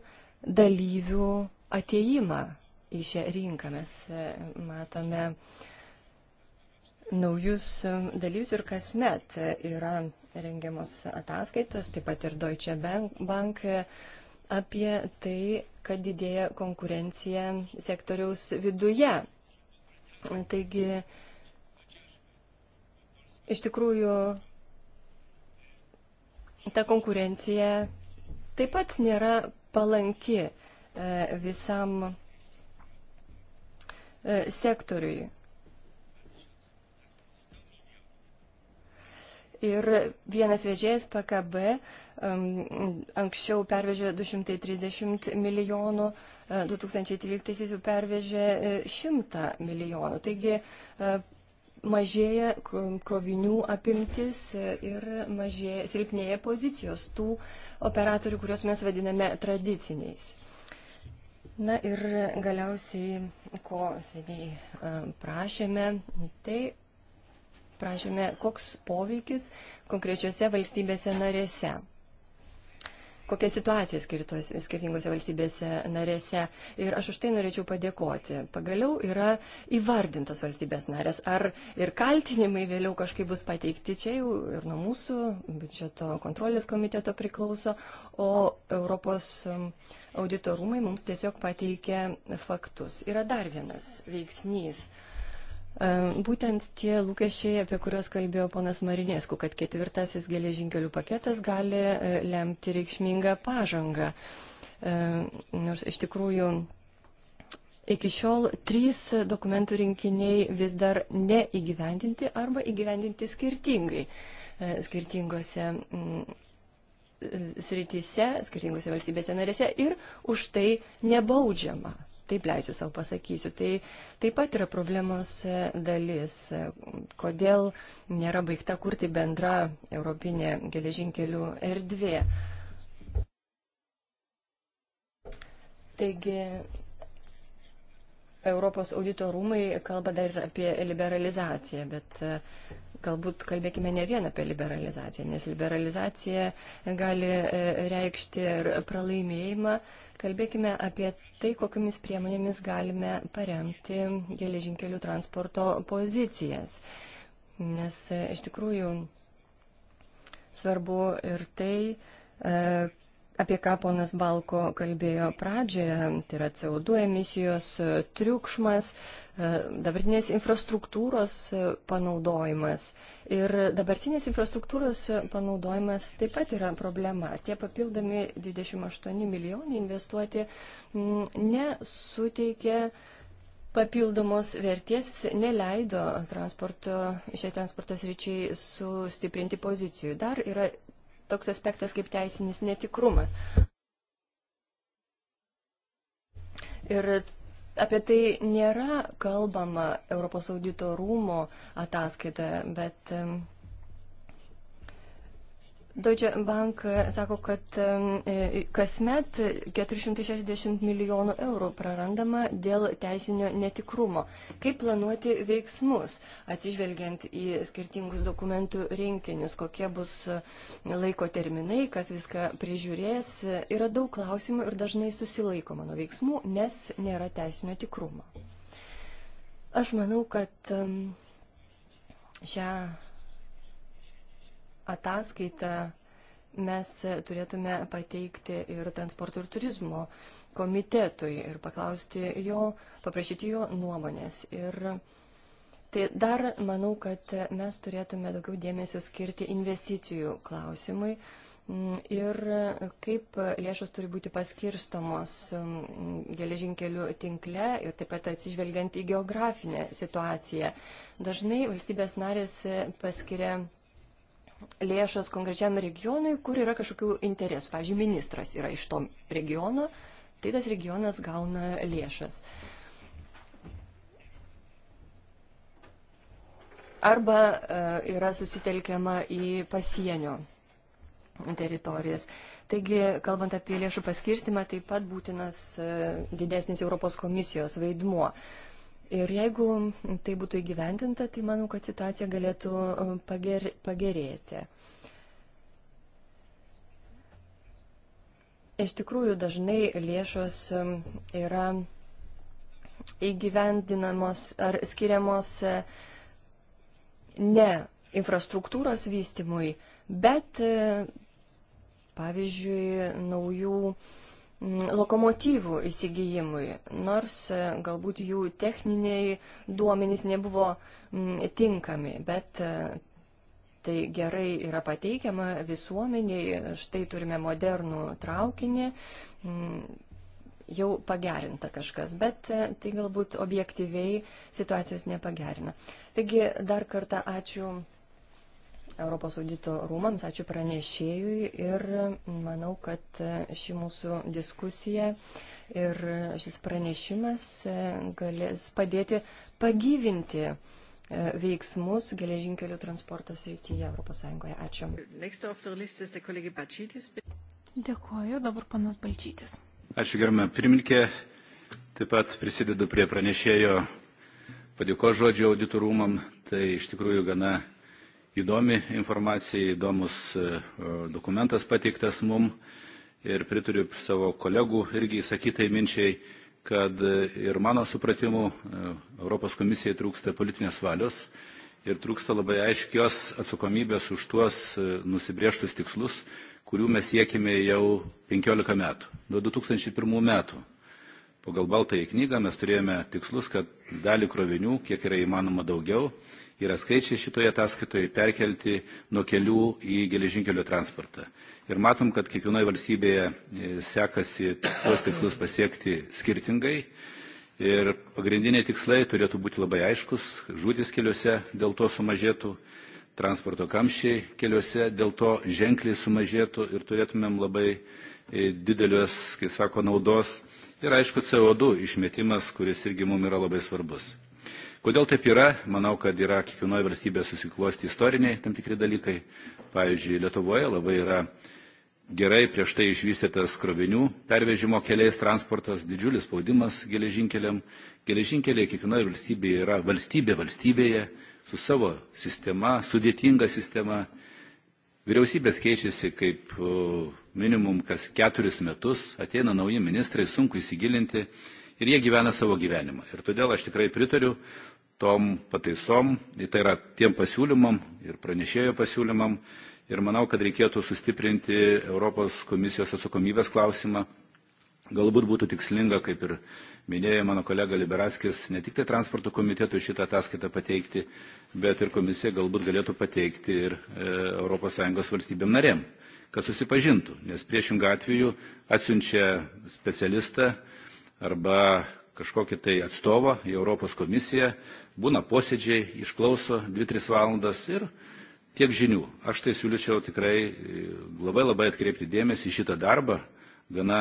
dalyvių ateimą į šią rinką. Mes matome naujus dalyvius ir kasmet yra rengiamos ataskaitos, taip pat ir Deutsche Bank, apie tai, kad didėja konkurencija sektoriaus viduje. Taigi, iš tikrųjų, ta konkurencija taip pat nėra palanki e, visam e, sektoriui. Ir vienas vežėjas PKB um, anksčiau pervežė 230 milijonų, 2013 uh, jau pervežė 100 uh, milijonų. Taigi uh, mažėja krovinių apimtis ir mažėja, silpnėja pozicijos tų operatorių, kuriuos mes vadiname tradiciniais. Na ir galiausiai, ko seniai prašėme, tai prašėme, koks poveikis konkrečiose valstybėse narėse. Kokia situacija skirtos, skirtingose valstybėse narėse. Ir aš už tai norėčiau padėkoti. Pagaliau yra įvardintos valstybės narės. Ar ir kaltinimai vėliau kažkaip bus pateikti čia jau ir nuo mūsų, biudžeto kontrolės komiteto priklauso, o Europos um, auditorumai mums tiesiog pateikia faktus. Yra dar vienas veiksnys E, būtent tie lūkesčiai, apie kuriuos kalbėjo ponas Marinėsku, kad ketvirtasis geležinkelių paketas gali e, lemti reikšmingą pažangą. E, nors iš tikrųjų iki šiol trys dokumentų rinkiniai vis dar neįgyvendinti arba įgyvendinti skirtingai skirtingose srityse, skirtingose valstybėse narėse ir už tai nebaudžiama. Taip leisiu savo pasakysiu. Tai taip pat yra problemos e, dalis, e, kodėl nėra baigta kurti bendra europinė geležinkelių erdvė. Taigi Europos audito rūmai kalba dar ir apie liberalizaciją, bet e, galbūt kalbėkime ne vien apie liberalizaciją, nes liberalizacija gali reikšti ir pralaimėjimą, Kalbėkime apie tai, kokiamis priemonėmis galime paremti geležinkelių transporto pozicijas. Nes e, iš tikrųjų svarbu ir tai, e, apie ką ponas Balko kalbėjo pradžioje, tai yra CO2 emisijos, e, triukšmas, e, dabartinės infrastruktūros e, panaudojimas. Ir dabartinės infrastruktūros panaudojimas taip pat yra problema. Tie papildomi 28 milijonai investuoti nesuteikia papildomos vertės neleido transporto, šiai transporto sričiai sustiprinti pozicijų. Dar yra toks aspektas kaip teisinis netikrumas. Ir apie tai nėra kalbama Europos audito rūmo ataskaitoje, bet Deutsche Bank sako, kad e, kasmet 460 milijonų eurų prarandama dėl teisinio netikrumo. Kaip planuoti veiksmus, atsižvelgiant į skirtingus dokumentų rinkinius, kokie bus e, laiko terminai, kas viską prižiūrės. E, yra daug klausimų ir dažnai susilaiko mano veiksmų, nes nėra teisinio tikrumo. Aš manau, kad šią ataskaitą mes turėtume pateikti ir transporto ir turizmo komitetui ir paklausti jo, paprašyti jo nuomonės. Ir tai dar manau, kad mes turėtume daugiau dėmesio skirti investicijų klausimui ir kaip lėšos turi būti paskirstamos geležinkelių tinkle ir taip pat atsižvelgiant į geografinę situaciją. Dažnai valstybės narės paskiria lėšas konkrečiam regionui, kur yra kažkokių interesų. Pavyzdžiui, ministras yra iš to regiono, tai tas regionas gauna lėšas. Arba e, yra susitelkiama į pasienio teritorijas. Taigi, kalbant apie lėšų paskirstimą, taip pat būtinas e, didesnis Europos komisijos vaidmuo. Uh, Ir jeigu tai būtų įgyvendinta, tai manau, kad situacija galėtų e, pager, pagerėti. Iš tikrųjų, dažnai lėšos e, yra įgyvendinamos ar skiriamos e, ne infrastruktūros vystimui, bet, pavyzdžiui, naujų Mm, lokomotyvų įsigijimui, nors e, galbūt jų techniniai duomenys nebuvo mm, tinkami, bet e, tai gerai yra pateikiama visuomeniai, štai turime modernų traukinį, mm, jau pagerinta kažkas, bet e, tai galbūt objektyviai situacijos nepagerina. Taigi dar kartą ačiū Europos audito rūmams, ačiū pranešėjui ir manau, kad ši mūsų diskusija ir šis pranešimas galės padėti pagyvinti e, veiksmus geležinkelių transporto srityje ES. Ačiū. Dėkuoju, dabar panas Balčytis. Ačiū gerbama pirmininkė. Taip pat prisidedu prie pranešėjo padėko žodžio auditorumam. Tai iš tikrųjų gana įdomi informacija, įdomus e, e, dokumentas pateiktas mum ir prituriu savo kolegų irgi įsakytai minčiai, kad e, ir mano supratimu Europos komisijai trūksta politinės valios ir trūksta labai aiškios atsakomybės už tuos nusibrieštus tikslus, kurių mes siekime jau 15 metų, nuo 2001 metų. Pagal Baltąją knygą mes turėjome tikslus, kad dalį krovinių, kiek yra įmanoma daugiau, yra skaičiai šitoje ataskaitoje perkelti nuo kelių į geležinkelio transportą. Ir matom, kad kiekvienoje valstybėje e, sekasi tuos tikslus pasiekti skirtingai. Ir pagrindiniai tikslai turėtų būti labai aiškus. Žūtis keliuose dėl to sumažėtų, transporto kamščiai keliuose dėl to ženkliai sumažėtų ir turėtumėm labai e, didelios, kaip sako, naudos. Ir aišku, CO2 išmetimas, kuris irgi mums yra labai svarbus. Kodėl taip yra? Manau, kad yra kiekvienoje valstybėje susiklosti istoriniai tam tikri dalykai. Pavyzdžiui, Lietuvoje labai yra gerai prieš tai išvystytas krovinių pervežimo keliais transportas, didžiulis spaudimas geležinkeliam. Geležinkeliai kiekvienoje valstybėje yra valstybė valstybėje su savo sistema, sudėtinga sistema. Vyriausybės keičiasi kaip minimum kas keturis metus, ateina nauji ministrai, sunku įsigilinti ir jie gyvena savo gyvenimą. Ir todėl aš tikrai pritariu tom pataisom, tai yra tiem pasiūlymam ir pranešėjo pasiūlymam. Ir manau, kad reikėtų sustiprinti Europos komisijos atsakomybės klausimą. Galbūt būtų tikslinga, kaip ir minėjo mano kolega Liberaskis, ne tik tai transporto komitetui šitą ataskaitą pateikti, bet ir komisija galbūt galėtų pateikti ir ES valstybėm narėm, kad susipažintų, nes priešingą atveju atsiunčia specialistą arba kažkokį tai atstovą į Europos komisiją, būna posėdžiai, išklauso 2-3 valandas ir tiek žinių. Aš tai siūlyčiau tikrai e, labai labai atkreipti dėmesį į šitą darbą, gana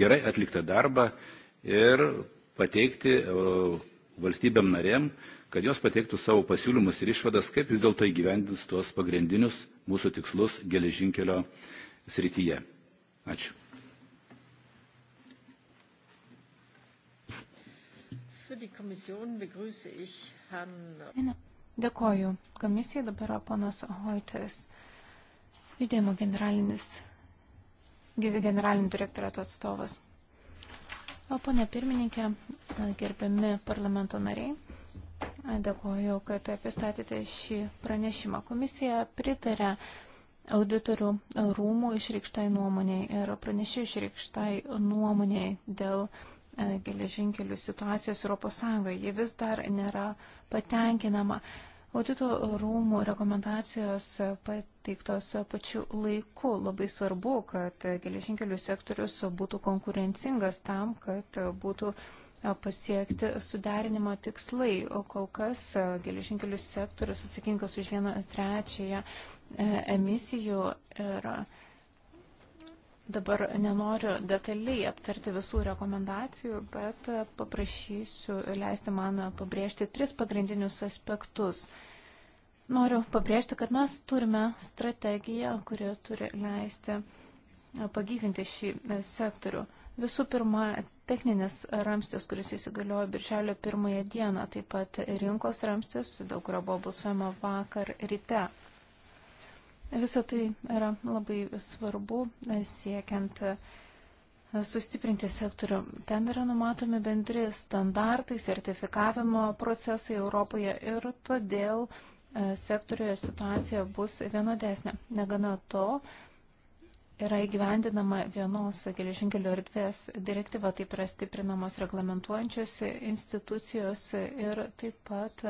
gerai atliktą darbą ir pateikti e, valstybėm narėm, kad jos pateiktų savo pasiūlymus ir išvadas, kaip vis dėlto įgyvendins tuos pagrindinius mūsų tikslus geležinkelio srityje. Ačiū. Dėkoju. Komisija dabar yra panas Hoitas, judėjimo generalinis, generalinio direktorato atstovas. O ponia pirmininkė, gerbiami parlamento nariai, dėkoju, kad pristatėte šį pranešimą. Komisija pritarė auditorių rūmų išreikštai nuomoniai ir pranešė išreikštai nuomoniai dėl E, geležinkelių situacijos ES. Ji vis dar nėra patenkinama. Audito rūmų rekomendacijos pateiktos pačiu laiku. Labai svarbu, kad geležinkelių sektorius būtų konkurencingas tam, kad būtų pasiekti suderinimo tikslai. O kol kas geležinkelių sektorius atsakingas už vieną trečiąją e, emisijų ir. Yra Dabar nenoriu detaliai aptarti visų rekomendacijų, bet paprašysiu leisti man pabrėžti tris pagrindinius aspektus. Noriu pabrėžti, kad mes turime strategiją, kuri turi leisti pagyvinti šį sektorių. Visų pirma, techninis ramstis, kuris įsigaliojo birželio pirmąją dieną, taip pat rinkos ramstis, daug kurio buvo balsuojama vakar ryte. Visą tai yra labai svarbu e, siekiant e, sustiprinti sektorių. Ten yra numatomi bendri standartai, sertifikavimo procesai Europoje ir todėl e, sektoriuje situacija bus vienodesnė. Negana to, yra įgyvendinama vienos geležinkelio erdvės direktyva, taip yra stiprinamos reglamentuojančios institucijos ir taip pat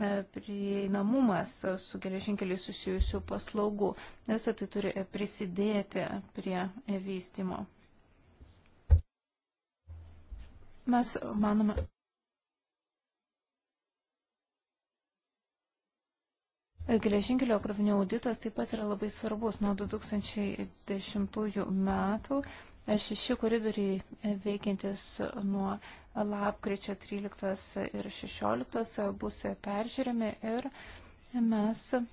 E, prieinamumas su geležinkeliai susijusių paslaugų. Visą tai turi prisidėti prie vystimo. Mes manome. Geležinkelio krovinių auditas taip pat yra labai svarbus. Nuo 2010 metų šeši koridoriai e, veikiantis nuo lapkričio 13 ir 16 e, bus peržiūrimi ir mes e,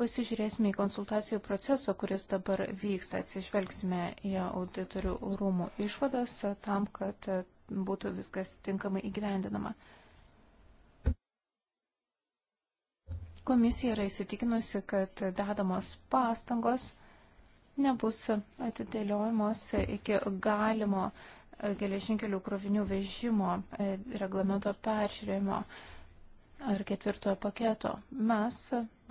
pasižiūrėsime į konsultacijų procesą, kuris dabar vyksta, atsižvelgsime į auditorių rūmų išvadas tam, kad būtų viskas tinkamai įgyvendinama. Komisija yra įsitikinusi, kad dedamos pastangos nebus atidėliojamos iki galimo e, geležinkelių krovinių vežimo e, reglamento peržiūrėjimo ar ketvirtojo paketo. Mes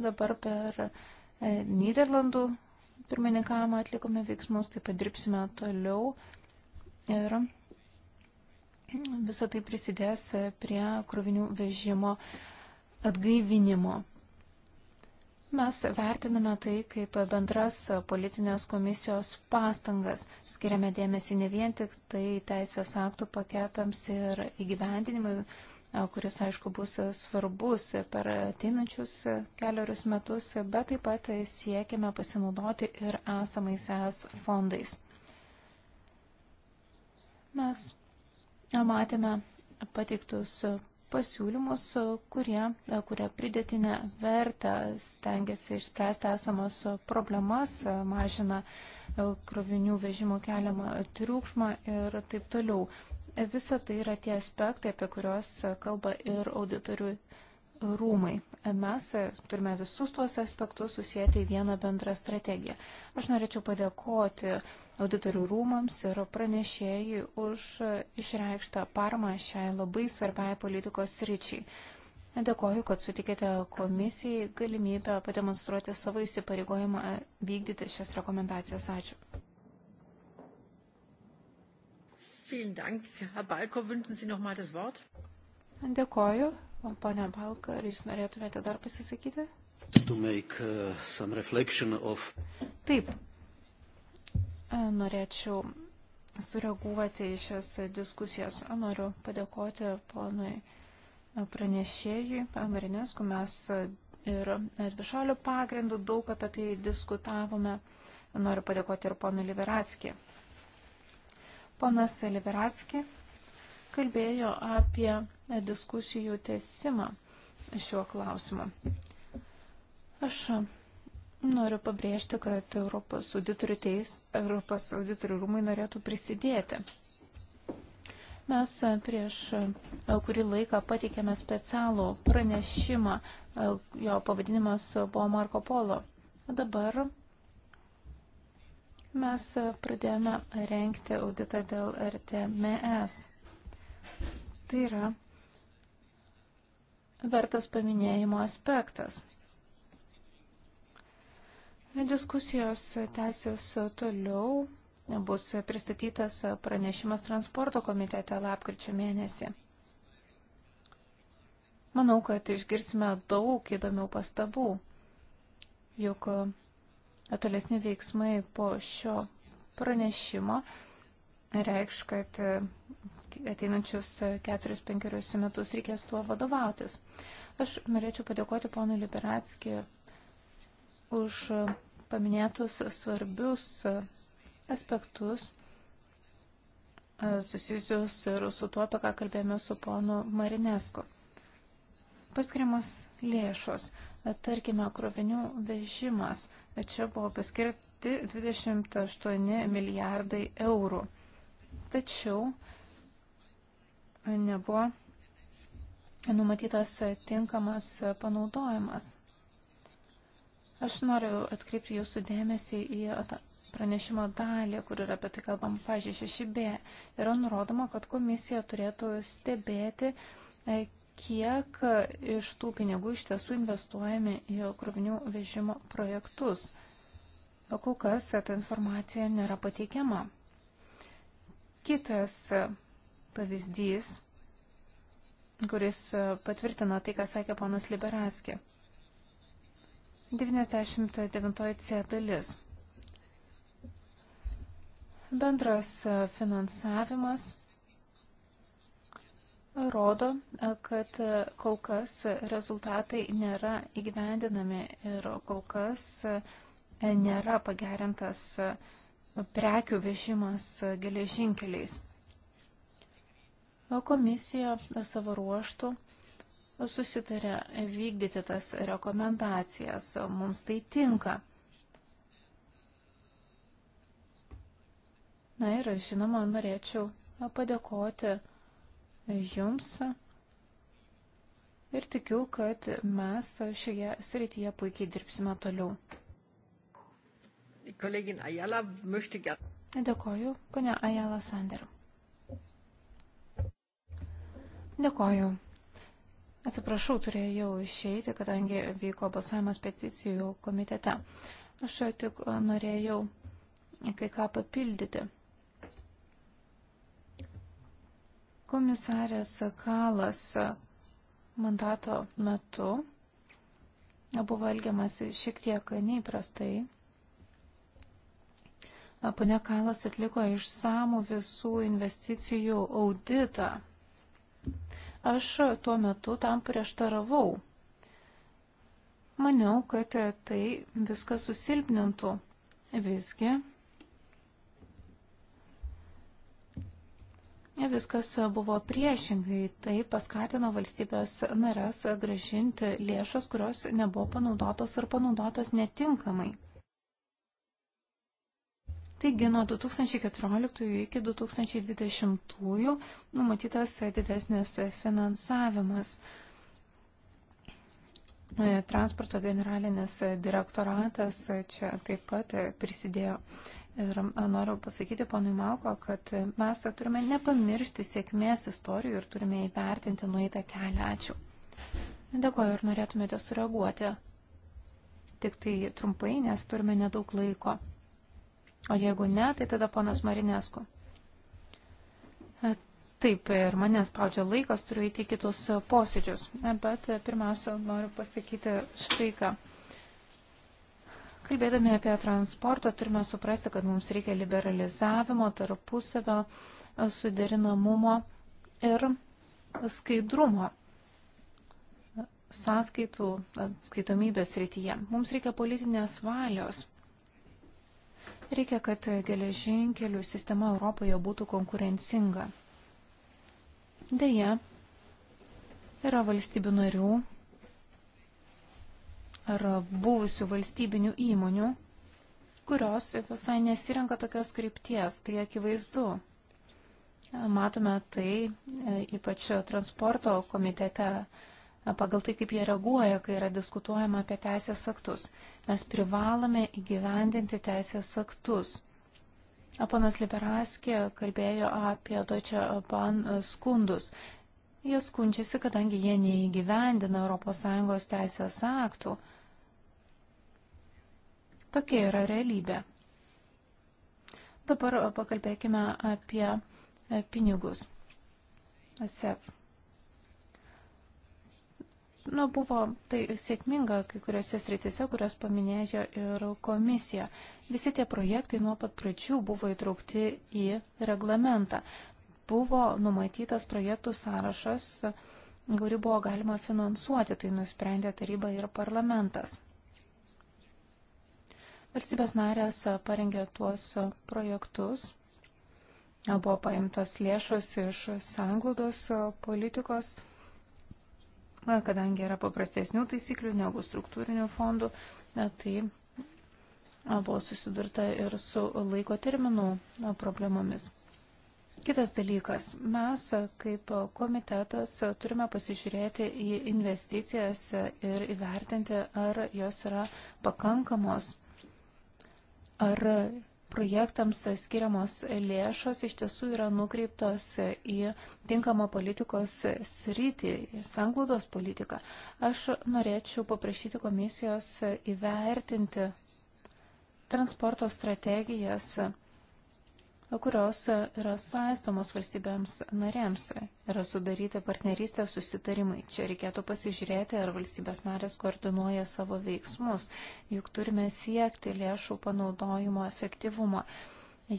dabar per e, Niderlandų pirmininkavimą atlikome veiksmus, taip pat dirbsime toliau ir visą tai prisidės prie krovinių vežimo atgaivinimo. Mes vertiname tai kaip bendras politinės komisijos pastangas. Skiriame dėmesį ne vien tik tai teisės aktų paketams ir įgyvendinimui, kuris, aišku, bus svarbus per ateinančius keliarius metus, bet taip pat siekime pasinaudoti ir esamais ES fondais. Mes matėme pateiktus pasiūlymus, kurie, kurie pridėtinę vertę stengiasi išspręsti esamas problemas, mažina e, krovinių vežimo keliamą triukšmą ir taip toliau. Visa tai yra tie aspektai, apie kuriuos kalba ir auditorių rūmai. Mes turime visus tuos aspektus susijęti į vieną bendrą strategiją. Aš norėčiau padėkoti auditorių rūmams ir pranešėjai už išreikštą parmą šiai labai svarbiai politikos ryčiai. Dėkoju, kad sutikėte komisijai galimybę pademonstruoti savo įsipareigojimą vykdyti šias rekomendacijas. Ačiū. Vielen Dank. Herr Balko, wünschen Sie noch mal das Wort? Dėkoju. Pone Balka, ar jūs norėtumėte dar pasisakyti? Make, uh, of... Taip. Norėčiau sureaguoti į šias diskusijas. Noriu padėkoti ponui pranešėjui, Marinesku, mes ir dvišalių pagrindų daug apie tai diskutavome. Noriu padėkoti ir ponui Liberatskį. Ponas Liberatskį kalbėjo apie diskusijų tesimą šiuo klausimu. Aš noriu pabrėžti, kad Europos auditorių, teis, Europos auditorių rūmai norėtų prisidėti. Mes prieš kurį laiką pateikėme specialų pranešimą, jo pavadinimas buvo Marko Polo. Dabar mes pradėjome renkti auditą dėl RTMS. Tai yra vertas paminėjimo aspektas. Diskusijos tęsis toliau. Bus pristatytas pranešimas transporto komitete lapkričio mėnesį. Manau, kad išgirsime daug įdomių pastabų, juk tolesni veiksmai po šio pranešimo reikš, kad e, ateinančius e, keturis, penkerius metus reikės tuo vadovautis. Aš norėčiau padėkoti ponui Liberatski už e, paminėtus svarbius aspektus susijusius ir su tuo, apie ką kalbėjome su ponu Marinesku. Paskiriamos lėšos, tarkime, krovinių vežimas. Čia buvo paskirti 28 milijardai eurų tačiau nebuvo numatytas tinkamas panaudojimas. Aš noriu atkreipti jūsų dėmesį į pranešimo dalį, kur yra apie tai kalbam, pažiūrėjau, 6b, yra nurodoma, kad komisija turėtų stebėti, e, kiek iš tų pinigų iš tiesų investuojami į krovinių vežimo projektus. O kol kas e, ta informacija nėra pateikiama. Kitas e, pavyzdys, kuris e, patvirtino tai, ką sakė ponas Liberaskė. 99C dalis. Bendras e, finansavimas rodo, kad kol kas rezultatai nėra įgyvendinami ir kol kas nėra pagerintas finansavimas prekių vežimas geležinkeliais. Komisija savo ruoštų susitarė vykdyti tas rekomendacijas. Mums tai tinka. Na ir, žinoma, norėčiau padėkoti Jums ir tikiu, kad mes šioje srityje puikiai dirbsime toliau. Dėkoju, ponia Ajala Sander. Dėkoju. Atsiprašau, turėjau išeiti, kadangi vyko balsavimas peticijų komitete. Aš tik norėjau kai ką papildyti. Komisarės Kalas mandato metu buvo elgiamas šiek tiek neįprastai Pane Kalas atliko išsamų visų investicijų auditą. Aš tuo metu tam prieštaravau. Maniau, kad tai viską susilpnintų. Visgi Viskas buvo priešingai, tai paskatino valstybės narės gražinti lėšas, kurios nebuvo panaudotos ar panaudotos netinkamai. Taigi nuo 2014 iki 2020 numatytas didesnis finansavimas. E, transporto generalinis direktoratas čia taip pat prisidėjo. Ir noriu pasakyti ponui Malko, kad mes turime nepamiršti sėkmės istorijų ir turime įvertinti nueitą kelią. Ačiū. Dėkuoju, ar norėtumėte sureaguoti? Tik tai trumpai, nes turime nedaug laiko. O jeigu ne, tai tada ponas Marinesku. E, taip, ir mane spaudžia laikas, turiu įti kitus posėdžius. E, bet e, pirmiausia, noriu pasakyti štai ką. Kalbėdami apie transportą, turime suprasti, kad mums reikia liberalizavimo, tarpusavio, suderinamumo ir skaidrumo sąskaitų atskaitomybės rytyje. Mums reikia politinės valios. Reikia, kad geležinkelių sistema Europoje būtų konkurencinga. Deja, yra valstybių narių ar buvusių valstybinių įmonių, kurios visai nesirenka tokios krypties, tai akivaizdu. Matome tai e, ypač transporto komitete pagal tai, kaip jie reaguoja, kai yra diskutuojama apie teisės aktus. Mes privalome įgyvendinti teisės aktus. Ponas Liberaskė kalbėjo apie Deutsche Bahn skundus. Jie skundžiasi, kadangi jie neįgyvendina ES teisės aktų. Tokia yra realybė. Dabar pakalbėkime apie pinigus. SEP. Nu, buvo tai sėkminga kai kuriuose sritise, kurios paminėjo ir komisija. Visi tie projektai nuo pat pradžių buvo įtraukti į reglamentą. Buvo numatytas projektų sąrašas, kurį buvo galima finansuoti, tai nusprendė taryba ir parlamentas. Valstybės narės parengė tuos projektus buvo paimtos lėšos iš sanglaudos politikos kadangi yra paprastesnių taisyklių negu struktūrinių fondų, tai buvo susidurta ir su laiko terminų problemomis. Kitas dalykas, mes kaip komitetas turime pasižiūrėti į investicijas ir įvertinti, ar jos yra pakankamos, ar projektams skiriamos lėšos iš tiesų yra nukreiptos į tinkamą politikos sritį, sanglaudos politiką. Aš norėčiau paprašyti komisijos įvertinti transporto strategijas kurios yra saistomos valstybėms narėms, yra sudaryti partnerystės susitarimai. Čia reikėtų pasižiūrėti, ar valstybės narės koordinuoja savo veiksmus, juk turime siekti lėšų panaudojimo efektyvumą.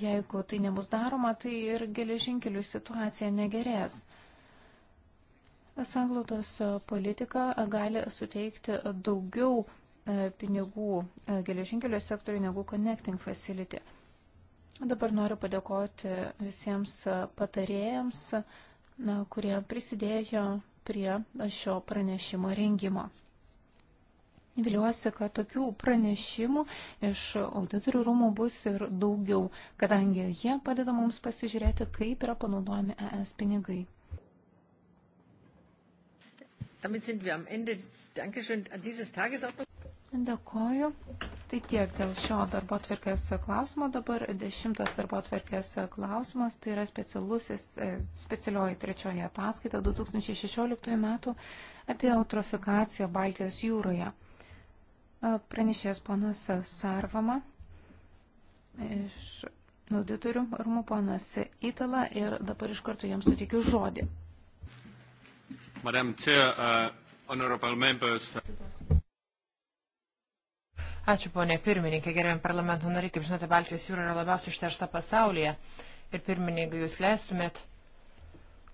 Jeigu tai nebus daroma, tai ir geležinkelių situacija negerės. Sanglautos politika gali suteikti daugiau e, pinigų e, geležinkelio sektoriui negu Connecting Facility. Dabar noriu padėkoti visiems patarėjams, kurie prisidėjo prie šio pranešimo rengimo. Viliuosi, kad tokių pranešimų iš auditorių rūmų bus ir daugiau, kadangi jie padeda mums pasižiūrėti, kaip yra panaudojami ES pinigai. Damit sind wir am Ende. Dankeschön an dieses Tagesordnung. Dėkoju. Tai tiek dėl šio darbo atverkės klausimo. Dabar dešimtas darbo atverkės klausimas, tai yra e, specialioji trečioji ataskaita 2016 metų apie eutrofikaciją Baltijos jūroje. E, pranešės ponas Sarvama iš auditorių rūmų ponas Itala ir dabar iš karto jam suteikiu žodį. Madam Chair, uh, honorable members. Ačiū, ponė pirmininkė, gerbiam parlamento nariai. Kaip žinote, Baltijos jūra yra labiausiai išteršta pasaulyje. Ir pirmininkai, jūs leistumėt,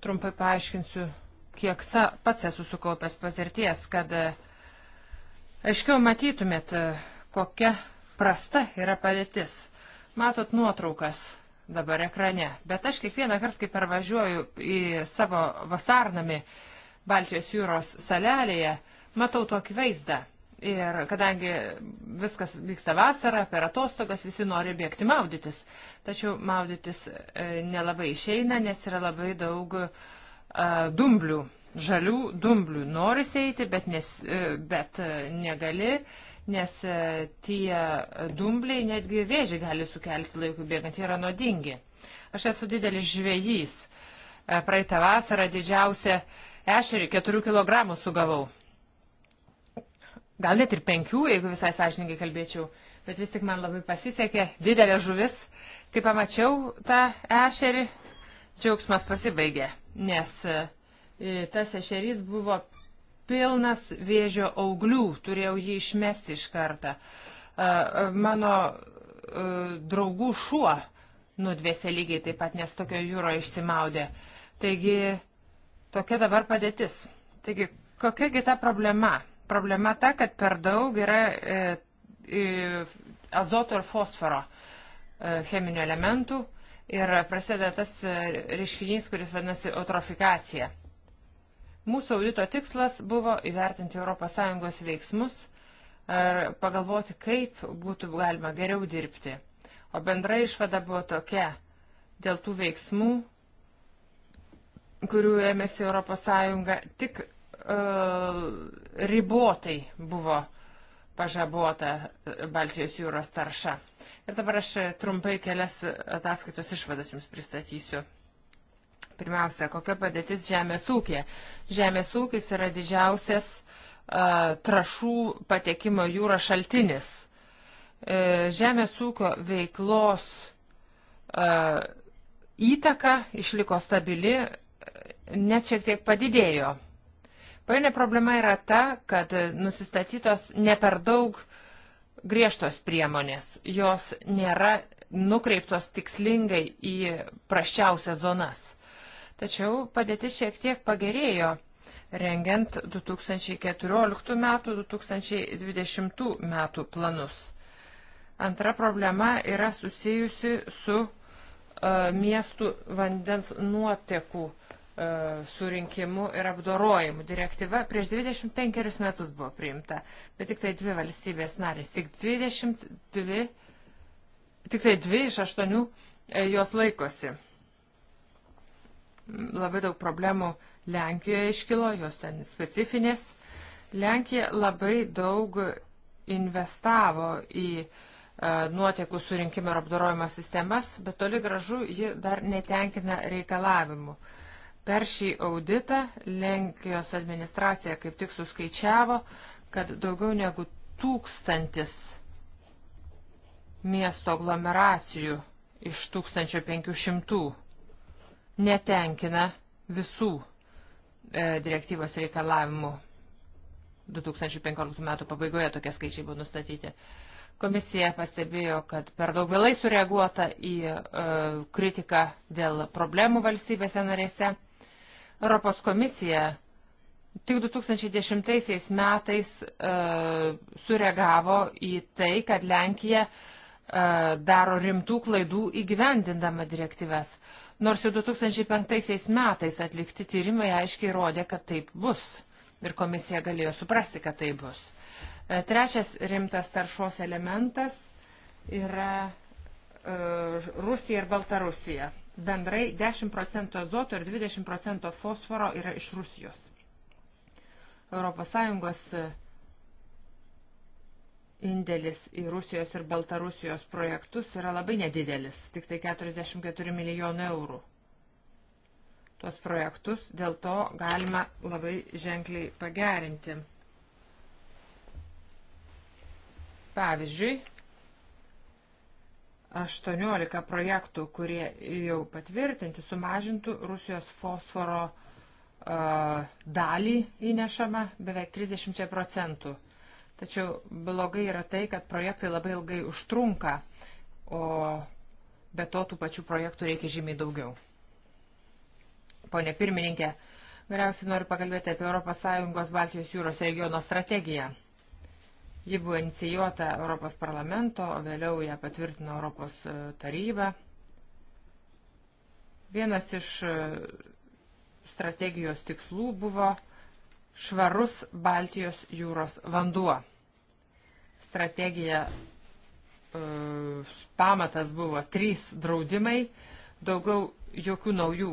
trumpai paaiškinsiu, kiek sa, pats esu sukaupęs patirties, kad e, aiškiau matytumėt, e, kokia prasta yra padėtis. Matot nuotraukas dabar ekrane, bet aš kiekvieną kartą, kai pervažiuoju į savo vasarnamį Baltijos jūros salelėje, matau tokį vaizdą – Ir kadangi viskas vyksta vasarą, per atostogas visi nori bėgti maudytis. Tačiau maudytis e, nelabai išeina, nes yra labai daug a, e, dumblių, žalių dumblių. Nori eiti, bet, nes, e, bet negali, nes tie dumbliai netgi vėžį gali sukelti laikų bėgant, jie yra nuodingi. Aš esu didelis žvėjys. Praeitą vasarą didžiausią ešerį 4 kg sugavau gal net ir penkių, jeigu visai sąžininkai kalbėčiau, bet vis tik man labai pasisekė, didelė žuvis. Kai pamačiau tą ešerį, džiaugsmas pasibaigė, nes e, tas ešerys buvo pilnas vėžio auglių, turėjau jį išmesti iš kartą. E, e, mano draugų šuo nudvėsė lygiai taip pat, nes tokio jūro išsimaudė. Taigi tokia dabar padėtis. Taigi, kokiagi ta problema? Problema ta, kad per daug yra e, e, azoto ir fosforo e, cheminių elementų ir prasideda tas e, reiškinys, kuris vadinasi eutrofikacija. Mūsų audito tikslas buvo įvertinti ES veiksmus ir pagalvoti, kaip būtų galima geriau dirbti. O bendra išvada buvo tokia dėl tų veiksmų, kurių ėmėsi ES, tik E, ribotai buvo pažabota Baltijos jūros tarša. Ir dabar aš trumpai kelias ataskaitos išvadas jums pristatysiu. Pirmiausia, kokia padėtis žemės ūkė. Žemės ūkis yra didžiausias uh, trašų patekimo jūra šaltinis. E, žemės ūkio veiklos uh, įtaka išliko stabili, net šiek tiek padidėjo Pagrindinė problema yra ta, kad nusistatytos ne per daug griežtos priemonės, jos nėra nukreiptos tikslingai į praščiausias zonas. Tačiau padėtis šiek tiek pagerėjo rengiant 2014 metų, 2020 metų planus. Antra problema yra susijusi su uh, miestų vandens nuotekų uh, E, surinkimu ir apdorojimu. Direktyva prieš 25 metus buvo priimta, bet tik tai dvi valstybės narės, tik 22, tik tai dvi iš aštuonių e, jos laikosi. Labai daug problemų Lenkijoje iškilo, jos ten specifinės. Lenkija labai daug investavo į e, nuotekų surinkimo ir apdorojimo sistemas, bet toli gražu ji dar netenkina reikalavimų. Uh, Per šį auditą Lenkijos administracija kaip tik suskaičiavo, kad daugiau negu tūkstantis miesto aglomeracijų iš 1500 netenkina visų e, direktyvos reikalavimų. 2015 metų pabaigoje tokie skaičiai buvo nustatyti. Komisija pastebėjo, kad per daug vėlai sureaguota į e, kritiką dėl problemų valstybėse narėse. Europos komisija tik 2010 metais uh, sureagavo į tai, kad Lenkija uh, daro rimtų klaidų įgyvendindama direktyves. Nors jau 2005 metais atlikti tyrimai aiškiai rodė, kad taip bus. Ir komisija galėjo suprasti, kad taip bus. Uh, trečias rimtas taršos elementas yra Rusija ir Baltarusija bendrai 10 procentų azoto ir 20 procentų fosforo yra iš Rusijos. ES e, indėlis į Rusijos ir Baltarusijos projektus yra labai nedidelis, tik tai 44 milijonų eurų. Tuos projektus dėl to galima labai ženkliai pagerinti. Pavyzdžiui, 18 projektų, kurie jau patvirtinti, sumažintų Rusijos fosforo uh, dalį įnešamą beveik 30 procentų. Tačiau blogai yra tai, kad projektai labai ilgai užtrunka, o be to tų pačių projektų reikia žymiai daugiau. Pone pirmininkė, galiausiai noriu pakalbėti apie ES Baltijos jūros regiono strategiją. Ji buvo inicijuota Europos parlamento, o vėliau ją patvirtino Europos e, taryba. Vienas iš e, strategijos tikslų buvo švarus Baltijos jūros vanduo. Strategija e, pamatas buvo trys draudimai, daugiau jokių naujų,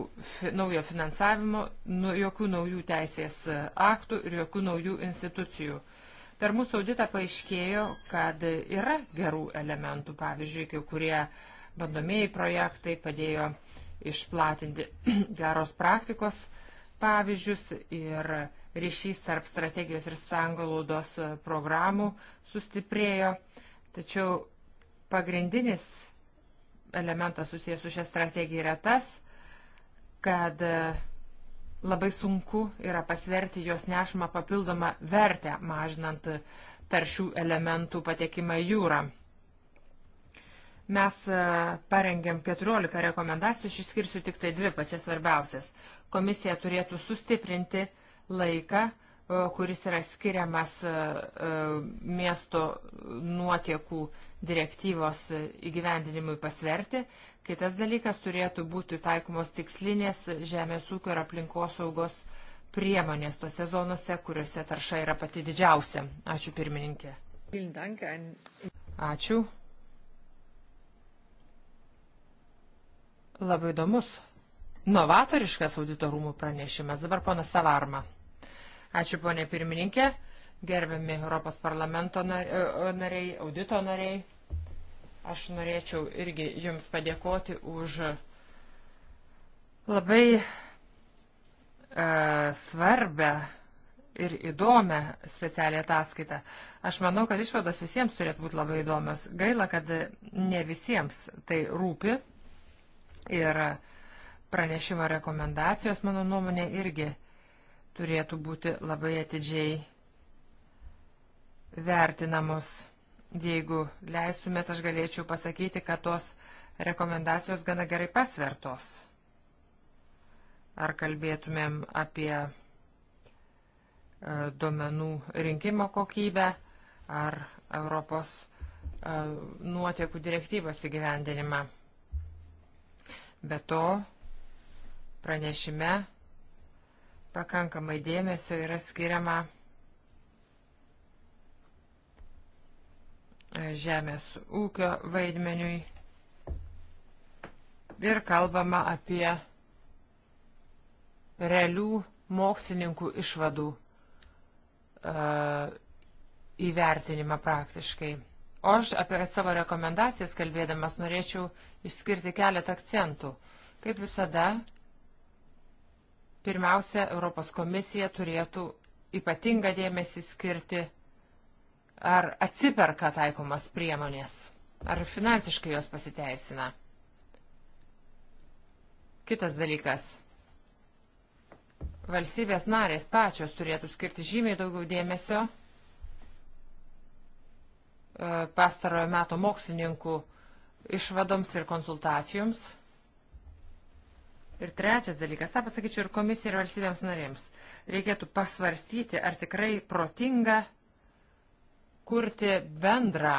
naujo finansavimo, nu, jokių naujų teisės aktų ir jokių naujų institucijų. Per mūsų auditą paaiškėjo, kad yra gerų elementų, pavyzdžiui, kai kurie bandomieji projektai padėjo išplatinti geros praktikos pavyzdžius ir ryšys tarp strategijos ir sangalaudos programų sustiprėjo. Tačiau pagrindinis elementas susijęs su šia strategija yra tas, kad labai sunku yra pasverti jos nešamą papildomą vertę, mažinant taršių elementų patekimą į jūrą. Mes e, parengėm 14 rekomendacijų, aš išskirsiu tik tai dvi pačias svarbiausias. Komisija turėtų sustiprinti laiką, e, kuris yra skiriamas e, miesto nuotiekų direktyvos įgyvendinimui pasverti. Kitas dalykas turėtų būti taikomos tikslinės žemės ūkio ir aplinkosaugos priemonės tose zonose, kuriuose tarša yra pati didžiausia. Ačiū pirmininkė. Ačiū. Labai įdomus. Novatoriškas auditorumų pranešimas. Dabar ponas Savarma. Ačiū ponė pirmininkė, gerbiami Europos parlamento nariai, audito nariai. Aš norėčiau irgi Jums padėkoti už e, labai e, svarbę ir įdomią specialią ataskaitą. Aš manau, kad išvados visiems turėtų būti labai įdomios. Gaila, kad ne visiems tai rūpi. Ir pranešimo rekomendacijos, mano nuomonė, irgi turėtų būti labai atidžiai vertinamos. Jeigu leistumėt, aš galėčiau pasakyti, kad tos rekomendacijos gana gerai pasvertos. Ar kalbėtumėm apie e, duomenų rinkimo kokybę, ar Europos e, nuotekų direktyvos įgyvendinimą. Be to, pranešime pakankamai dėmesio yra skiriama žemės ūkio vaidmeniui ir kalbama apie realių mokslininkų išvadų uh, įvertinimą praktiškai. O aš apie savo rekomendacijas kalbėdamas norėčiau išskirti keletą akcentų. Kaip visada, pirmiausia, Europos komisija turėtų ypatingą dėmesį skirti Ar atsiperka taikomos priemonės? Ar finansiškai jos pasiteisina? Kitas dalykas. Valstybės narės pačios turėtų skirti žymiai daugiau dėmesio e, pastarojo meto mokslininkų išvadoms ir konsultacijoms. Ir trečias dalykas, tą pasakyčiau ir komisija ir valstybėms narėms. Reikėtų pasvarstyti, ar tikrai protinga kurti bendrą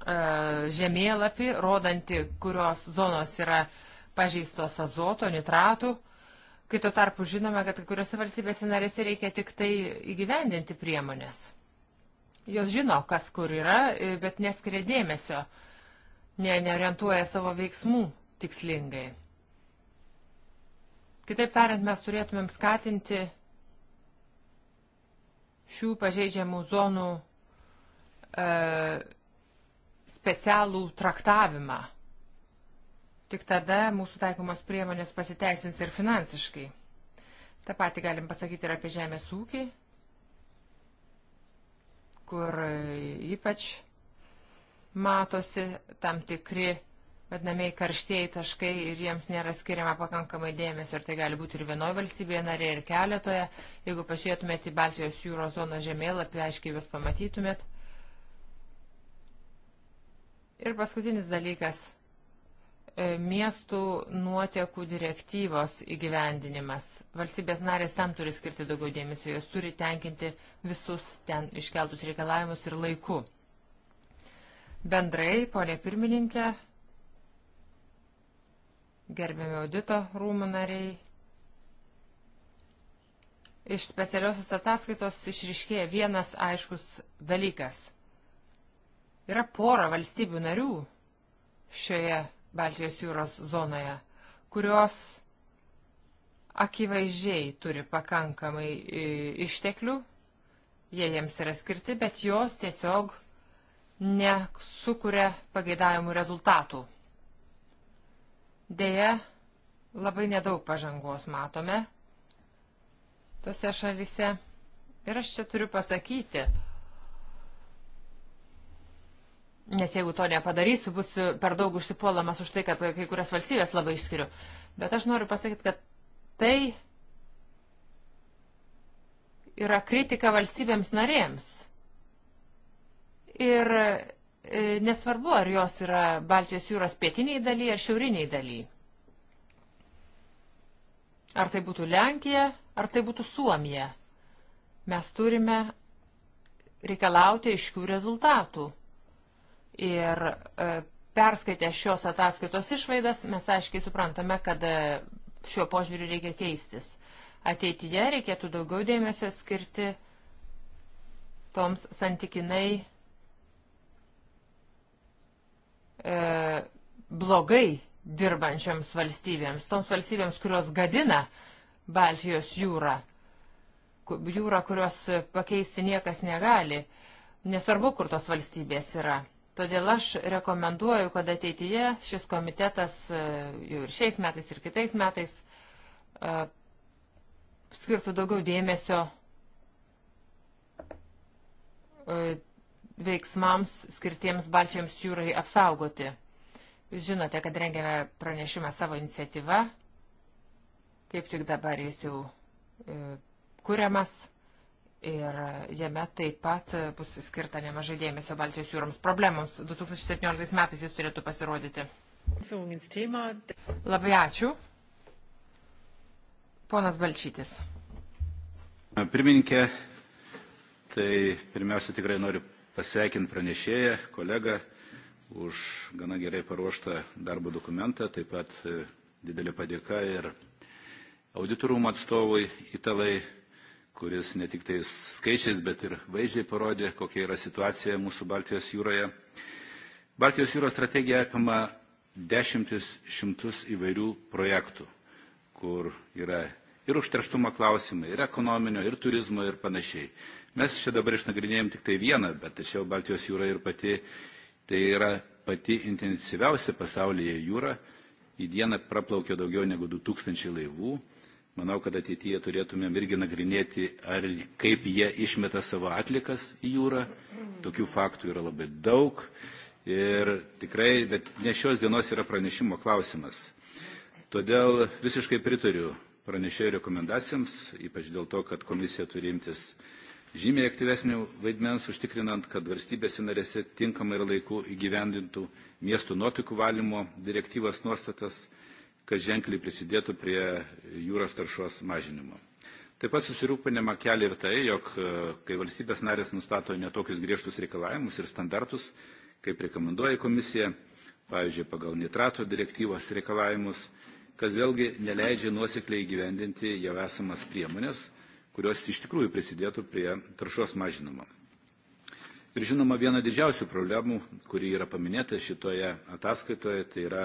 e, žemėlapį, rodantį, kurios zonos yra pažeistos azoto, nitratų. Kai tuo tarpu žinome, kad kai kuriuose valstybėse narėse reikia tik tai įgyvendinti priemonės. Jos žino, kas kur yra, e, bet neskiria dėmesio, ne, neorientuoja savo veiksmų tikslingai. Kitaip tariant, mes turėtumėm skatinti šių pažeidžiamų zonų e, specialų traktavimą. Tik tada mūsų taikomos priemonės pasiteisins ir finansiškai. Ta pati galim pasakyti ir apie žemės ūkį, kur ypač matosi tam tikri vadinamiai karštieji taškai ir jiems nėra skiriama pakankamai dėmesio ir tai gali būti ir vienoje valstybėje narėje, ir keletoje. Jeigu pažiūrėtumėte į Baltijos jūros zono žemėlapį, aiškiai jūs pamatytumėt. Ir paskutinis dalykas e, - miestų nuotekų direktyvos įgyvendinimas. Valstybės narės ten turi skirti daugiau dėmesio, jos turi tenkinti visus ten iškeltus reikalavimus ir laiku. Bendrai, ponė pirmininkė, gerbiami audito rūmų nariai. Iš specialiosios ataskaitos išriškėja vienas aiškus dalykas. Yra pora valstybių narių šioje Baltijos jūros zonoje, kurios akivaizdžiai turi pakankamai e, išteklių, jie jiems yra skirti, bet jos tiesiog nesukuria pageidavimų rezultatų. Deja, labai nedaug pažangos matome tose šalyse. Ir aš čia turiu pasakyti, nes jeigu to nepadarysiu, bus per daug užsipuolamas už tai, kad kai kurias valstybės labai išskiriu. Bet aš noriu pasakyti, kad tai yra kritika valstybėms narėms. Ir E, nesvarbu, ar jos yra Baltijos jūros pietiniai daly ar šiauriniai daly. Ar tai būtų Lenkija, ar tai būtų Suomija. Mes turime reikalauti iškių rezultatų. Ir e, perskaitę šios ataskaitos išvaidas, mes aiškiai suprantame, kad e, šiuo požiūriu reikia keistis. Ateityje reikėtų daugiau dėmesio skirti toms santykinai e, blogai dirbančioms valstybėms, toms valstybėms, kurios gadina Baltijos jūrą, jūrą, kurios pakeisti niekas negali, nesvarbu, kur tos valstybės yra. Todėl aš rekomenduoju, kad ateityje šis komitetas e, jau ir šiais metais, ir kitais metais e, skirtų daugiau dėmesio e, veiksmams skirtiems Baltijams jūrai apsaugoti. Jūs žinote, kad rengiame pranešimą savo iniciatyvą, kaip tik dabar jis jau e, kuriamas ir jame taip pat bus skirta nemažai dėmesio Baltijos jūroms problemams. 2017 metais jis turėtų pasirodyti. Labai ačiū. Ponas Balčytis. Pirmininkė, tai pirmiausia tikrai noriu pasveikinti pranešėją, kolegą už gana gerai paruoštą darbo dokumentą, taip pat e, didelė padėka ir auditorumo atstovui Italai, kuris ne tik tais skaičiais, bet ir vaizdžiai parodė, kokia yra situacija mūsų Baltijos jūroje. Baltijos jūros strategija apima dešimtis šimtus įvairių projektų, kur yra ir užterštumo klausimai, ir ekonominio, ir turizmo, ir panašiai. Mes čia dabar išnagrinėjom tik tai vieną, bet tačiau Baltijos jūra ir pati, tai yra pati intensyviausia pasaulyje jūra. Į dieną praplaukia daugiau negu 2000 laivų. Manau, kad ateityje turėtumėm irgi nagrinėti, ar kaip jie išmeta savo atlikas į jūrą. Tokių faktų yra labai daug. Ir tikrai, bet ne šios dienos yra pranešimo klausimas. Todėl visiškai pritariu pranešėjų rekomendacijoms, ypač dėl to, kad komisija turi imtis žymiai aktyvesnių vaidmens užtikrinant, kad valstybėse narėse tinkamai ir laiku įgyvendintų miestų nuotikų valymo direktyvas nuostatas, kas ženkliai prisidėtų prie jūros taršos mažinimo. Taip pat susirūpinimą kelia ir tai, jog e, kai valstybės narės nustato netokius griežtus reikalavimus ir standartus, kaip rekomenduoja komisija, pavyzdžiui, pagal nitrato direktyvos reikalavimus, kas vėlgi neleidžia nuosekliai gyvendinti jau esamas priemonės kurios iš tikrųjų prisidėtų prie taršos mažinimo. Ir žinoma, viena didžiausių problemų, kuri yra paminėta šitoje ataskaitoje, tai yra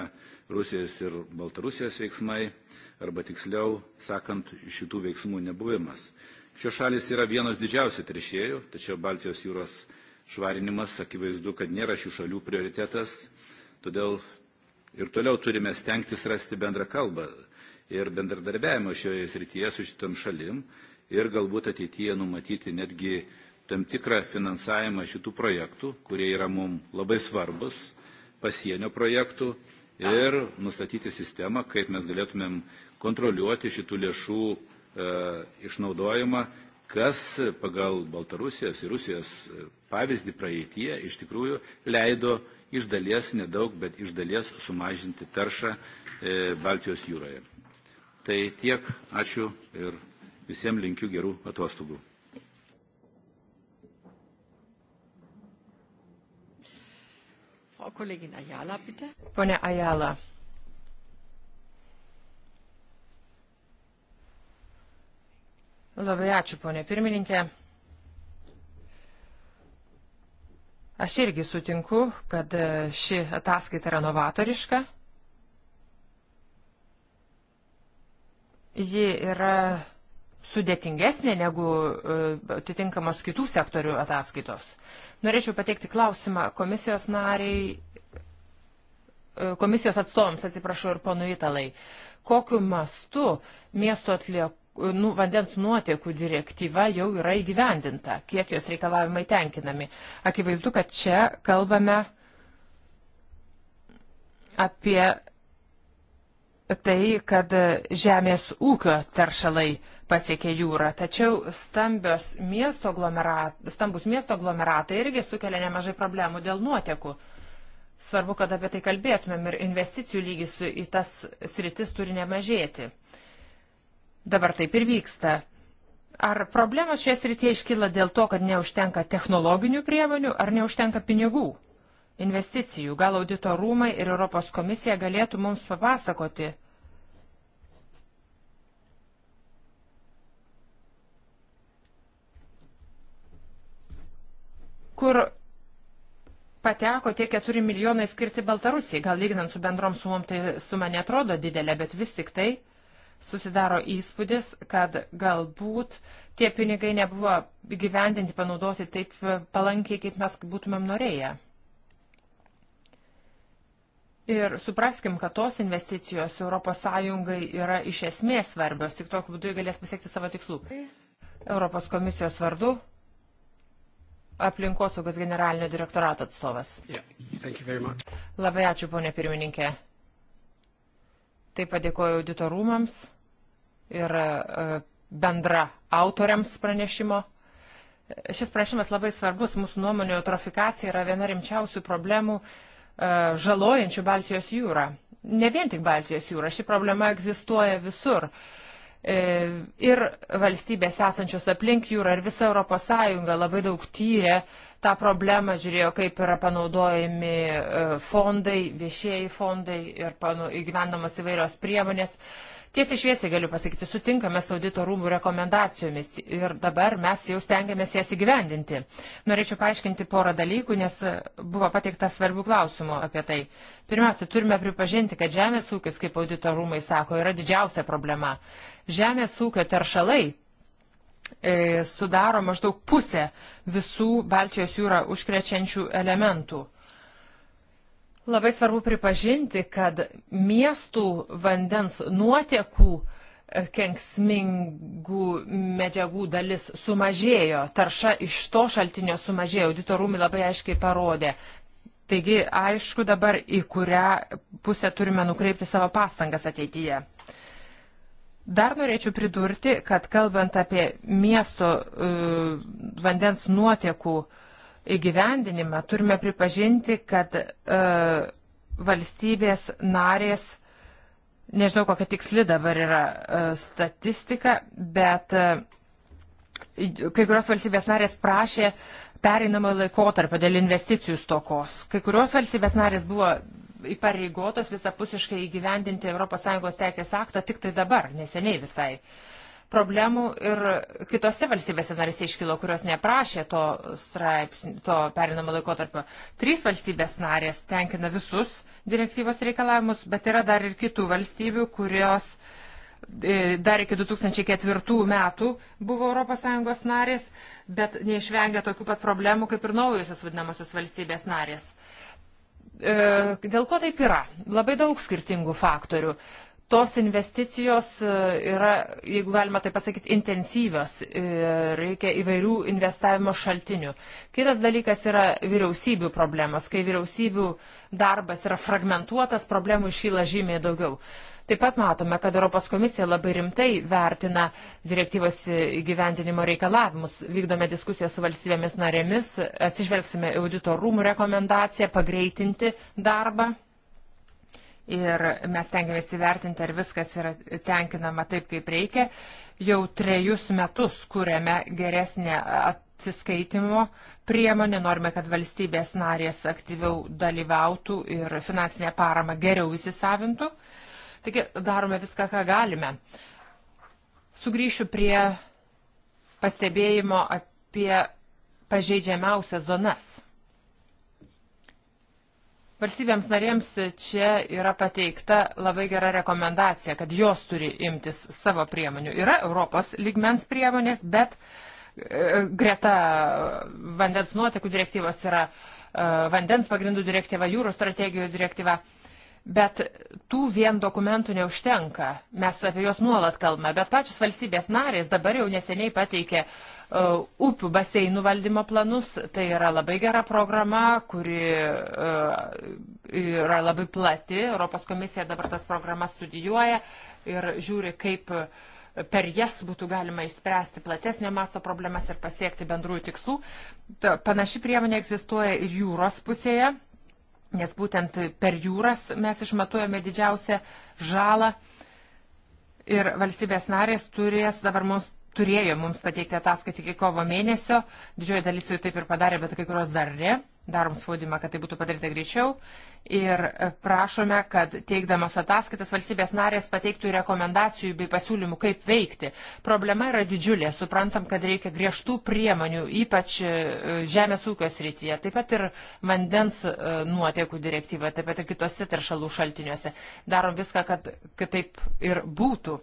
Rusijos ir Baltarusijos veiksmai, arba tiksliau sakant, šitų veiksmų nebuvimas. Šios šalis yra vienos didžiausių teršėjų, tačiau Baltijos jūros švarinimas akivaizdu, kad nėra šių šalių prioritetas, todėl ir toliau turime stengtis rasti bendrą kalbą ir bendradarbiavimo šioje srityje su šitam šalim ir galbūt ateityje numatyti netgi tam tikrą finansavimą šitų projektų, kurie yra mums labai svarbus, pasienio projektų ir nustatyti sistemą, kaip mes galėtumėm kontroliuoti šitų lėšų e, išnaudojimą, kas pagal Baltarusijos ir Rusijos e, pavyzdį praeitie iš tikrųjų leido iš dalies nedaug, bet iš dalies sumažinti taršą e, Baltijos jūroje. Tai tiek, ačiū ir Visiems linkiu gerų atostogų. Frau Kollegin Ayala, bitte. Pone Ayala. Labai ačiū, ponė pirmininkė. Aš irgi sutinku, kad ši ataskaita yra novatoriška. Ji yra sudėtingesnė negu e, atitinkamos kitų sektorių ataskaitos. Norėčiau pateikti klausimą komisijos nariai, e, komisijos atstovams, atsiprašau, ir ponui Italai. Kokiu mastu miesto atliekų e, nu, vandens nuotekų direktyva jau yra įgyvendinta, kiek jos reikalavimai tenkinami. Akivaizdu, kad čia kalbame apie tai, kad žemės ūkio teršalai pasiekė jūrą, tačiau miesto stambus miesto aglomeratai irgi sukelia nemažai problemų dėl nuotekų. Svarbu, kad apie tai kalbėtumėm ir investicijų lygis į tas sritis turi nemažėti. Dabar taip ir vyksta. Ar problemos šioje srityje iškyla dėl to, kad neužtenka technologinių priemonių ar neužtenka pinigų? investicijų. Gal audito rūmai ir Europos komisija galėtų mums papasakoti? Kur pateko tie 4 milijonai skirti Baltarusijai? Gal lyginant su bendrom sumom tai suma netrodo didelė, bet vis tik tai susidaro įspūdis, kad galbūt tie pinigai nebuvo gyvendinti, panaudoti taip palankiai, kaip mes būtumėm norėję. Ir supraskim, kad tos investicijos ES yra iš esmės svarbios, tik tokiu būdu galės pasiekti savo tikslų. Europos komisijos vardu aplinkosaugos generalinio direktorato atstovas. Yeah. Labai ačiū, ponė pirmininkė. Taip padėkoju auditorumams ir e, bendra autoriams pranešimo. Šis pranešimas labai svarbus, mūsų nuomonė eutrofikacija yra viena rimčiausių problemų E, žalojančių Baltijos jūrą. Ne vien tik Baltijos jūra, ši problema egzistuoja visur. E, ir valstybės esančios aplink jūrą ir visa Europos Sąjunga labai daug tyrė tą problemą, žiūrėjo, kaip yra panaudojami e, fondai, viešieji fondai ir įgyvendamos įvairios priemonės. Uh, Tiesiai šviesiai galiu pasakyti, sutinkame su audito rūmų rekomendacijomis ir dabar mes jau stengiamės jas įgyvendinti. Norėčiau paaiškinti porą dalykų, nes buvo pateikta svarbių klausimų apie tai. Pirmiausia, turime pripažinti, kad žemės ūkis, kaip audito rūmai sako, yra didžiausia problema. Žemės ūkio teršalai e, sudaro maždaug pusę visų Baltijos jūrą užkrečiančių elementų. Labai svarbu pripažinti, kad miestų vandens nuotekų e, kenksmingų medžiagų dalis sumažėjo, tarša iš to šaltinio sumažėjo, auditorumai labai aiškiai parodė. Taigi, aišku dabar, į kurią pusę turime nukreipti savo pastangas ateityje. Dar norėčiau pridurti, kad kalbant apie miesto uh, vandens nuotekų uh, įgyvendinimą, turime pripažinti, kad e, valstybės narės, nežinau kokia tiksli dabar yra e, statistika, bet e, kai kurios valstybės narės prašė pereinamą laikotarpį dėl investicijų stokos. Kai kurios valstybės narės buvo įpareigotos visapusiškai įgyvendinti ES teisės aktą tik tai dabar, neseniai visai. E, problemų ir kitose valstybėse narėse iškilo, kurios neprašė to, straipsnį, to perinamo laikotarpio. Trys valstybės narės tenkina visus direktyvos reikalavimus, bet yra dar ir kitų valstybių, kurios e, dar iki 2004 metų buvo ES narės, bet neišvengia tokių pat problemų kaip ir naujosios vadinamosios valstybės narės. E, dėl ko taip yra? Labai daug skirtingų faktorių tos investicijos e, yra, jeigu galima tai pasakyti, intensyvios, reikia įvairių investavimo šaltinių. Kitas dalykas yra vyriausybių problemos. Kai vyriausybių darbas yra fragmentuotas, problemų išyla žymiai daugiau. Taip pat matome, kad Europos komisija labai rimtai vertina direktyvos įgyvendinimo reikalavimus. Vykdome diskusiją su valstybėmis narėmis, atsižvelgsime audito rūmų rekomendaciją pagreitinti darbą ir mes tengiamės įvertinti, ar viskas yra tenkinama taip, kaip reikia. Jau trejus metus kūrėme geresnę atsiskaitimo priemonę, norime, kad valstybės narės aktyviau dalyvautų ir finansinę paramą geriau įsisavintų. Taigi darome viską, ką galime. Sugryšiu prie pastebėjimo apie pažeidžiamiausias zonas. Varsybėms narėms čia yra pateikta labai gera rekomendacija, kad jos turi imtis savo priemonių. Yra Europos lygmens priemonės, bet e, greta vandens nuotekų direktyvos yra e, vandens pagrindų direktyva, jūrų strategijų direktyva. Bet tų vien dokumentų neužtenka. Mes apie juos nuolat kalbame. Bet pačios valstybės narės dabar jau neseniai pateikė uh, Uh, upių baseinų valdymo planus. Tai yra labai gera programa, kuri uh, yra labai plati. Europos komisija dabar tas programas studijuoja ir žiūri, kaip per jas būtų galima išspręsti platesnio masto problemas ir pasiekti bendrųjų tikslų. Ta, panaši priemonė egzistuoja ir jūros pusėje, nes būtent per jūras mes išmatuojame didžiausią žalą. Ir valstybės narės turės dabar mums turėjo mums pateikti ataskaitą iki kovo mėnesio, didžioji dalis jų taip ir padarė, bet kai kurios dar ne darom spaudimą, kad tai būtų padaryta greičiau ir e, prašome, kad teikdamos ataskaitas valstybės narės pateiktų rekomendacijų bei pasiūlymų, kaip veikti. Problema yra didžiulė, suprantam, kad reikia griežtų priemonių, ypač e, žemės ūkio srityje, taip pat ir vandens e, nuotekų direktyva, taip pat ir kitose teršalų šaltiniuose. Darom viską, kad, kad taip ir būtų.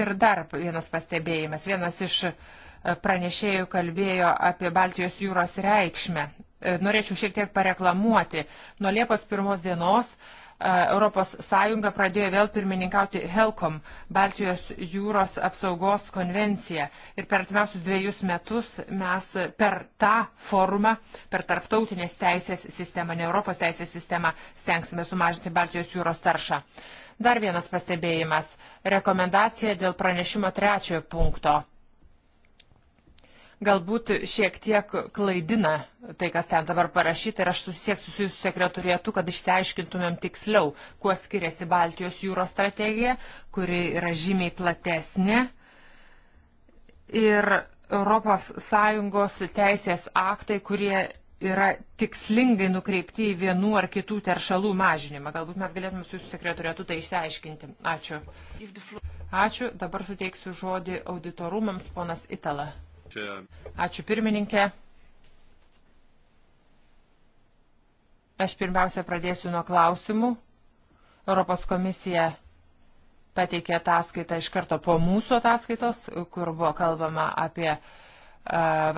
Ir dar vienas pastebėjimas, vienas iš pranešėjų kalbėjo apie Baltijos jūros reikšmę. E, norėčiau šiek tiek pareklamuoti. Nuo Liepos pirmos dienos ES pradėjo vėl pirmininkauti HELCOM, Baltijos jūros apsaugos konvenciją. Ir per artimiausius dviejus metus mes per tą forumą, per tarptautinės teisės sistemą, ne Europos teisės sistemą, stengsime sumažinti Baltijos jūros taršą. Dar vienas pastebėjimas - rekomendacija dėl pranešimo trečiojo punkto galbūt šiek tiek klaidina tai, kas ten dabar parašyta ir aš susieksiu su jūsų sekretorietu, kad išsiaiškintumėm tiksliau, kuo skiriasi Baltijos jūros strategija, kuri yra žymiai platesnė. Ir ES teisės aktai, kurie yra tikslingai nukreipti į vienų ar kitų teršalų mažinimą. Galbūt mes galėtume su jūsų sekretorietu tai išsiaiškinti. Ačiū. Ačiū. Dabar suteiksiu žodį auditorumams, ponas Itala. Ačiū pirmininkė. Aš pirmiausia pradėsiu nuo klausimų. Europos komisija pateikė ataskaitą iš karto po mūsų ataskaitos, kur buvo kalbama apie uh,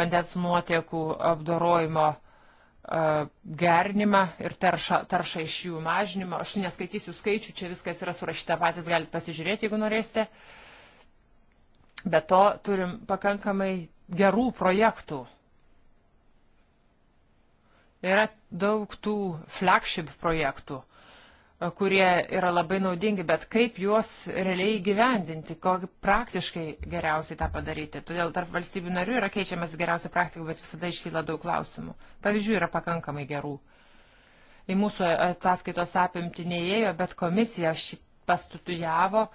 vandens nuotiekų apdorojimo uh, e, gernimą ir taršą, taršą iš jų mažinimą. Aš neskaitysiu skaičių, čia viskas yra surašyta patys, galite pasižiūrėti, jeigu norėsite. Be to turim pakankamai gerų projektų. Yra daug tų flagship projektų, e, kurie yra labai naudingi, bet kaip juos realiai gyvendinti, kokį praktiškai geriausiai tą padaryti. Todėl tarp valstybių narių yra keičiamas geriausių praktikų, bet visada iškyla daug klausimų. Pavyzdžių yra pakankamai gerų. Į mūsų ataskaitos apimti neįėjo, bet komisija pastutujavo e,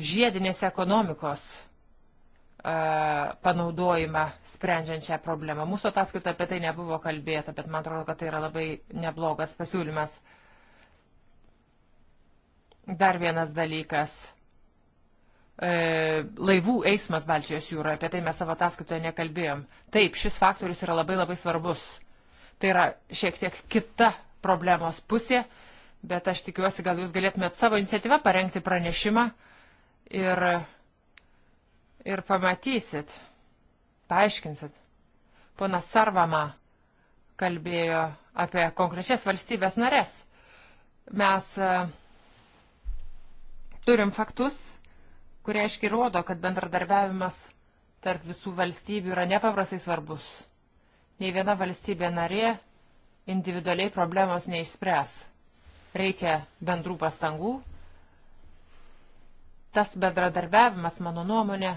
žiedinės ekonomikos panaudojimą sprendžiant šią problemą. Mūsų ataskaitoje apie tai nebuvo kalbėta, bet man atrodo, kad tai yra labai neblogas pasiūlymas. Dar vienas dalykas. E, laivų eismas Baltijos jūroje, apie tai mes savo ataskaitoje nekalbėjom. Taip, šis faktorius yra labai labai svarbus. Tai yra šiek tiek kita problemos pusė, bet aš tikiuosi, gal jūs galėtumėt savo iniciatyvą parengti pranešimą ir uh, ir pamatysit, paaiškinsit. Ponas Sarvama kalbėjo apie konkrečias valstybės narės. Mes e, turim faktus, kurie aiškiai rodo, kad bendradarbiavimas tarp visų valstybių yra nepaprastai svarbus. Nei viena valstybė narė individualiai problemos neišspręs. Reikia bendrų pastangų. Tas bendradarbiavimas, mano nuomonė,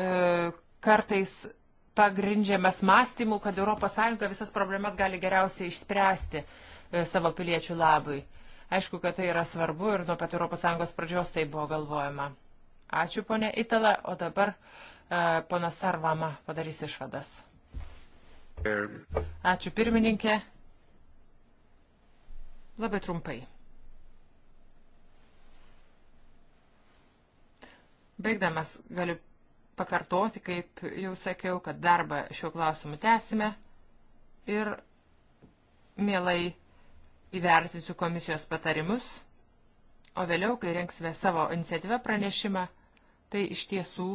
E, kartais pagrindžiamas mąstymu, kad ES visas problemas gali geriausiai išspręsti e, savo piliečių labui. Aišku, kad tai yra svarbu ir nuo pat ES pradžios tai buvo galvojama. Ačiū, ponė Itala, o dabar e, ponas Sarvama padarys išvadas. Ačiū, pirmininkė. Labai trumpai. Baigdamas galiu pakartoti, kaip jau sakiau, kad darbą šiuo klausimu tęsime ir mielai įvertinsiu komisijos patarimus, o vėliau, kai renksime savo iniciatyvę pranešimą, tai iš tiesų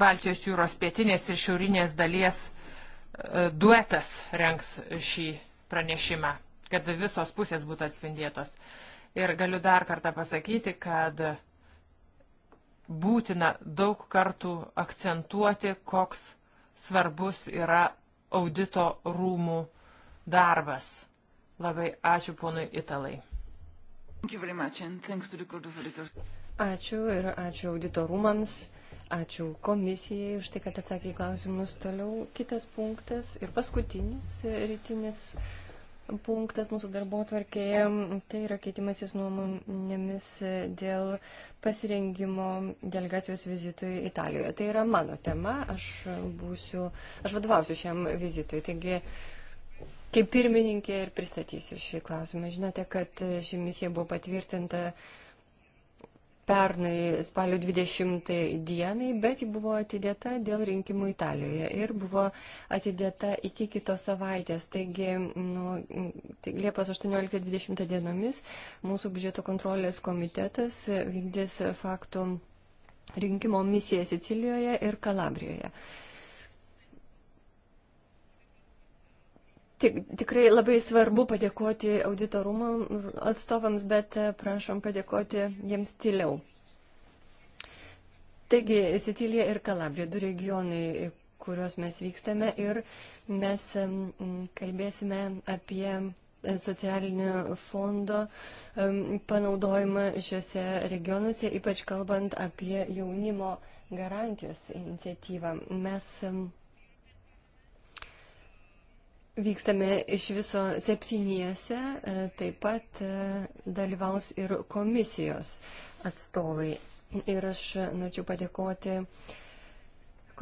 Baltijos jūros pietinės ir šiaurinės dalies e, duetas renks šį pranešimą kad visos pusės būtų atspindėtos. Ir galiu dar kartą pasakyti, kad būtina daug kartų akcentuoti, koks svarbus yra audito rūmų darbas. Labai ačiū ponui Italai. Ačiū ir ačiū auditorumams, ačiū komisijai už tai, kad atsakė į klausimus toliau. Kitas punktas ir paskutinis rytinis punktas mūsų darbo tvarkėje, tai yra keitimasis nuomonėmis dėl pasirengimo delegacijos vizitui Italijoje. Tai yra mano tema, aš, būsiu, aš vadovausiu šiam vizitui. Taigi, kaip pirmininkė ir pristatysiu šį klausimą. Žinote, kad ši misija buvo patvirtinta pernai spalio 20 dienai, bet ji buvo atidėta dėl rinkimų Italijoje ir buvo atidėta iki kitos savaitės. Taigi nuo Liepos 18-20 dienomis mūsų biudžeto kontrolės komitetas vykdys faktų rinkimo misiją Sicilijoje ir Kalabrijoje. Tik, tikrai labai svarbu padėkoti auditorumų atstovams, bet e, prašom padėkoti jiems tyliau. Taigi, Sicilija ir Kalabrija, du regionai, kuriuos mes vykstame ir mes kalbėsime apie socialinio fondo panaudojimą šiuose regionuose, ypač kalbant apie jaunimo garantijos iniciatyvą. Mes Vykstame iš viso septyniese, e, taip pat e, dalyvaus ir komisijos atstovai. Ir aš norėčiau padėkoti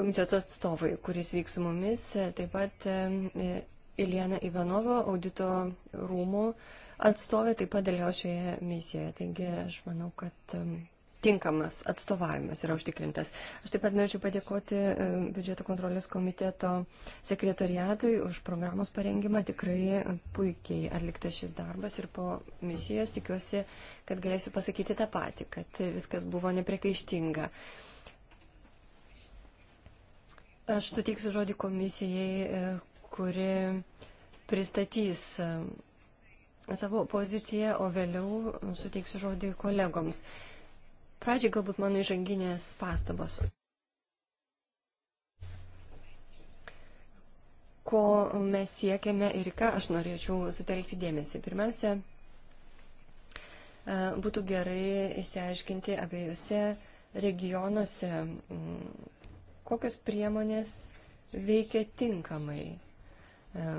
komisijos atstovui, kuris vyks su mumis, e, taip pat Iliana Ivanova, audito rūmų atstovė, taip pat dalyvaus šioje misijoje. Taigi aš manau, kad tinkamas atstovavimas yra užtikrintas. Aš taip pat norėčiau padėkoti e, biudžeto kontrolės komiteto sekretoriatui už programos parengimą. Tikrai puikiai atliktas šis darbas ir po misijos tikiuosi, kad galėsiu pasakyti tą patį, kad viskas buvo nepriekaištinga. Aš suteiksiu žodį komisijai, e, kuri pristatys e, savo poziciją, o vėliau suteiksiu žodį kolegoms. Uh, Pradžiai galbūt mano įžanginės pastabos. Ko mes siekiame ir ką aš norėčiau sutelkti dėmesį. Pirmiausia, e, būtų gerai išsiaiškinti abiejose regionuose, mm, kokios priemonės veikia tinkamai. E,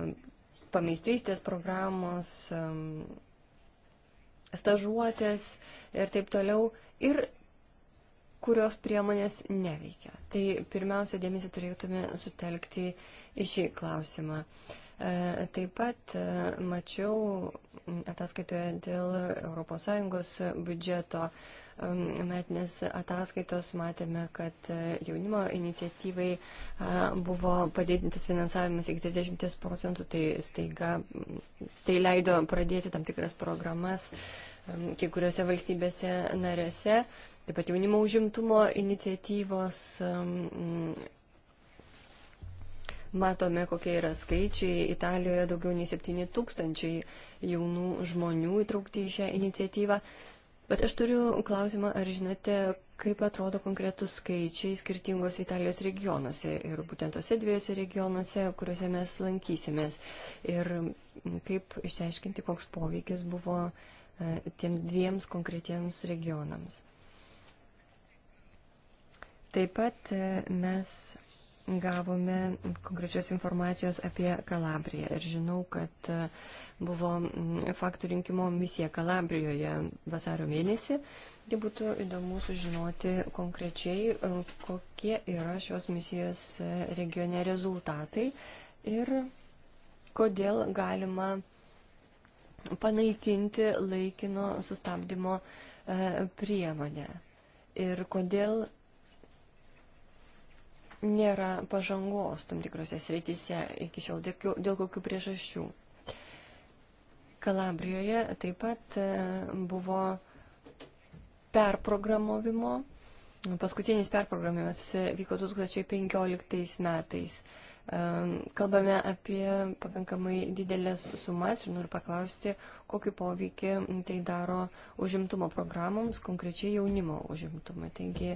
pameistrystės programos, e, stažuotės ir taip toliau, ir kurios priemonės neveikia. Tai pirmiausia, dėmesį turėtume sutelkti į šį klausimą. Uh, E, taip pat e, mačiau ataskaitoje dėl ES biudžeto metinės ataskaitos matėme, kad e, jaunimo iniciatyvai buvo padėtintas finansavimas iki 30 procentų, tai staiga tai leido pradėti tam tikras programas kai kuriuose valstybėse narėse. Taip pat jaunimo užimtumo iniciatyvos Matome, kokie yra skaičiai. Italijoje daugiau nei 7 tūkstančiai jaunų žmonių įtraukti į šią iniciatyvą. Bet aš turiu klausimą, ar žinote, kaip atrodo konkretus skaičiai skirtingos Italijos regionuose ir būtent tose dviejose regionuose, kuriuose mes lankysimės. Ir kaip išsiaiškinti, koks poveikis buvo e, tiems dviems konkretiems regionams. Taip pat e, mes gavome konkrečios informacijos apie Kalabriją ir žinau, kad e, buvo faktų rinkimo misija Kalabrijoje vasario mėnesį. Tai būtų įdomu sužinoti konkrečiai, e, kokie yra šios misijos e, regione rezultatai ir kodėl galima panaikinti laikino sustabdymo priemonę ir kodėl nėra pažangos tam tikrose srityse iki šiol, dėl, dėl kokių priežasčių. Kalabrijoje taip pat e, buvo perprogramovimo. Paskutinis perprogramimas vyko 2015 metais. Kalbame apie pakankamai didelės sumas ir noriu paklausti, kokį poveikį tai daro užimtumo programoms, konkrečiai jaunimo užimtumui. Taigi,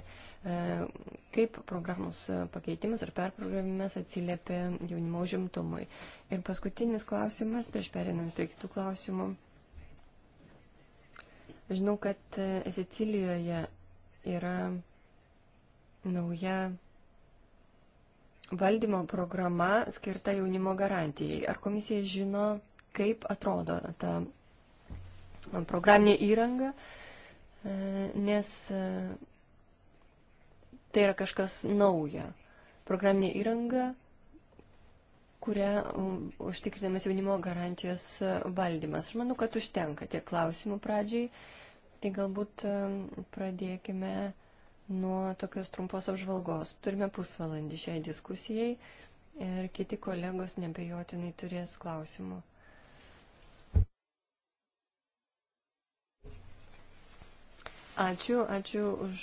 kaip programos pakeitimas ar perprogramimas atsiliepia jaunimo užimtumui. Ir paskutinis klausimas, prieš perinant prie kitų klausimų. Žinau, kad Sicilijoje yra nauja valdymo programa skirta jaunimo garantijai. Ar komisija žino, kaip atrodo ta programinė įranga? E, nes e, tai yra kažkas nauja. Programinė įranga, kuria užtikrinamas jaunimo garantijos e, valdymas. Aš manau, kad užtenka tiek klausimų pradžiai. Tai galbūt pradėkime nuo tokios trumpos apžvalgos. Turime pusvalandį šiai diskusijai ir kiti kolegos nebejotinai turės klausimų. Ačiū, ačiū už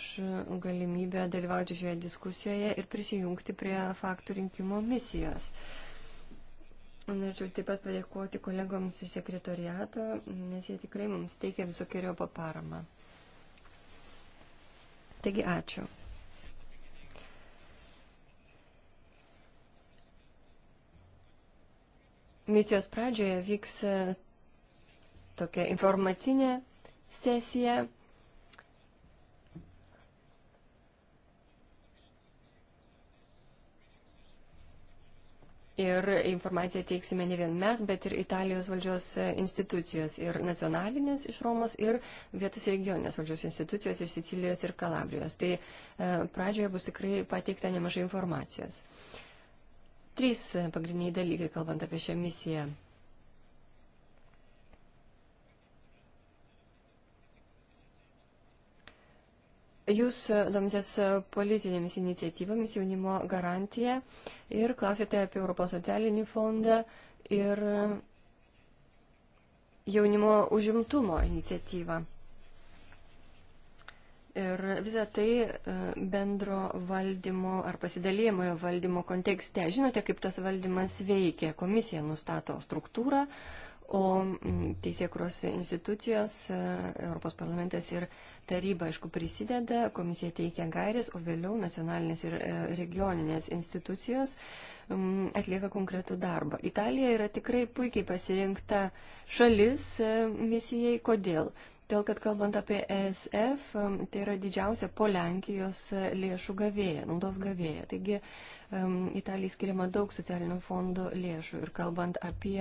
galimybę dalyvauti šioje diskusijoje ir prisijungti prie faktų rinkimo misijos. Norėčiau taip pat padėkoti kolegoms iš sekretoriato, nes jie tikrai mums teikia visokiojo paparamą. Taigi ačiū. Misijos pradžioje vyks tokia informacinė sesija Ir informaciją teiksime ne vien mes, bet ir Italijos valdžios institucijos, ir nacionalinės iš Romos, ir vietos regioninės valdžios institucijos iš Sicilijos ir Kalabrijos. Tai e, pradžioje bus tikrai pateikta nemažai informacijos. Trys pagrindiniai dalykai, kalbant apie šią misiją. Jūs e, domitės e, politinėmis iniciatyvomis jaunimo garantiją ir klausėte apie Europos socialinį fondą ir e, jaunimo užimtumo iniciatyvą. Ir visą tai bendro valdymo ar pasidalymojo valdymo kontekste. Žinote, kaip tas valdymas veikia. Komisija nustato struktūrą, O mm, teisėkros institucijos, e, Europos parlamentas ir taryba, aišku, prisideda, komisija teikia gairės, o vėliau nacionalinės ir e, regioninės institucijos mm, atlieka konkretų darbą. Italija yra tikrai puikiai pasirinkta šalis e, misijai. Kodėl? Dėl kad kalbant apie ESF, tai yra didžiausia po Lenkijos e, lėšų gavėja, naudos gavėja. Taigi um, Italijai skiriama daug socialinio fondo lėšų. Ir kalbant apie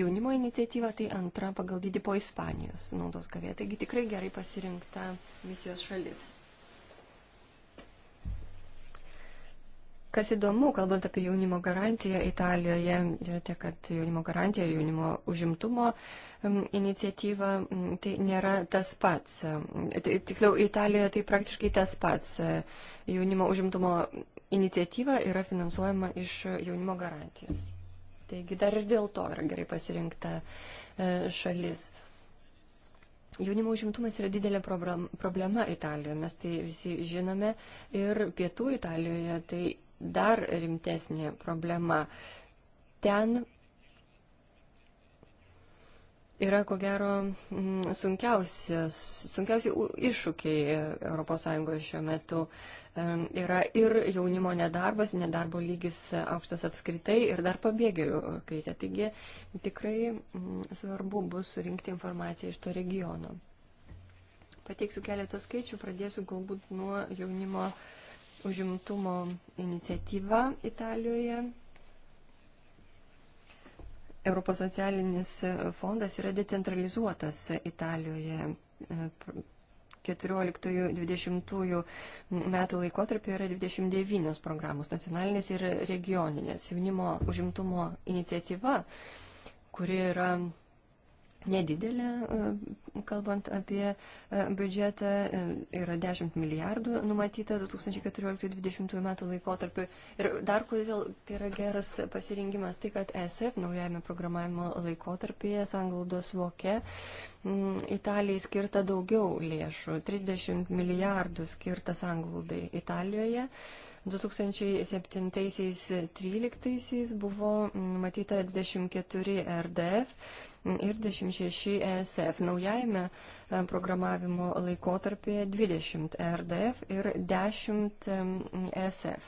jaunimo iniciatyvą, tai antra pagal dydį po Ispanijos naudos gavėja. Taigi tikrai gerai pasirinkta misijos šalis. Kas įdomu, kalbant apie jaunimo garantiją Italijoje, žinote, kad jaunimo garantija ir jaunimo užimtumo iniciatyva tai nėra tas pats. Tiksliau, Italijoje tai praktiškai tas pats. Jaunimo užimtumo iniciatyva yra finansuojama iš jaunimo garantijos. Taigi dar ir dėl to yra gerai pasirinkta e, šalis. Jaunimo užimtumas yra didelė problema Italijoje, mes tai visi žinome ir pietų Italijoje tai dar rimtesnė problema. Ten yra, ko gero, mm, sunkiausi iššūkiai ES šiuo metu. Yra ir jaunimo nedarbas, nedarbo lygis aukštas apskritai ir dar pabėgėlių krizė. Taigi tikrai mm, svarbu bus surinkti informaciją iš to regiono. Pateiksiu keletą skaičių, pradėsiu galbūt nuo jaunimo užimtumo iniciatyva Italijoje. Europos socialinis fondas yra decentralizuotas Italijoje. 14-20 e, metų laikotarpį yra 29 programos nacionalinės ir regioninės. Jaunimo užimtumo iniciatyva, kuri yra nedidelė, e, kalbant apie e, biudžetą, e, yra 10 milijardų numatyta 2014-2020 metų laikotarpiu. Ir dar kodėl tai yra geras pasirinkimas, tai kad ESF naujame programavimo laikotarpyje sanglaudos vokė Italijai skirta daugiau lėšų, 30 milijardų skirta sanglaudai Italijoje. 2007-2013 buvo numatyta 24 RDF ir 26 ESF. Naujajame e, programavimo laikotarpyje 20 e RDF ir 10 ESF.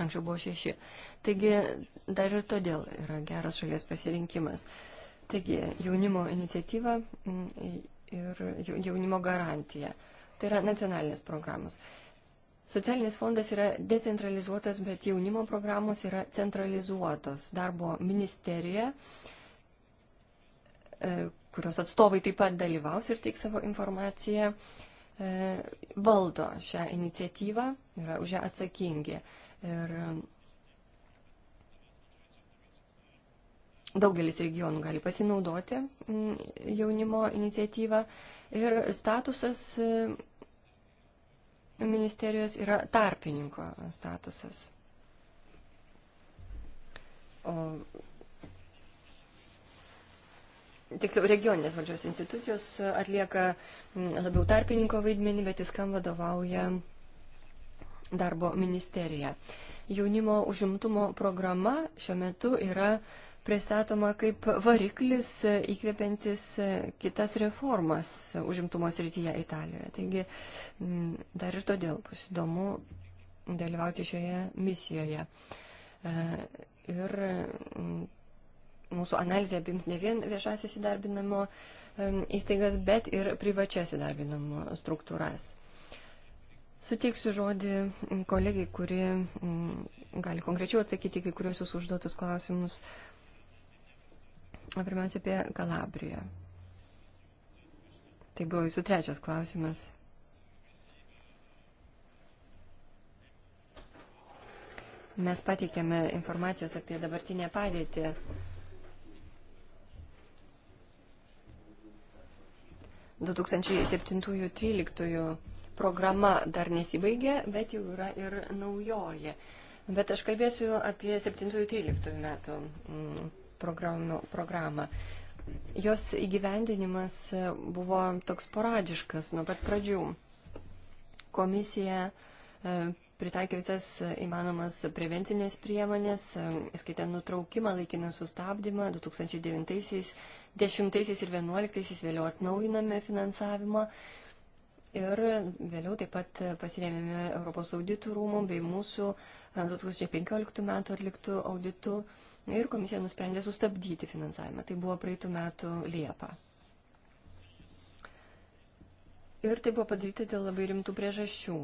Anksčiau buvo 6. Taigi dar ir todėl yra geras šalies pasirinkimas. Taigi jaunimo iniciatyva ir jaunimo garantija. Tai yra nacionalinės programos. Socialinis fondas yra decentralizuotas, bet jaunimo programos yra centralizuotos. Darbo ministerija uh, E, kurios atstovai taip pat dalyvaus ir teiks savo informaciją, e, valdo šią iniciatyvą, yra už ją atsakingi. Ir e, daugelis regionų gali pasinaudoti mm, jaunimo iniciatyvą ir statusas ministerijos yra tarpininko statusas. O tiksliau, regioninės valdžios institucijos atlieka labiau tarpininko vaidmenį, bet viskam vadovauja darbo ministerija. Jaunimo užimtumo programa šiuo metu yra pristatoma kaip variklis įkvepiantis kitas reformas užimtumo srityje Italijoje. Taigi dar ir todėl bus įdomu dalyvauti šioje misijoje. E, ir mūsų analizė apims ne vien viešasis įdarbinamo įstaigas, bet ir privačias įdarbinamo struktūras. Suteiksiu žodį kolegiai, kuri gali konkrečiau atsakyti kai kuriuos jūsų užduotus klausimus. Pirmiausia, apie Kalabriją. Tai buvo jūsų trečias klausimas. Mes pateikėme informacijos apie dabartinę padėtį 2007-2013 programa dar nesibaigė, bet jau yra ir naujoji. Bet aš kalbėsiu apie 7-13 metų mm, programą. Jos įgyvendinimas e, buvo toks poradiškas nuo pat pradžių. Komisija e, pritaikė visas įmanomas prevencinės priemonės, skaitant nutraukimą, laikiną sustabdymą, 2009-aisiais, 10-aisiais ir 11-aisiais vėliau atnaujiname finansavimą. Ir vėliau taip pat pasirėmėme Europos auditų rūmų bei mūsų 2015 metų atliktų auditų ir komisija nusprendė sustabdyti finansavimą. Tai buvo praeitų metų Liepa. Ir tai buvo padaryta dėl labai rimtų priežasčių.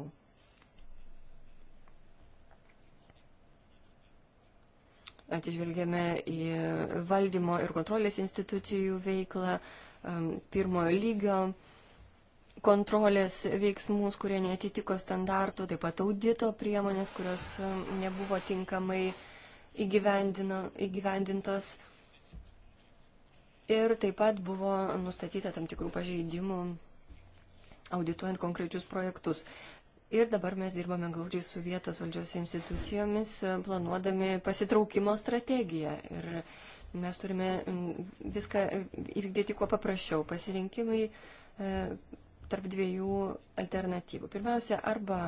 Atižvelgėme į valdymo ir kontrolės institucijų veiklą, um, pirmojo lygio kontrolės veiksmus, kurie netitiko standartų, taip pat audito priemonės, kurios um, nebuvo tinkamai įgyvendintos. Ir taip pat buvo nustatyta tam tikrų pažeidimų audituojant konkrečius projektus. Ir dabar mes dirbame glaudžiai su vietos valdžios institucijomis, e, planuodami pasitraukimo strategiją. Ir mes turime viską e, įvykdyti kuo paprasčiau. Pasirinkimai e, tarp dviejų alternatyvų. Pirmiausia, arba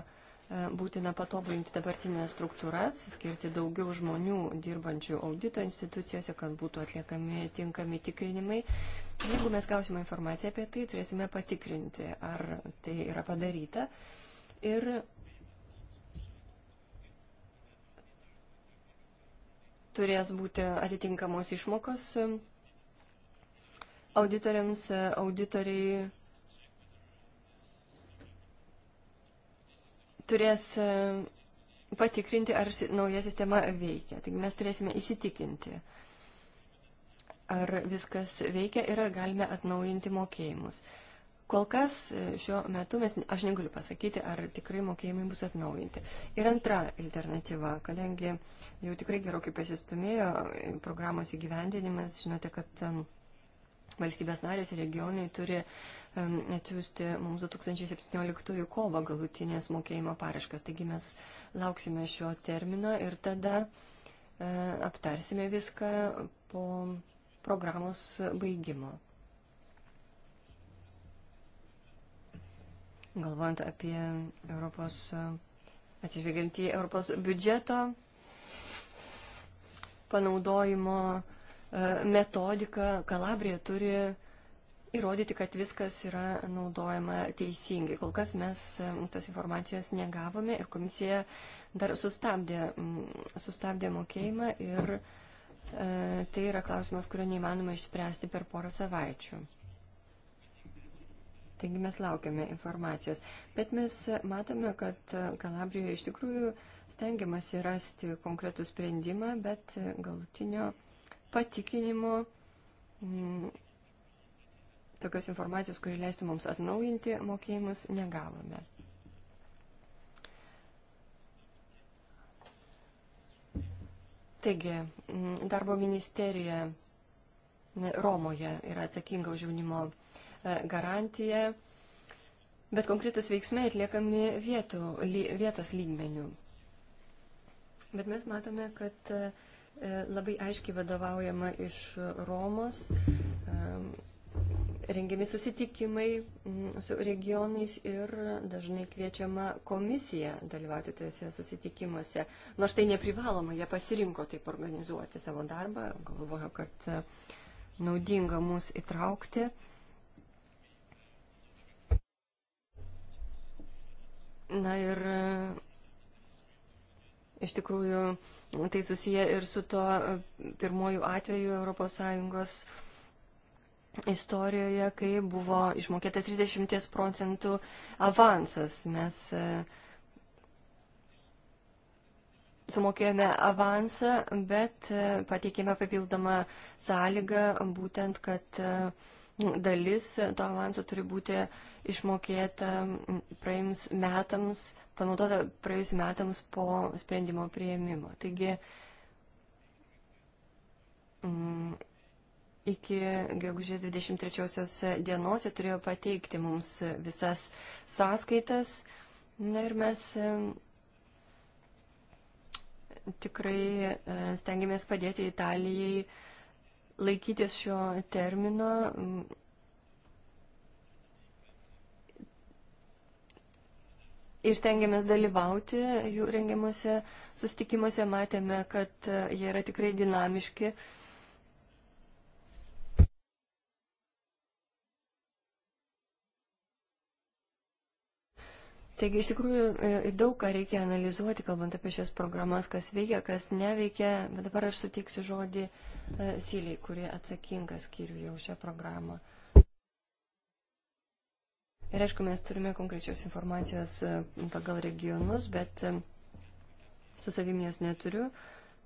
būtina patobulinti dabartinės struktūras, skirti daugiau žmonių dirbančių audito institucijose, kad būtų atliekami tinkami tikrinimai. Jeigu mes gausime informaciją apie tai, turėsime patikrinti, ar tai yra padaryta. Uh, Ir turės būti atitinkamos išmokos auditoriams, auditoriai turės patikrinti, ar nauja sistema veikia. Taigi mes turėsime įsitikinti, ar viskas veikia ir ar galime atnaujinti mokėjimus. Kol kas e, šiuo metu mes, aš negaliu pasakyti, ar tikrai mokėjimai bus atnaujinti. Ir antra alternatyva, kadangi jau tikrai gerokai pasistumėjo e, programos įgyvendinimas, žinote, kad valstybės narės ir regionai turi atsiųsti mums 2017 kovo galutinės mokėjimo paraškas. Taigi mes lauksime šio termino ir tada e, aptarsime viską po programos baigimo. galvojant apie Europos, atsižvelgiant į Europos biudžeto panaudojimo e, metodiką, Kalabrija turi įrodyti, kad viskas yra naudojama teisingai. Kol kas mes e, tos informacijos negavome ir komisija dar sustabdė, sustabdė mokėjimą ir e, tai yra klausimas, kurio neįmanoma išspręsti per porą savaičių. Taigi mes laukiame informacijos. Bet mes matome, kad Kalabrijoje iš tikrųjų stengiamasi rasti konkretų sprendimą, bet galutinio patikinimo. Mm, tokios informacijos, kuri leistų mums atnaujinti mokėjimus, negavome. Taigi, mm, darbo ministerija mm, Romoje yra atsakinga už jaunimo E, garantija, bet konkretus veiksmai atliekami vietų, vietos lygmenių. Bet mes matome, kad e, labai aiškiai vadovaujama iš Romos, e, rengiami susitikimai su regionais ir dažnai kviečiama komisija dalyvauti tose susitikimuose. Nors tai neprivaloma, jie pasirinko taip organizuoti savo darbą, galvojo, kad naudinga mus įtraukti. Na ir e, iš tikrųjų tai susiję ir su tuo e, pirmoju atveju ES istorijoje, kai buvo išmokėta 30 procentų avansas. Mes e, sumokėjome avansą, bet pateikėme papildomą sąlygą būtent, kad dalis to avanso turi būti išmokėta praėjus metams, panaudota praėjus metams po sprendimo prieimimo. Taigi mm, iki gegužės 23 dienos jie turėjo pateikti mums visas sąskaitas. Na ir mes e, tikrai e, stengiamės padėti Italijai laikytis šio termino. Mm, ir stengiamės dalyvauti jų rengiamuose sustikimuose, matėme, kad e, jie yra tikrai dinamiški. Taigi iš tikrųjų e, e, daug ką reikia analizuoti, kalbant apie šias programas, kas veikia, kas neveikia. Bet dabar aš sutiksiu žodį uh, E, Siliai, kurie atsakingas skiriu jau šią programą. Ir aišku, mes turime konkrečios informacijos e, pagal regionus, bet e, su savim jos neturiu,